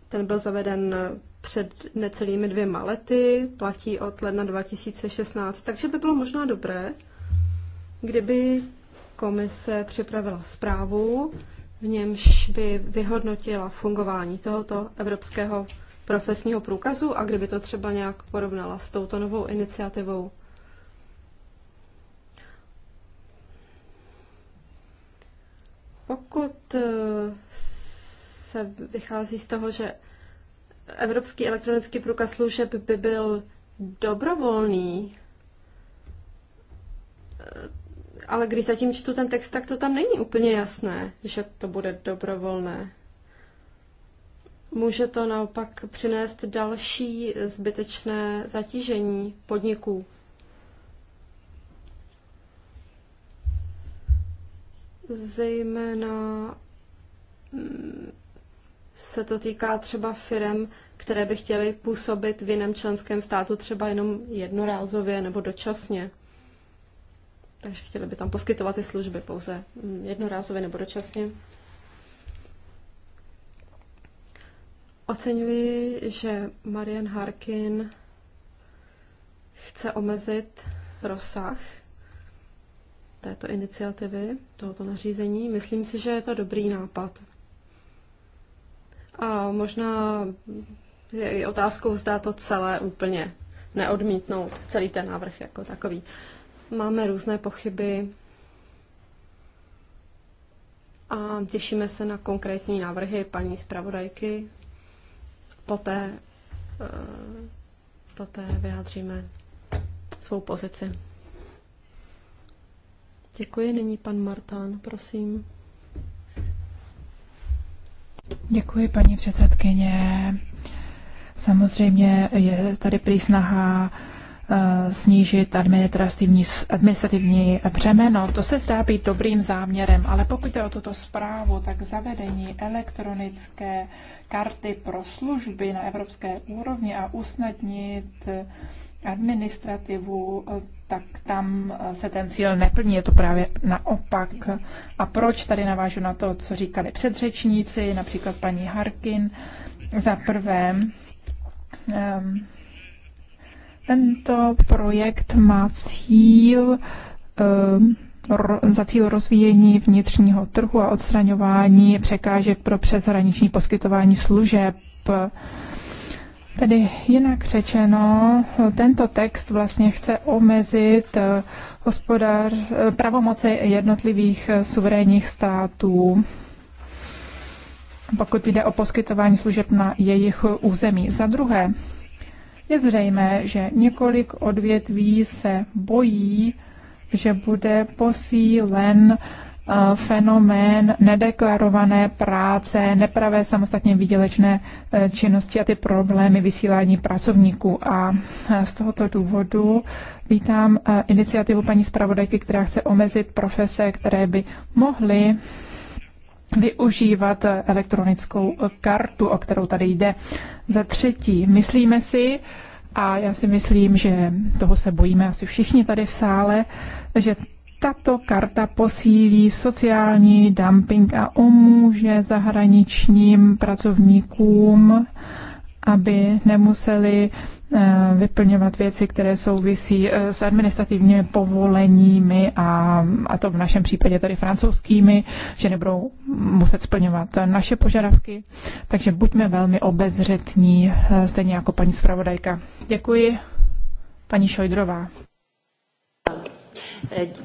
Ten byl zaveden před necelými dvěma lety, platí od ledna 2016, takže by bylo možná dobré, kdyby komise připravila zprávu, v němž by vyhodnotila fungování tohoto evropského profesního průkazu a kdyby to třeba nějak porovnala s touto novou iniciativou. Pokud eh, se vychází z toho, že evropský elektronický průkaz služeb by byl dobrovolný, ale když zatím čtu ten text, tak to tam není úplně jasné, že to bude dobrovolné. Může to naopak přinést další zbytečné zatížení podniků. Zejména mm, se to týká třeba firm, které by chtěly působit v jiném členském státu třeba jenom jednorázově nebo dočasně. Takže chtěli by tam poskytovat ty služby pouze mm, jednorázově nebo dočasně. Oceňuji, že Marian Harkin chce omezit rozsah této iniciativy, tohoto nařízení. Myslím si, že je to dobrý nápad a možná je i otázkou, zdá to celé úplně neodmítnout, celý ten návrh jako takový. Máme různé pochyby a těšíme se na konkrétní návrhy paní zpravodajky. Poté, eh, poté vyjádříme svou pozici. Děkuji, nyní pan Martán, prosím. Děkuji, paní předsedkyně. Samozřejmě je tady prý snaha eh, snížit administrativní, administrativní břemeno. To se zdá být dobrým záměrem, ale pokud je o tuto zprávu, tak zavedení elektronické karty pro služby na evropské úrovni a usnadnit administrativu, eh, tak tam eh, se ten cíl neplní, je to právě naopak. A proč tady navážu na to, co říkali předřečníci, například paní Harkin. Za prvé, ehm, tento projekt má cíl ehm, za cíl rozvíjení vnitřního trhu a odstraňování překážek pro přeshraniční poskytování služeb. Tedy jinak řečeno, tento text vlastně chce omezit eh, hospodář, eh, pravomoci jednotlivých eh, suverénních států, pokud jde o poskytování služeb na jejich území. Za druhé, je zřejmé, že několik odvětví se bojí, že bude posílen Eh, fenomén nedeklarované práce, nepravé samostatně výdělečné eh, činnosti a ty problémy vysílání pracovníků. A eh, z tohoto důvodu vítám iniciativu paní zpravodajky, která chce omezit profese, které by mohly využívat elektronickou kartu, o kterou tady jde. Za třetí, myslíme si, a já si myslím, že toho se bojíme asi všichni tady v sále, že tato karta posílí sociální dumping a umůže zahraničním pracovníkům, aby nemuseli eh, vyplňovat věci, které souvisí eh, s administrativními povoleními a, a to v našem případě tady francouzskými, že nebudou muset splňovat naše požadavky. Takže buďme velmi obezřetní, eh, stejně jako paní zpravodajka. Děkuji, paní Šojdrová.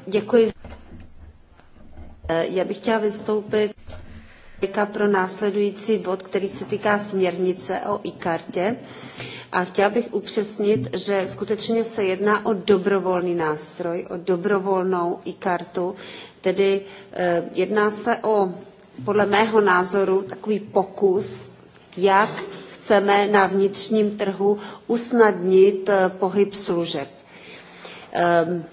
Děkuji. Já bych chtěla vystoupit pro následující bod, který se týká směrnice o ikartě. A chtěla bych upřesnit, že skutečně se jedná o dobrovolný nástroj, o dobrovolnou ikartu. tedy eh, jedná se o, podle mého názoru, takový pokus, jak chceme na vnitřním trhu usnadnit eh, pohyb služeb. Ehm,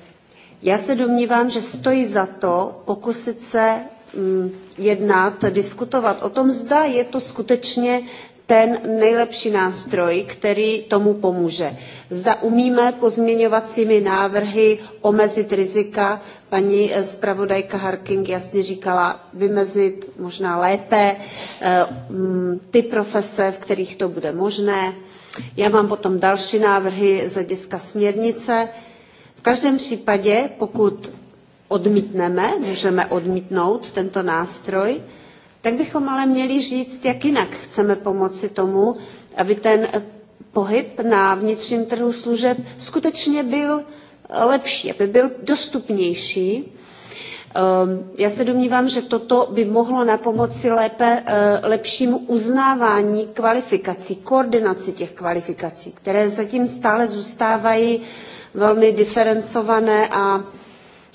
já se domnívám, že stojí za to pokusit se mm, jednat, diskutovat o tom, zda je to skutečně ten nejlepší nástroj, který tomu pomůže. Zda umíme pozměňovacími návrhy omezit rizika. Paní eh, zpravodajka Harking jasně říkala, vymezit možná lépe eh, mm, ty profese, v kterých to bude možné. Já mám potom další návrhy z hlediska směrnice každém případě, pokud odmítneme, můžeme odmítnout tento nástroj, tak bychom ale měli říct, jak jinak chceme pomoci tomu, aby ten pohyb na vnitřním trhu služeb skutečně byl lepší, aby byl dostupnější. Ehm, já se domnívám, že toto by mohlo na pomoci lépe, eh, lepšímu uznávání kvalifikací, koordinaci těch kvalifikací, které zatím stále zůstávají velmi diferencované a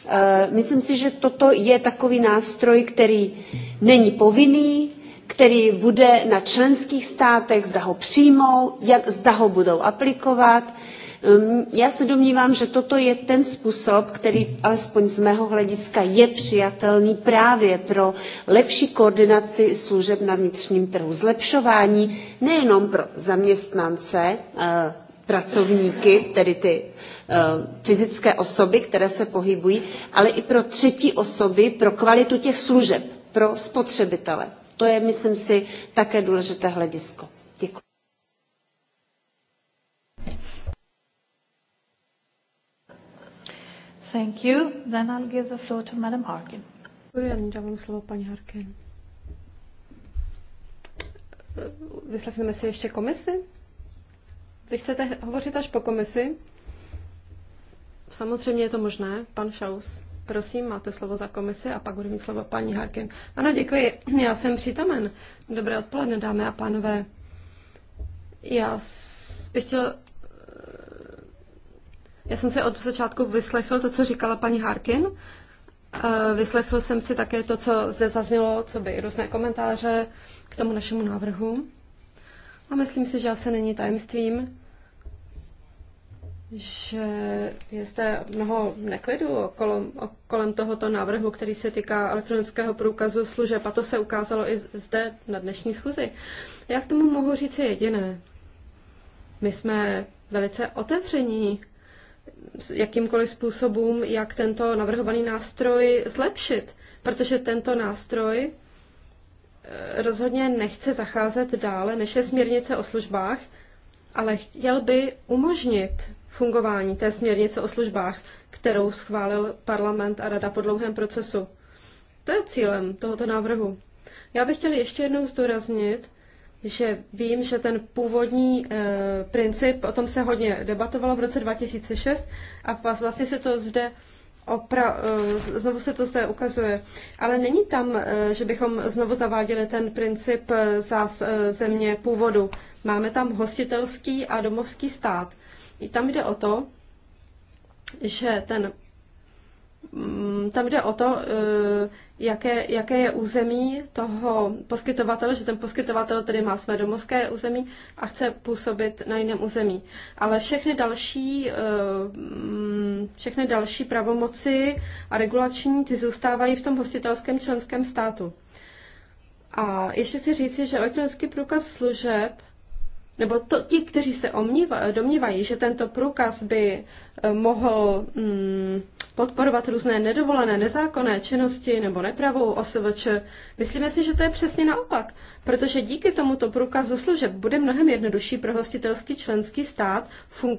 e, myslím si, že toto je takový nástroj, který není povinný, který bude na členských státech, zda ho přijmou, jak, zda ho budou aplikovat. Ehm, já se domnívám, že toto je ten způsob, který alespoň z mého hlediska je přijatelný právě pro lepší koordinaci služeb na vnitřním trhu, zlepšování nejenom pro zaměstnance e, pracovníky, tedy ty eh, fyzické osoby, které se pohybují, ale i pro třetí osoby, pro kvalitu těch služeb, pro spotřebitele. To je, myslím si, také důležité hledisko. Děkuji. Thank you. Then I'll give the floor to Madam Harkin. dávám slovo paní Harkin. Vyslechneme si ještě komisi. Vy chcete hovořit až po komisi? Samozřejmě je to možné. Pan Šaus, prosím, máte slovo za komisi a pak bude mít slovo paní Harkin. Ano, děkuji. Já jsem přítomen. Dobré odpoledne, dámy a pánové. Já bych chtěl... Já jsem se od začátku vyslechl to, co říkala paní Harkin. Eh, vyslechl jsem si také to, co zde zaznělo, co by různé komentáře k tomu našemu návrhu. A myslím si, že asi není tajemstvím, že je zde mnoho neklidu okolo, kolem tohoto návrhu, který se týká elektronického průkazu služeb. A to se ukázalo i zde na dnešní schůzi. Já k tomu mohu říct jediné. My jsme velice otevření jakýmkoliv způsobům, jak tento navrhovaný nástroj zlepšit, protože tento nástroj rozhodně nechce zacházet dále, než je směrnice o službách, ale chtěl by umožnit fungování té směrnice o službách, kterou schválil parlament a rada po dlouhém procesu. To je cílem tohoto návrhu. Já bych chtěl ještě jednou zdůraznit, že vím, že ten původní e, princip, o tom se hodně debatovalo v roce 2006 a vlastně se to zde opra- eh, znovu se to zde ukazuje. Ale není tam, eh, že bychom znovu zaváděli ten princip eh, za země původu. Máme tam hostitelský a domovský stát. I tam jde o to, že ten Mm, tam jde o to, eh, jaké, jaké je území toho poskytovatele, že ten poskytovatel tedy má své domovské území a chce působit na jiném území. Ale všechny další, eh, mm, všechny další pravomoci a regulační ty zůstávají v tom hostitelském členském státu. A ještě chci říci, že elektronický průkaz služeb nebo to, ti, kteří se omnívají, domnívají, že tento průkaz by eh, mohl mm, podporovat různé nedovolené, nezákonné činnosti nebo nepravou OSVČ, myslíme si, že to je přesně naopak, protože díky tomuto průkazu služeb bude mnohem jednodušší pro hostitelský členský stát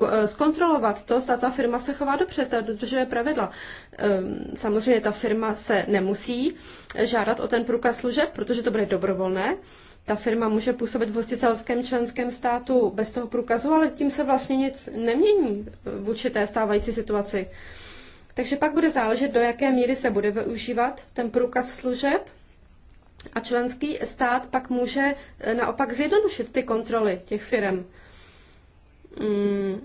eh, zkontrolovat to, zda ta firma se chová dobře, ta dodržuje pravidla. Ehm, samozřejmě ta firma se nemusí žádat o ten průkaz služeb, protože to bude dobrovolné, ta firma může působit v hostitelském členském státu bez toho průkazu, ale tím se vlastně nic nemění eh, vůči té stávající situaci. Takže pak bude záležet, do jaké míry se bude využívat ten průkaz služeb a členský stát pak může eh, naopak zjednodušit ty kontroly těch firm. Mm,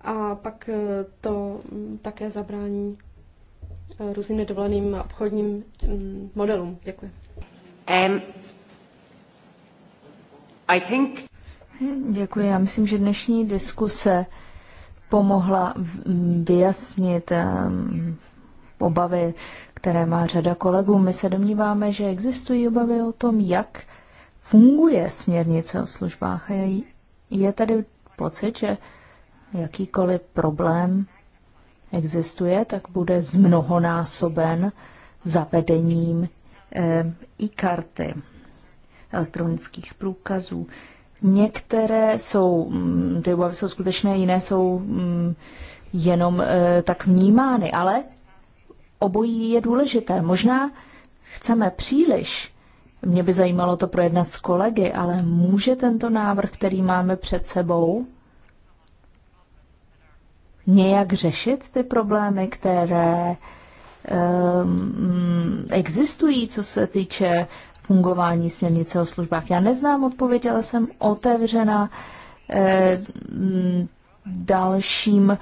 a pak eh, to mm, také zabrání různým nedovoleným obchodním mm, modelům. Děkuji. Um, i think... Děkuji. Já myslím, že dnešní diskuse pomohla vyjasnit um, obavy, které má řada kolegů. My se domníváme, že existují obavy o tom, jak funguje směrnice o službách. je tady pocit, že jakýkoliv problém existuje, tak bude zmnohonásoben zavedením ehm, e-karty elektronických průkazů. Některé jsou, mm, ty obavy jsou skutečné, jiné jsou mm, jenom e, tak vnímány, ale obojí je důležité. Možná chceme příliš, mě by zajímalo to projednat s kolegy, ale může tento návrh, který máme před sebou, nějak řešit ty problémy, které um, existují, co se týče fungování směrnice o službách. Já neznám odpověď, ale jsem otevřena eh, dalším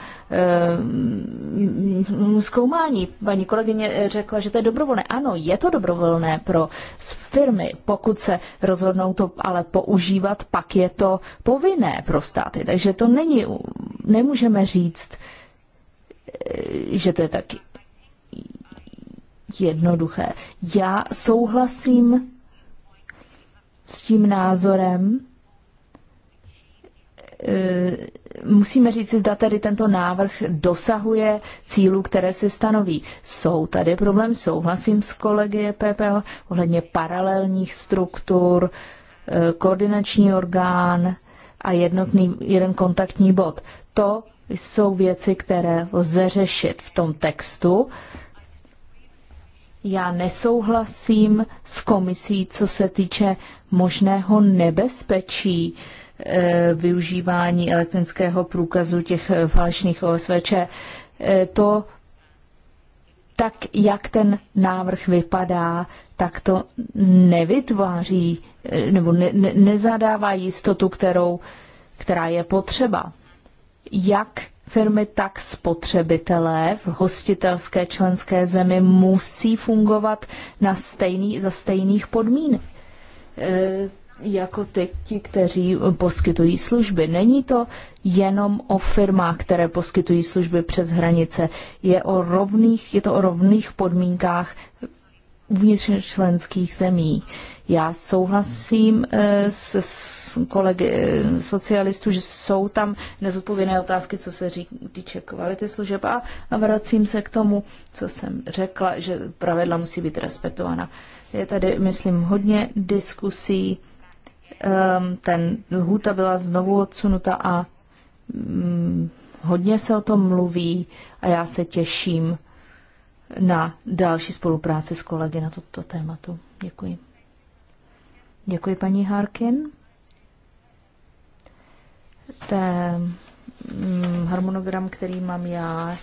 eh, zkoumání. Paní kolegyně řekla, že to je dobrovolné. Ano, je to dobrovolné pro firmy. Pokud se rozhodnou to ale používat, pak je to povinné pro státy. Takže to není, nemůžeme říct, eh, že to je tak jednoduché. Já souhlasím s tím názorem, e, musíme říct si, zda tady tento návrh dosahuje cílů, které se stanoví. Jsou tady problém, souhlasím s kolegy e PPO ohledně paralelních struktur, e, koordinační orgán a jednotný, jeden kontaktní bod. To jsou věci, které lze řešit v tom textu. Já nesouhlasím s komisí, co se týče možného nebezpečí e, využívání elektronického průkazu těch eh, falešných OSVČ. E, eh, to tak, jak ten návrh vypadá, tak to nevytváří nebo ne, ne, nezadává jistotu, kterou, která je potřeba jak firmy, tak spotřebitelé v hostitelské členské zemi musí fungovat na stejný, za stejných podmínek e, jako ty, ti, kteří poskytují služby. Není to jenom o firmách, které poskytují služby přes hranice. Je, o rovných, je to o rovných podmínkách uvnitř členských zemí. Já souhlasím eh, s, s kolegy eh, socialistů, že jsou tam nezodpovědné otázky, co se týče kvality služeb a, a vracím se k tomu, co jsem řekla, že pravidla musí být respektována. Je tady, myslím, hodně diskusí. Ehm, ten lhůta byla znovu odsunuta a mm, hodně se o tom mluví a já se těším na další spolupráci s kolegy na toto tématu. Děkuji. Děkuji, paní Harkin. Ten mm, harmonogram, který mám já,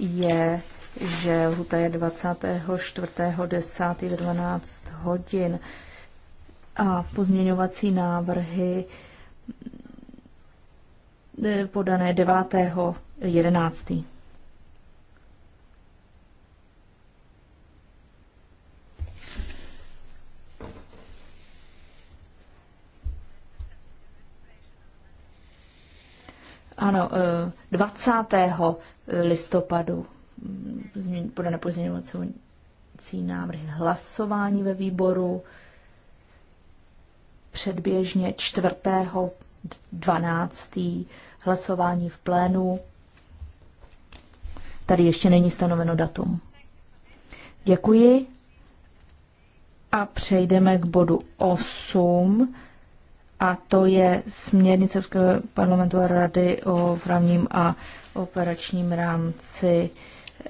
je, že lhuta je 24.10. v 12 hodin a pozměňovací návrhy mm, podané 9. 11. Ano, 20. Eh, listopadu bude mm, pozměňovací návrh hlasování ve výboru předběžně 4. 12. hlasování v plénu. Tady ještě není stanoveno datum. Děkuji a přejdeme k bodu 8 a to je směrnice Evropského parlamentu a rady o právním a operačním rámci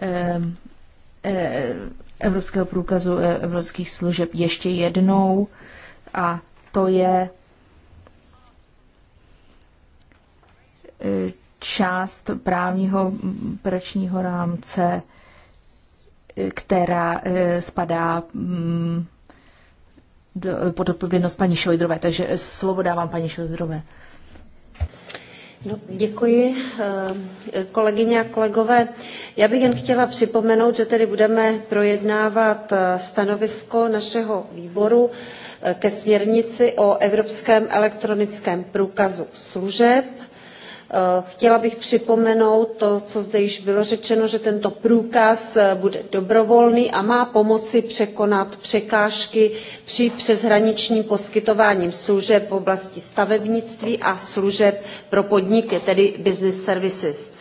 e, Evropského průkazu e, evropských služeb ještě jednou a to je e, část právního operačního rámce, která spadá pod odpovědnost paní Šojdrové, takže slovo dávám paní Šojdrové. No, děkuji. Eh, kolegyně a kolegové, já bych jen chtěla připomenout, že tedy budeme projednávat eh, stanovisko našeho výboru eh, ke směrnici o Evropském elektronickém průkazu služeb Eh, chtěla bych připomenout to, co zde již bylo řečeno, že tento průkaz eh, bude dobrovolný a má pomoci překonat překážky při přeshraničním poskytování služeb v oblasti stavebnictví a služeb pro podniky, tedy business services.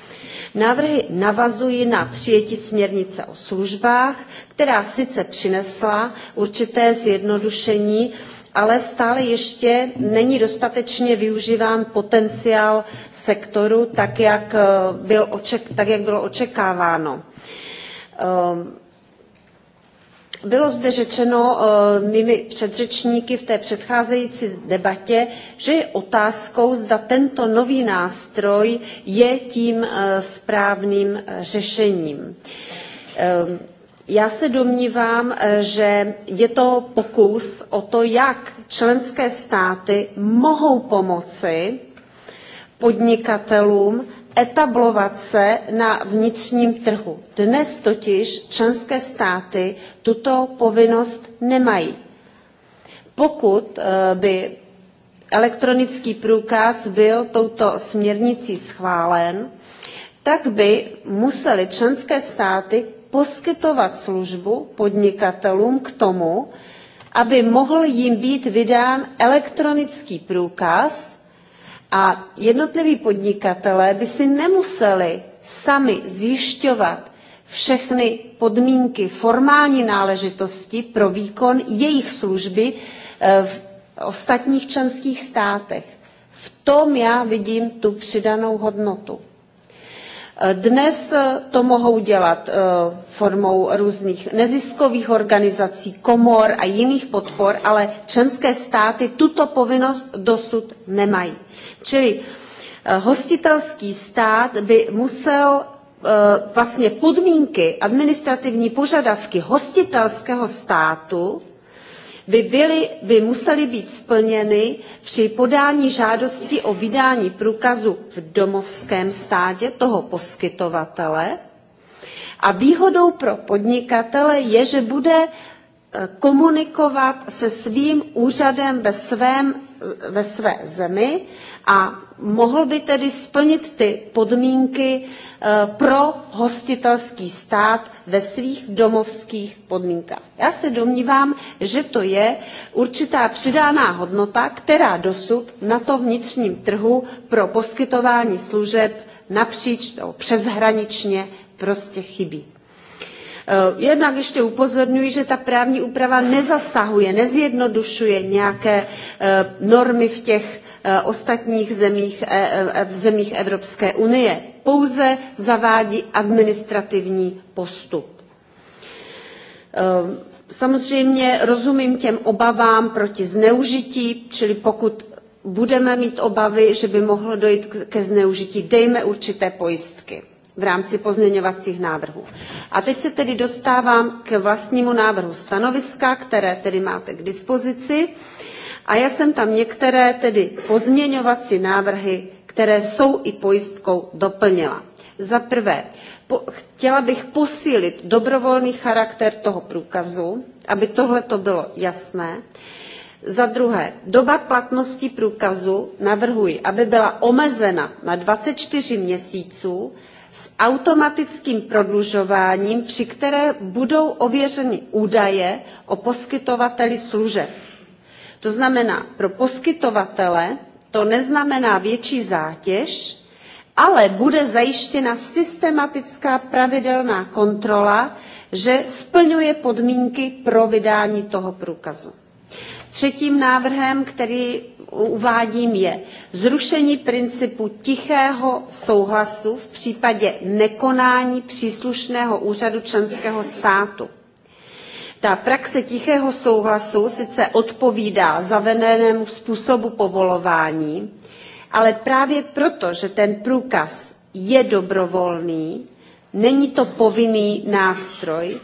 Návrhy navazují na přijetí směrnice o službách, která sice přinesla určité zjednodušení, ale stále ještě není dostatečně využíván potenciál sektoru tak, jak, eh, byl tak, jak bylo očekáváno. Eh, bylo zde řečeno eh, mými předřečníky v té předcházející debatě, že je otázkou, zda tento nový nástroj je tím správným řešením já se domnívám, eh, že je to pokus o to, jak členské státy mohou pomoci podnikatelům etablovat se na vnitřním trhu. Dnes totiž členské státy tuto povinnost nemají. Pokud eh, by elektronický průkaz byl touto směrnicí schválen, tak by museli členské státy poskytovat službu podnikatelům k tomu, aby mohl jim být vydán elektronický průkaz a jednotliví podnikatelé by si nemuseli sami zjišťovat všechny podmínky, formální náležitosti pro výkon jejich služby eh, v ostatních členských státech. V tom já vidím tu přidanou hodnotu. Dnes eh, to mohou dělat eh, formou různých neziskových organizací, komor a jiných podpor, ale členské státy tuto povinnost dosud nemají. Čili eh, hostitelský stát by musel vlastně podmínky, administrativní požadavky hostitelského státu by, byly, by musely být splněny při podání žádosti o vydání průkazu v domovském státě toho poskytovatele. A výhodou pro podnikatele je, že bude eh, komunikovat se svým úřadem ve, svém, ve své zemi a mohl by tedy splnit ty podmínky eh, pro hostitelský stát ve svých domovských podmínkách. Já se domnívám, že to je určitá přidána hodnota, která dosud na tom vnitřním trhu pro poskytování služeb napříč nebo přeshraničně prostě chybí. Eh, jednak ještě upozorňuji, že ta právní úprava nezasahuje, nezjednodušuje nějaké eh, normy v těch Eh, ostatních zemích, eh, eh, v zemích Evropské unie. Pouze zavádí administrativní postup. Samozřejmě rozumím těm obavám proti zneužití, čili pokud budeme mít obavy, že by mohlo dojít ke zneužití, dejme určité pojistky v rámci pozměňovacích návrhů. A teď se tedy dostávám k vlastnímu návrhu stanoviska, které tedy máte k dispozici. A já jsem tam některé tedy pozměňovací návrhy, které jsou i pojistkou, doplnila. Za prvé, po, chtěla bych posílit dobrovolný charakter toho průkazu, aby tohle to bylo jasné. Za druhé, doba platnosti průkazu navrhuji, aby byla omezena na 24 měsíců s automatickým prodlužováním, při které budou ověřeny údaje o poskytovateli služeb. To znamená, pro poskytovatele to neznamená větší zátěž, ale bude zajištěna systematická pravidelná kontrola, že splňuje podmínky pro vydání toho průkazu. Třetím návrhem, který uvádím, je zrušení principu tichého souhlasu v případě nekonání příslušného úřadu členského státu. Ta praxe tichého souhlasu sice odpovídá zavedenému způsobu povolování, ale právě proto, že ten průkaz je dobrovolný, není to povinný nástroj,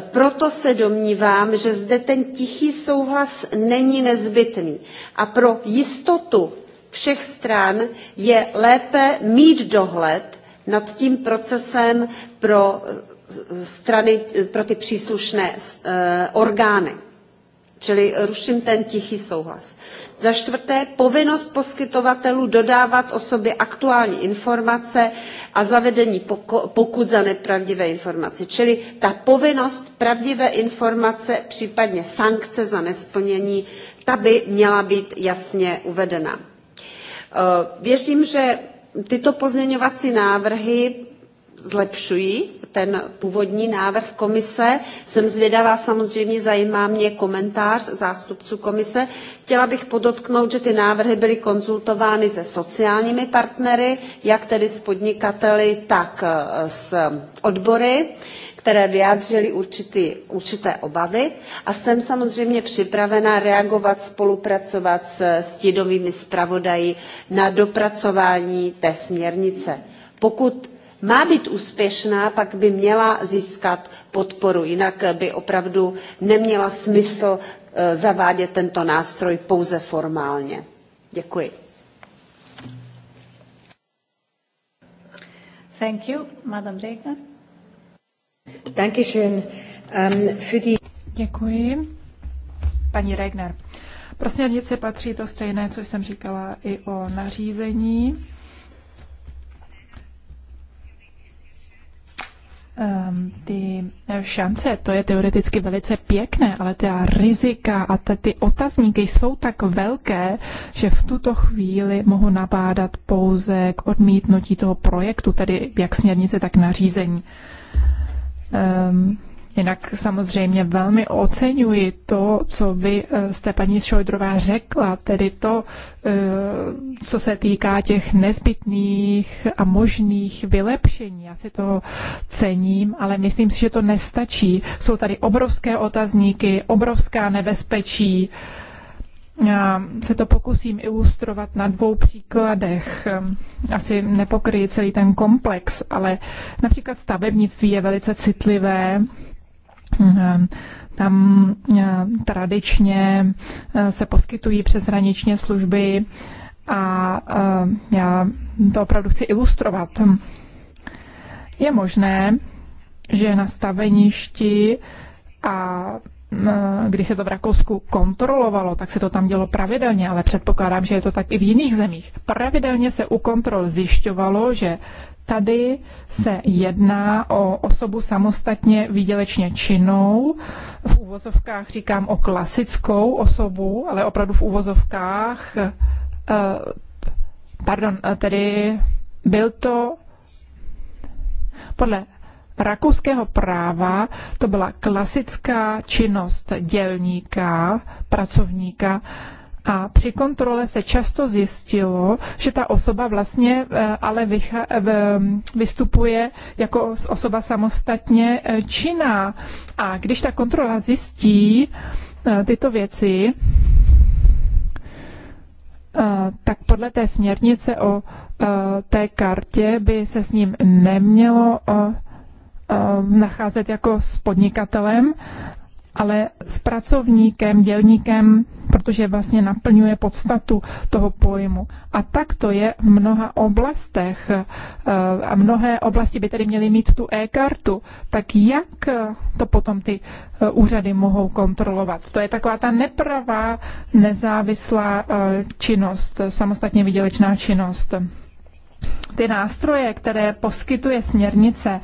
proto se domnívám, že zde ten tichý souhlas není nezbytný a pro jistotu všech stran je lépe mít dohled nad tím procesem pro strany, eh, pro ty příslušné eh, orgány. Čili ruším ten tichý souhlas. Za čtvrté, povinnost poskytovatelů dodávat osobě aktuální informace a zavedení pokud za nepravdivé informace. Čili ta povinnost pravdivé informace, případně sankce za nesplnění, ta by měla být jasně uvedena. Eh, věřím, že tyto pozměňovací návrhy zlepšují ten původní návrh komise. Jsem zvědavá, samozřejmě zajímá mě komentář zástupců komise. Chtěla bych podotknout, že ty návrhy byly konzultovány se sociálními partnery, jak tedy s podnikateli, tak eh, s odbory které vyjádřily určité obavy a jsem samozřejmě připravena reagovat, spolupracovat s stínovými zpravodaji na dopracování té směrnice. Pokud má být úspěšná, pak by měla získat podporu, jinak by opravdu neměla smysl eh, zavádět tento nástroj pouze formálně. Děkuji. Thank you, Madam Regner. Dankeschön. Um, für die... Děkuji. Paní Regner. Pro směrnici patří to stejné, co jsem říkala i o nařízení. Ehm, ty šance, to je teoreticky velice pěkné, ale ta rizika a ty otazníky jsou tak velké, že v tuto chvíli mohu nabádat pouze k odmítnutí toho projektu, tedy jak směrnice, tak nařízení. Um, Jinak samozřejmě velmi oceňuji to, co vy eh, jste paní Šojdrová řekla, tedy to, eh, co se týká těch nezbytných a možných vylepšení. Já si to cením, ale myslím si, že to nestačí. Jsou tady obrovské otazníky, obrovská nebezpečí. Já se to pokusím ilustrovat na dvou příkladech. Ehm, asi nepokryje celý ten komplex, ale například stavebnictví je velice citlivé Ehm, tam eh, tradičně eh, se poskytují přeshraničně služby a eh, já to opravdu chci ilustrovat. Je možné, že na staveništi a Eh, když se to v Rakousku kontrolovalo, tak se to tam dělo pravidelně, ale předpokládám, že je to tak i v jiných zemích. Pravidelně se u kontrol zjišťovalo, že tady se jedná o osobu samostatně výdělečně činnou. V úvozovkách říkám o klasickou osobu, ale opravdu v úvozovkách. Eh, pardon, eh, tedy byl to podle rakouského práva to byla klasická činnost dělníka, pracovníka, a při kontrole se často zjistilo, že ta osoba vlastně eh, ale eh, eh, vystupuje jako osoba samostatně činná. A když ta kontrola zjistí tyto věci, tak podle té směrnice o té kartě by se s ním nemělo Eh, nacházet jako s podnikatelem, ale s pracovníkem, dělníkem, protože vlastně naplňuje podstatu toho pojmu. A tak to je v mnoha oblastech. Eh, a mnohé oblasti by tedy měly mít tu e-kartu. Tak jak to potom ty eh, úřady mohou kontrolovat? To je taková ta nepravá nezávislá činnost, samostatně vydělečná činnost. Ty nástroje, které poskytuje směrnice,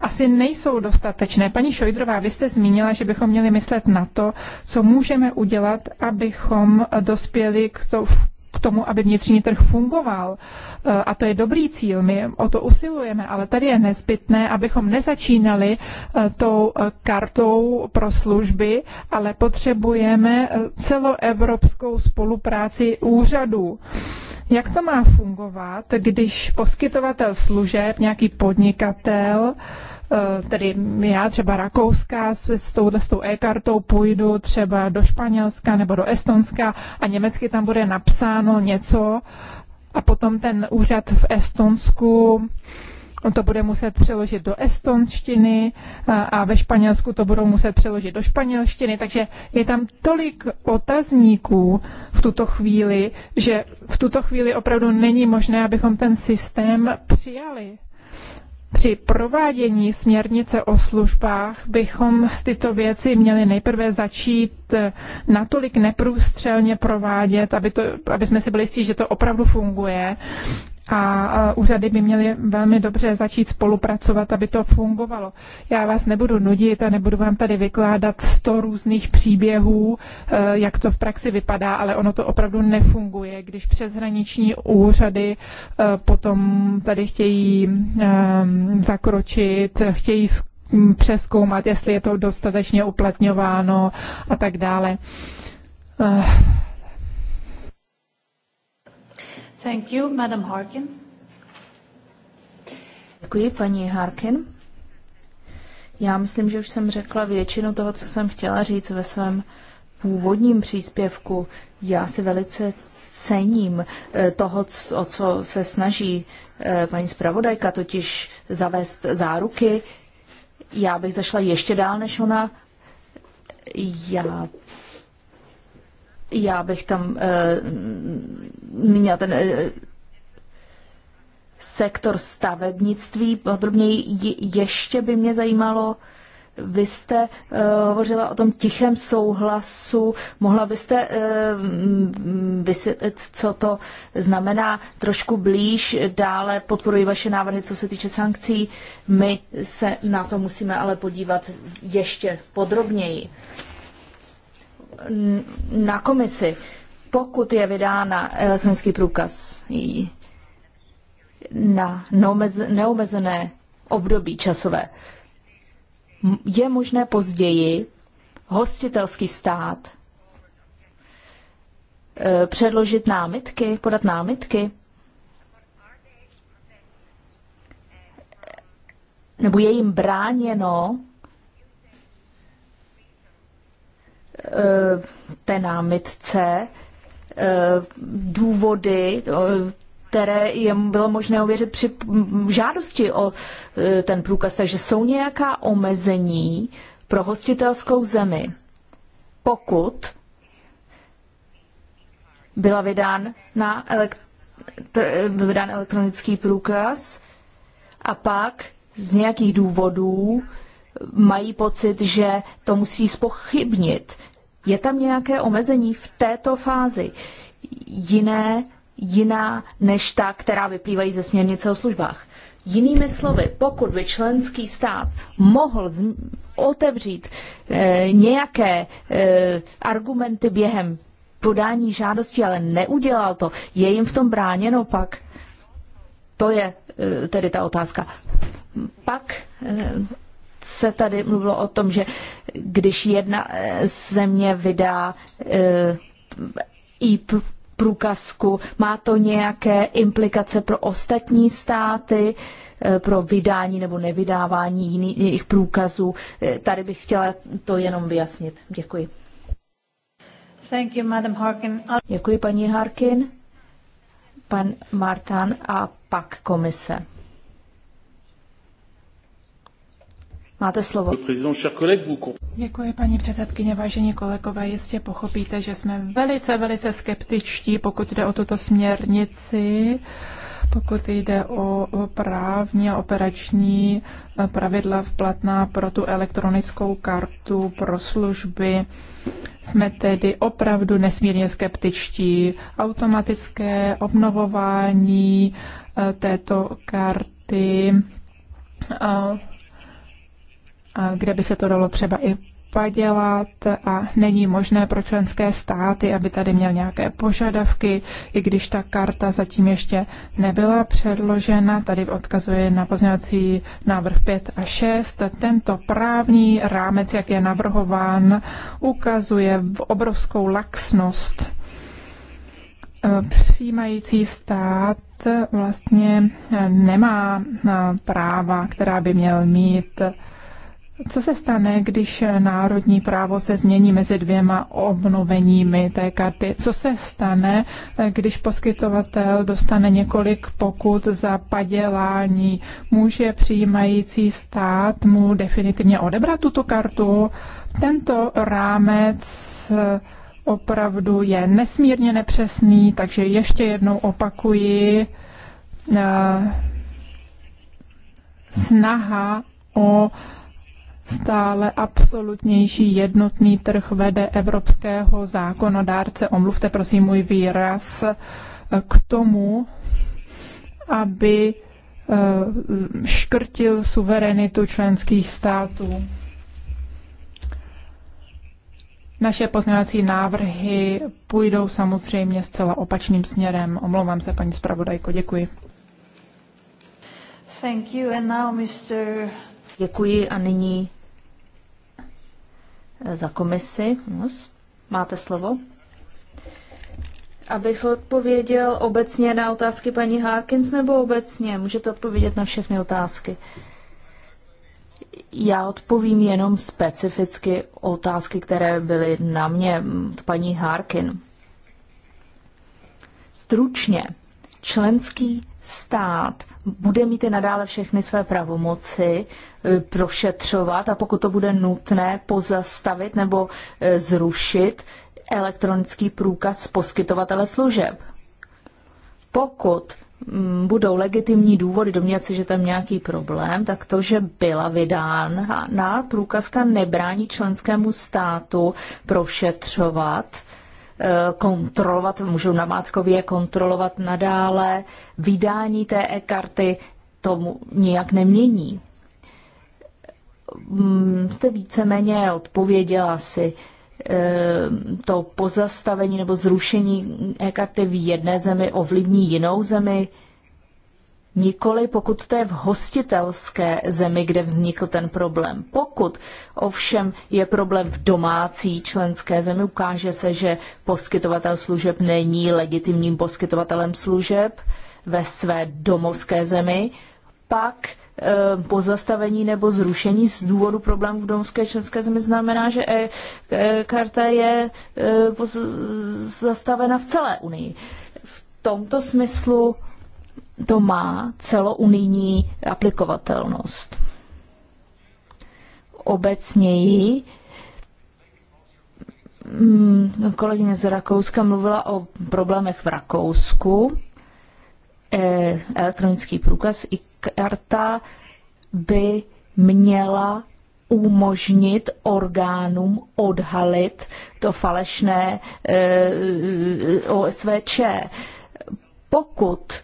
asi nejsou dostatečné. Paní Šojdrová, vy jste zmínila, že bychom měli myslet na to, co můžeme udělat, abychom dospěli k to, k tomu, aby vnitřní trh fungoval. Eh, a to je dobrý cíl, my o to usilujeme, ale tady je nezbytné, abychom nezačínali eh, tou eh, kartou pro služby, ale potřebujeme celoevropskou spolupráci úřadů. Jak to má fungovat, když poskytovatel služeb, nějaký podnikatel, Eh, tedy já třeba Rakouska s, s touhle s tou e-kartou půjdu třeba do Španělska nebo do Estonska a německy tam bude napsáno něco a potom ten úřad v Estonsku On to bude muset přeložit do estonštiny a, eh, a ve Španělsku to budou muset přeložit do španělštiny, takže je tam tolik otazníků v tuto chvíli, že v tuto chvíli opravdu není možné, abychom ten systém přijali. Při provádění směrnice o službách bychom tyto věci měli nejprve začít eh, natolik neprůstřelně provádět, aby, to, aby jsme si byli jistí, že to opravdu funguje a úřady by měly velmi dobře začít spolupracovat, aby to fungovalo. Já vás nebudu nudit a nebudu vám tady vykládat sto různých příběhů, e, jak to v praxi vypadá, ale ono to opravdu nefunguje, když přeshraniční úřady e, potom tady chtějí e, zakročit, chtějí přeskoumat, jestli je to dostatečně uplatňováno a tak dále. Thank you, Madam Harkin. Děkuji, paní Harkin. Já myslím, že už jsem řekla většinu toho, co jsem chtěla říct ve svém původním příspěvku. Já si velice cením eh, toho, o co se snaží eh, paní zpravodajka, totiž zavést záruky. Já bych zašla ještě dál než ona. Já já bych tam eh, měl ten eh, sektor stavebnictví. Podrobněji ještě by mě zajímalo, vy jste uh, hovořila o tom tichém souhlasu. Mohla byste uh, vysvětlit, co to znamená trošku blíž? Dále podporuji vaše návrhy, co se týče sankcí. My se na to musíme ale podívat ještě podrobněji. Uh, na komisi, pokud je vydána elektronický průkaz na neomezené období časové, je možné později hostitelský stát e, předložit námitky, podat námitky, nebo je jim bráněno té námitce eh, důvody, které je bylo možné ověřit při žádosti o eh, ten průkaz. Takže jsou nějaká omezení pro hostitelskou zemi, pokud byla vydán, na elektr- vydán elektronický průkaz a pak z nějakých důvodů mají pocit, že to musí spochybnit, je tam nějaké omezení v této fázi jiné, jiná než ta, která vyplývají ze směrnice o službách. Jinými slovy, pokud by členský stát mohl z, otevřít e, nějaké e, argumenty během podání žádosti, ale neudělal to, je jim v tom bráněno pak? To je e, tedy ta otázka. Pak e, se tady mluvilo o tom, že když jedna eh, země vydá eh, i průkazku, má to nějaké implikace pro ostatní státy, eh, pro vydání nebo nevydávání jiných, průkazů. Tady bych chtěla to jenom vyjasnit. Děkuji. Thank you, Madam Harkin. Děkuji, paní Harkin, pan Martin a pak komise. Máte slovo. Děkuji, paní předsedkyně, vážení kolegové. Jistě pochopíte, že jsme velice, velice skeptičtí, pokud jde o tuto směrnici, pokud jde o právní a operační e, pravidla vplatná pro tu elektronickou kartu pro služby. Jsme tedy opravdu nesmírně skeptičtí. Automatické obnovování e, této karty e, kde by se to dalo třeba i padělat a není možné pro členské státy, aby tady měl nějaké požadavky, i když ta karta zatím ještě nebyla předložena. Tady odkazuje na pozměňovací návrh 5 a 6. Tento právní rámec, jak je navrhován, ukazuje obrovskou laxnost. Eh, přijímající stát vlastně nemá eh, práva, která by měl mít co se stane, když národní právo se změní mezi dvěma obnoveními té karty? Co se stane, když poskytovatel dostane několik pokut za padělání? Může přijímající stát mu definitivně odebrat tuto kartu? Tento rámec opravdu je nesmírně nepřesný, takže ještě jednou opakuji, eh, snaha o stále absolutnější jednotný trh vede evropského zákonodárce, omluvte prosím můj výraz, k tomu, aby eh, škrtil suverenitu členských států. Naše pozměňovací návrhy půjdou samozřejmě zcela opačným směrem. Omlouvám se, paní zpravodajko, děkuji. Thank you. And now, Mr. Děkuji a nyní za komisi. No, máte slovo? Abych odpověděl obecně na otázky paní Harkins nebo obecně? Můžete odpovědět na všechny otázky. Já odpovím jenom specificky otázky, které byly na mě od paní Harkin. Stručně, členský stát bude mít i nadále všechny své pravomoci e, prošetřovat a pokud to bude nutné, pozastavit nebo e, zrušit elektronický průkaz poskytovatele služeb. Pokud mm, budou legitimní důvody domnívat se, že tam nějaký problém, tak to, že byla vydán průkazka nebrání členskému státu prošetřovat Eh, kontrolovat, můžou namátkově kontrolovat nadále. Vydání té e-karty tomu nijak nemění. Mm, jste víceméně odpověděla si eh, to pozastavení nebo zrušení e-karty v jedné zemi ovlivní jinou zemi. Nikoli pokud to je v hostitelské zemi, kde vznikl ten problém. Pokud ovšem je problém v domácí členské zemi, ukáže se, že poskytovatel služeb není legitimním poskytovatelem služeb ve své domovské zemi, pak eh, pozastavení nebo zrušení z důvodu problémů v domovské členské zemi znamená, že e, e karta je eh, zastavena v celé Unii. V tomto smyslu to má celounijní aplikovatelnost. Obecněji kolegyně z Rakouska mluvila o problémech v Rakousku. Elektronický průkaz i karta by měla umožnit orgánům odhalit to falešné OSVČ. Pokud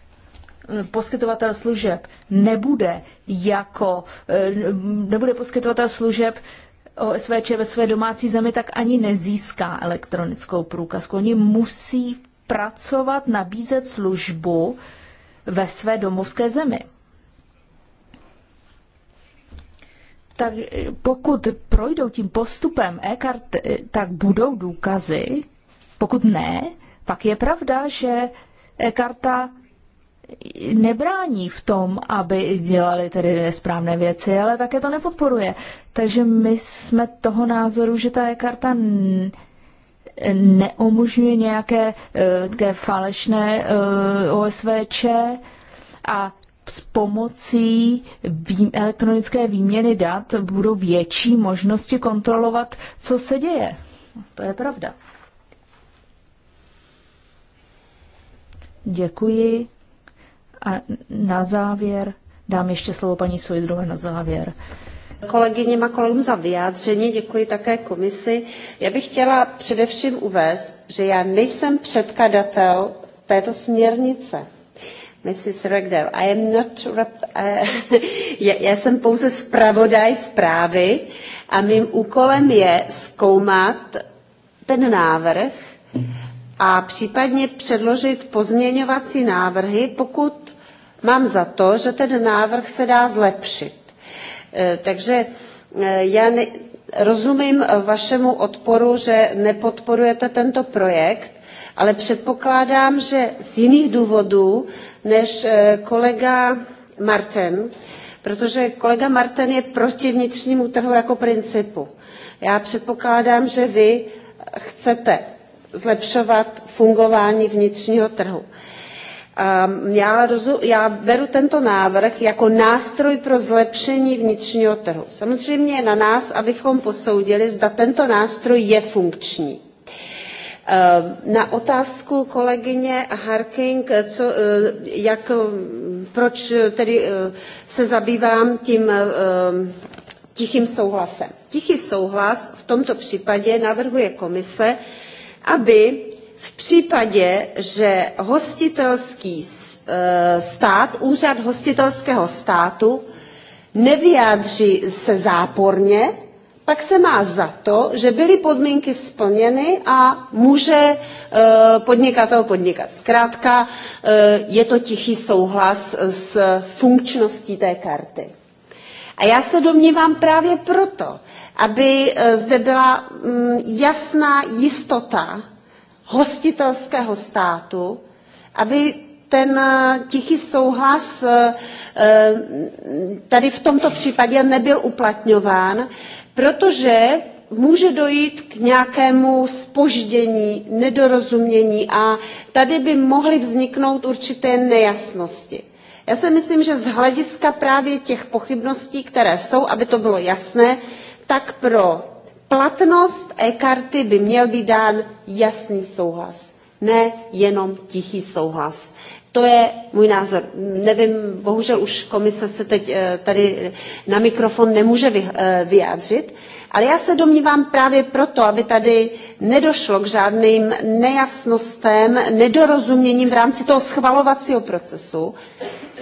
poskytovatel služeb nebude jako, eh, nebude poskytovatel služeb OSVČ ve své domácí zemi, tak ani nezíská elektronickou průkazku. Oni musí pracovat, nabízet službu ve své domovské zemi. tak pokud projdou tím postupem e-kart, eh, tak budou důkazy. Pokud ne, pak je pravda, že e-karta nebrání v tom, aby dělali tedy nesprávné věci, ale také to nepodporuje. Takže my jsme toho názoru, že ta e-karta neumožňuje nějaké e, také falešné e, OSVČ a s pomocí vým, elektronické výměny dat budou větší možnosti kontrolovat, co se děje. To je pravda. Děkuji. A na závěr dám ještě slovo paní Sojdrové na závěr kolegyním a kolegům za vyjádření, děkuji také komisi. Já bych chtěla především uvést, že já nejsem předkladatel této směrnice. Mrs. Regdell, I am not rep, uh, *laughs* já jsem pouze zpravodaj zprávy a mým úkolem je zkoumat ten návrh a případně předložit pozměňovací návrhy, pokud Mám za to, že ten návrh se dá zlepšit. Eh, takže eh, já ne, rozumím eh, vašemu odporu, že nepodporujete tento projekt, ale předpokládám, že z jiných důvodů než kolega Martin, protože kolega Martin je proti vnitřnímu trhu jako principu. Já předpokládám, že vy chcete zlepšovat fungování vnitřního trhu. Ehm, já, rozu, já beru tento návrh jako nástroj pro zlepšení vnitřního trhu. Samozřejmě je na nás, abychom posoudili, zda tento nástroj je funkční. Ehm, na otázku kolegyně Harking, co, eh, jak, proč tedy eh, se zabývám tím ehm, tichým souhlasem. Tichý souhlas v tomto případě navrhuje komise, aby v případě, že hostitelský e, stát, úřad hostitelského státu nevyjádří se záporně, pak se má za to, že byly podmínky splněny a může e, podnikatel podnikat. Zkrátka e, je to tichý souhlas s funkčností té karty. A já se domnívám právě proto, aby zde byla mm, jasná jistota hostitelského státu, aby ten eh, tichý souhlas eh, eh, tady v tomto případě nebyl uplatňován, protože může dojít k nějakému spoždění, nedorozumění a tady by mohly vzniknout určité nejasnosti. Já si myslím, že z hlediska právě těch pochybností, které jsou, aby to bylo jasné, tak pro platnost e-karty by měl být dán jasný souhlas, ne jenom tichý souhlas. To je můj názor. Nevím, bohužel už komise se teď eh, tady na mikrofon nemůže eh, vyjádřit, ale já se domnívám právě proto, aby tady nedošlo k žádným nejasnostem, nedorozuměním v rámci toho schvalovacího procesu,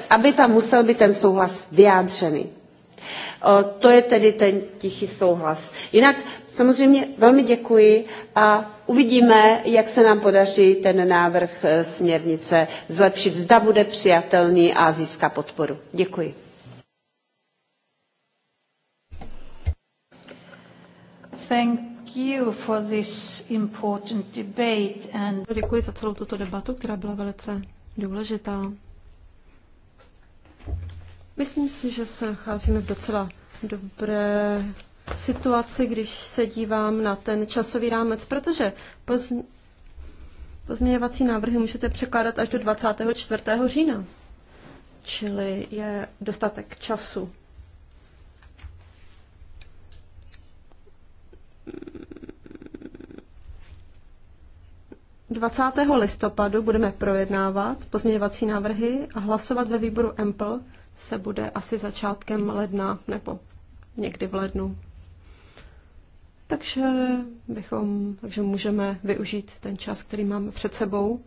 aby tam musel být ten souhlas vyjádřený. To je tedy ten tichý souhlas. Jinak samozřejmě velmi děkuji a uvidíme, jak se nám podaří ten návrh e, směrnice zlepšit, zda bude přijatelný a získá podporu. Děkuji. Thank you for this important debate and... Děkuji za celou tuto debatu, která byla velice důležitá. Myslím si, že se nacházíme v docela dobré situaci, když se dívám na ten časový rámec, protože poz... pozměňovací návrhy můžete překládat až do 24. října, čili je dostatek času. 20. listopadu budeme projednávat pozměňovací návrhy a hlasovat ve výboru EMPL se bude asi začátkem ledna nebo někdy v lednu. Takže, bychom, takže můžeme využít ten čas, který máme před sebou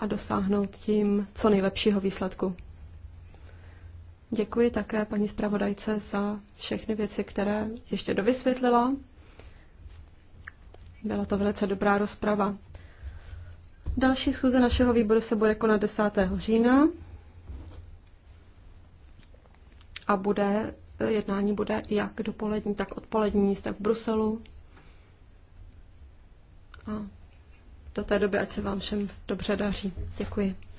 a dosáhnout tím co nejlepšího výsledku. Děkuji také paní zpravodajce za všechny věci, které ještě dovysvětlila. Byla to velice dobrá rozprava. Další schůze našeho výboru se bude konat 10. října a bude, jednání bude jak dopolední, tak odpolední. Jste v Bruselu. A do té doby, ať se vám všem dobře daří. Děkuji.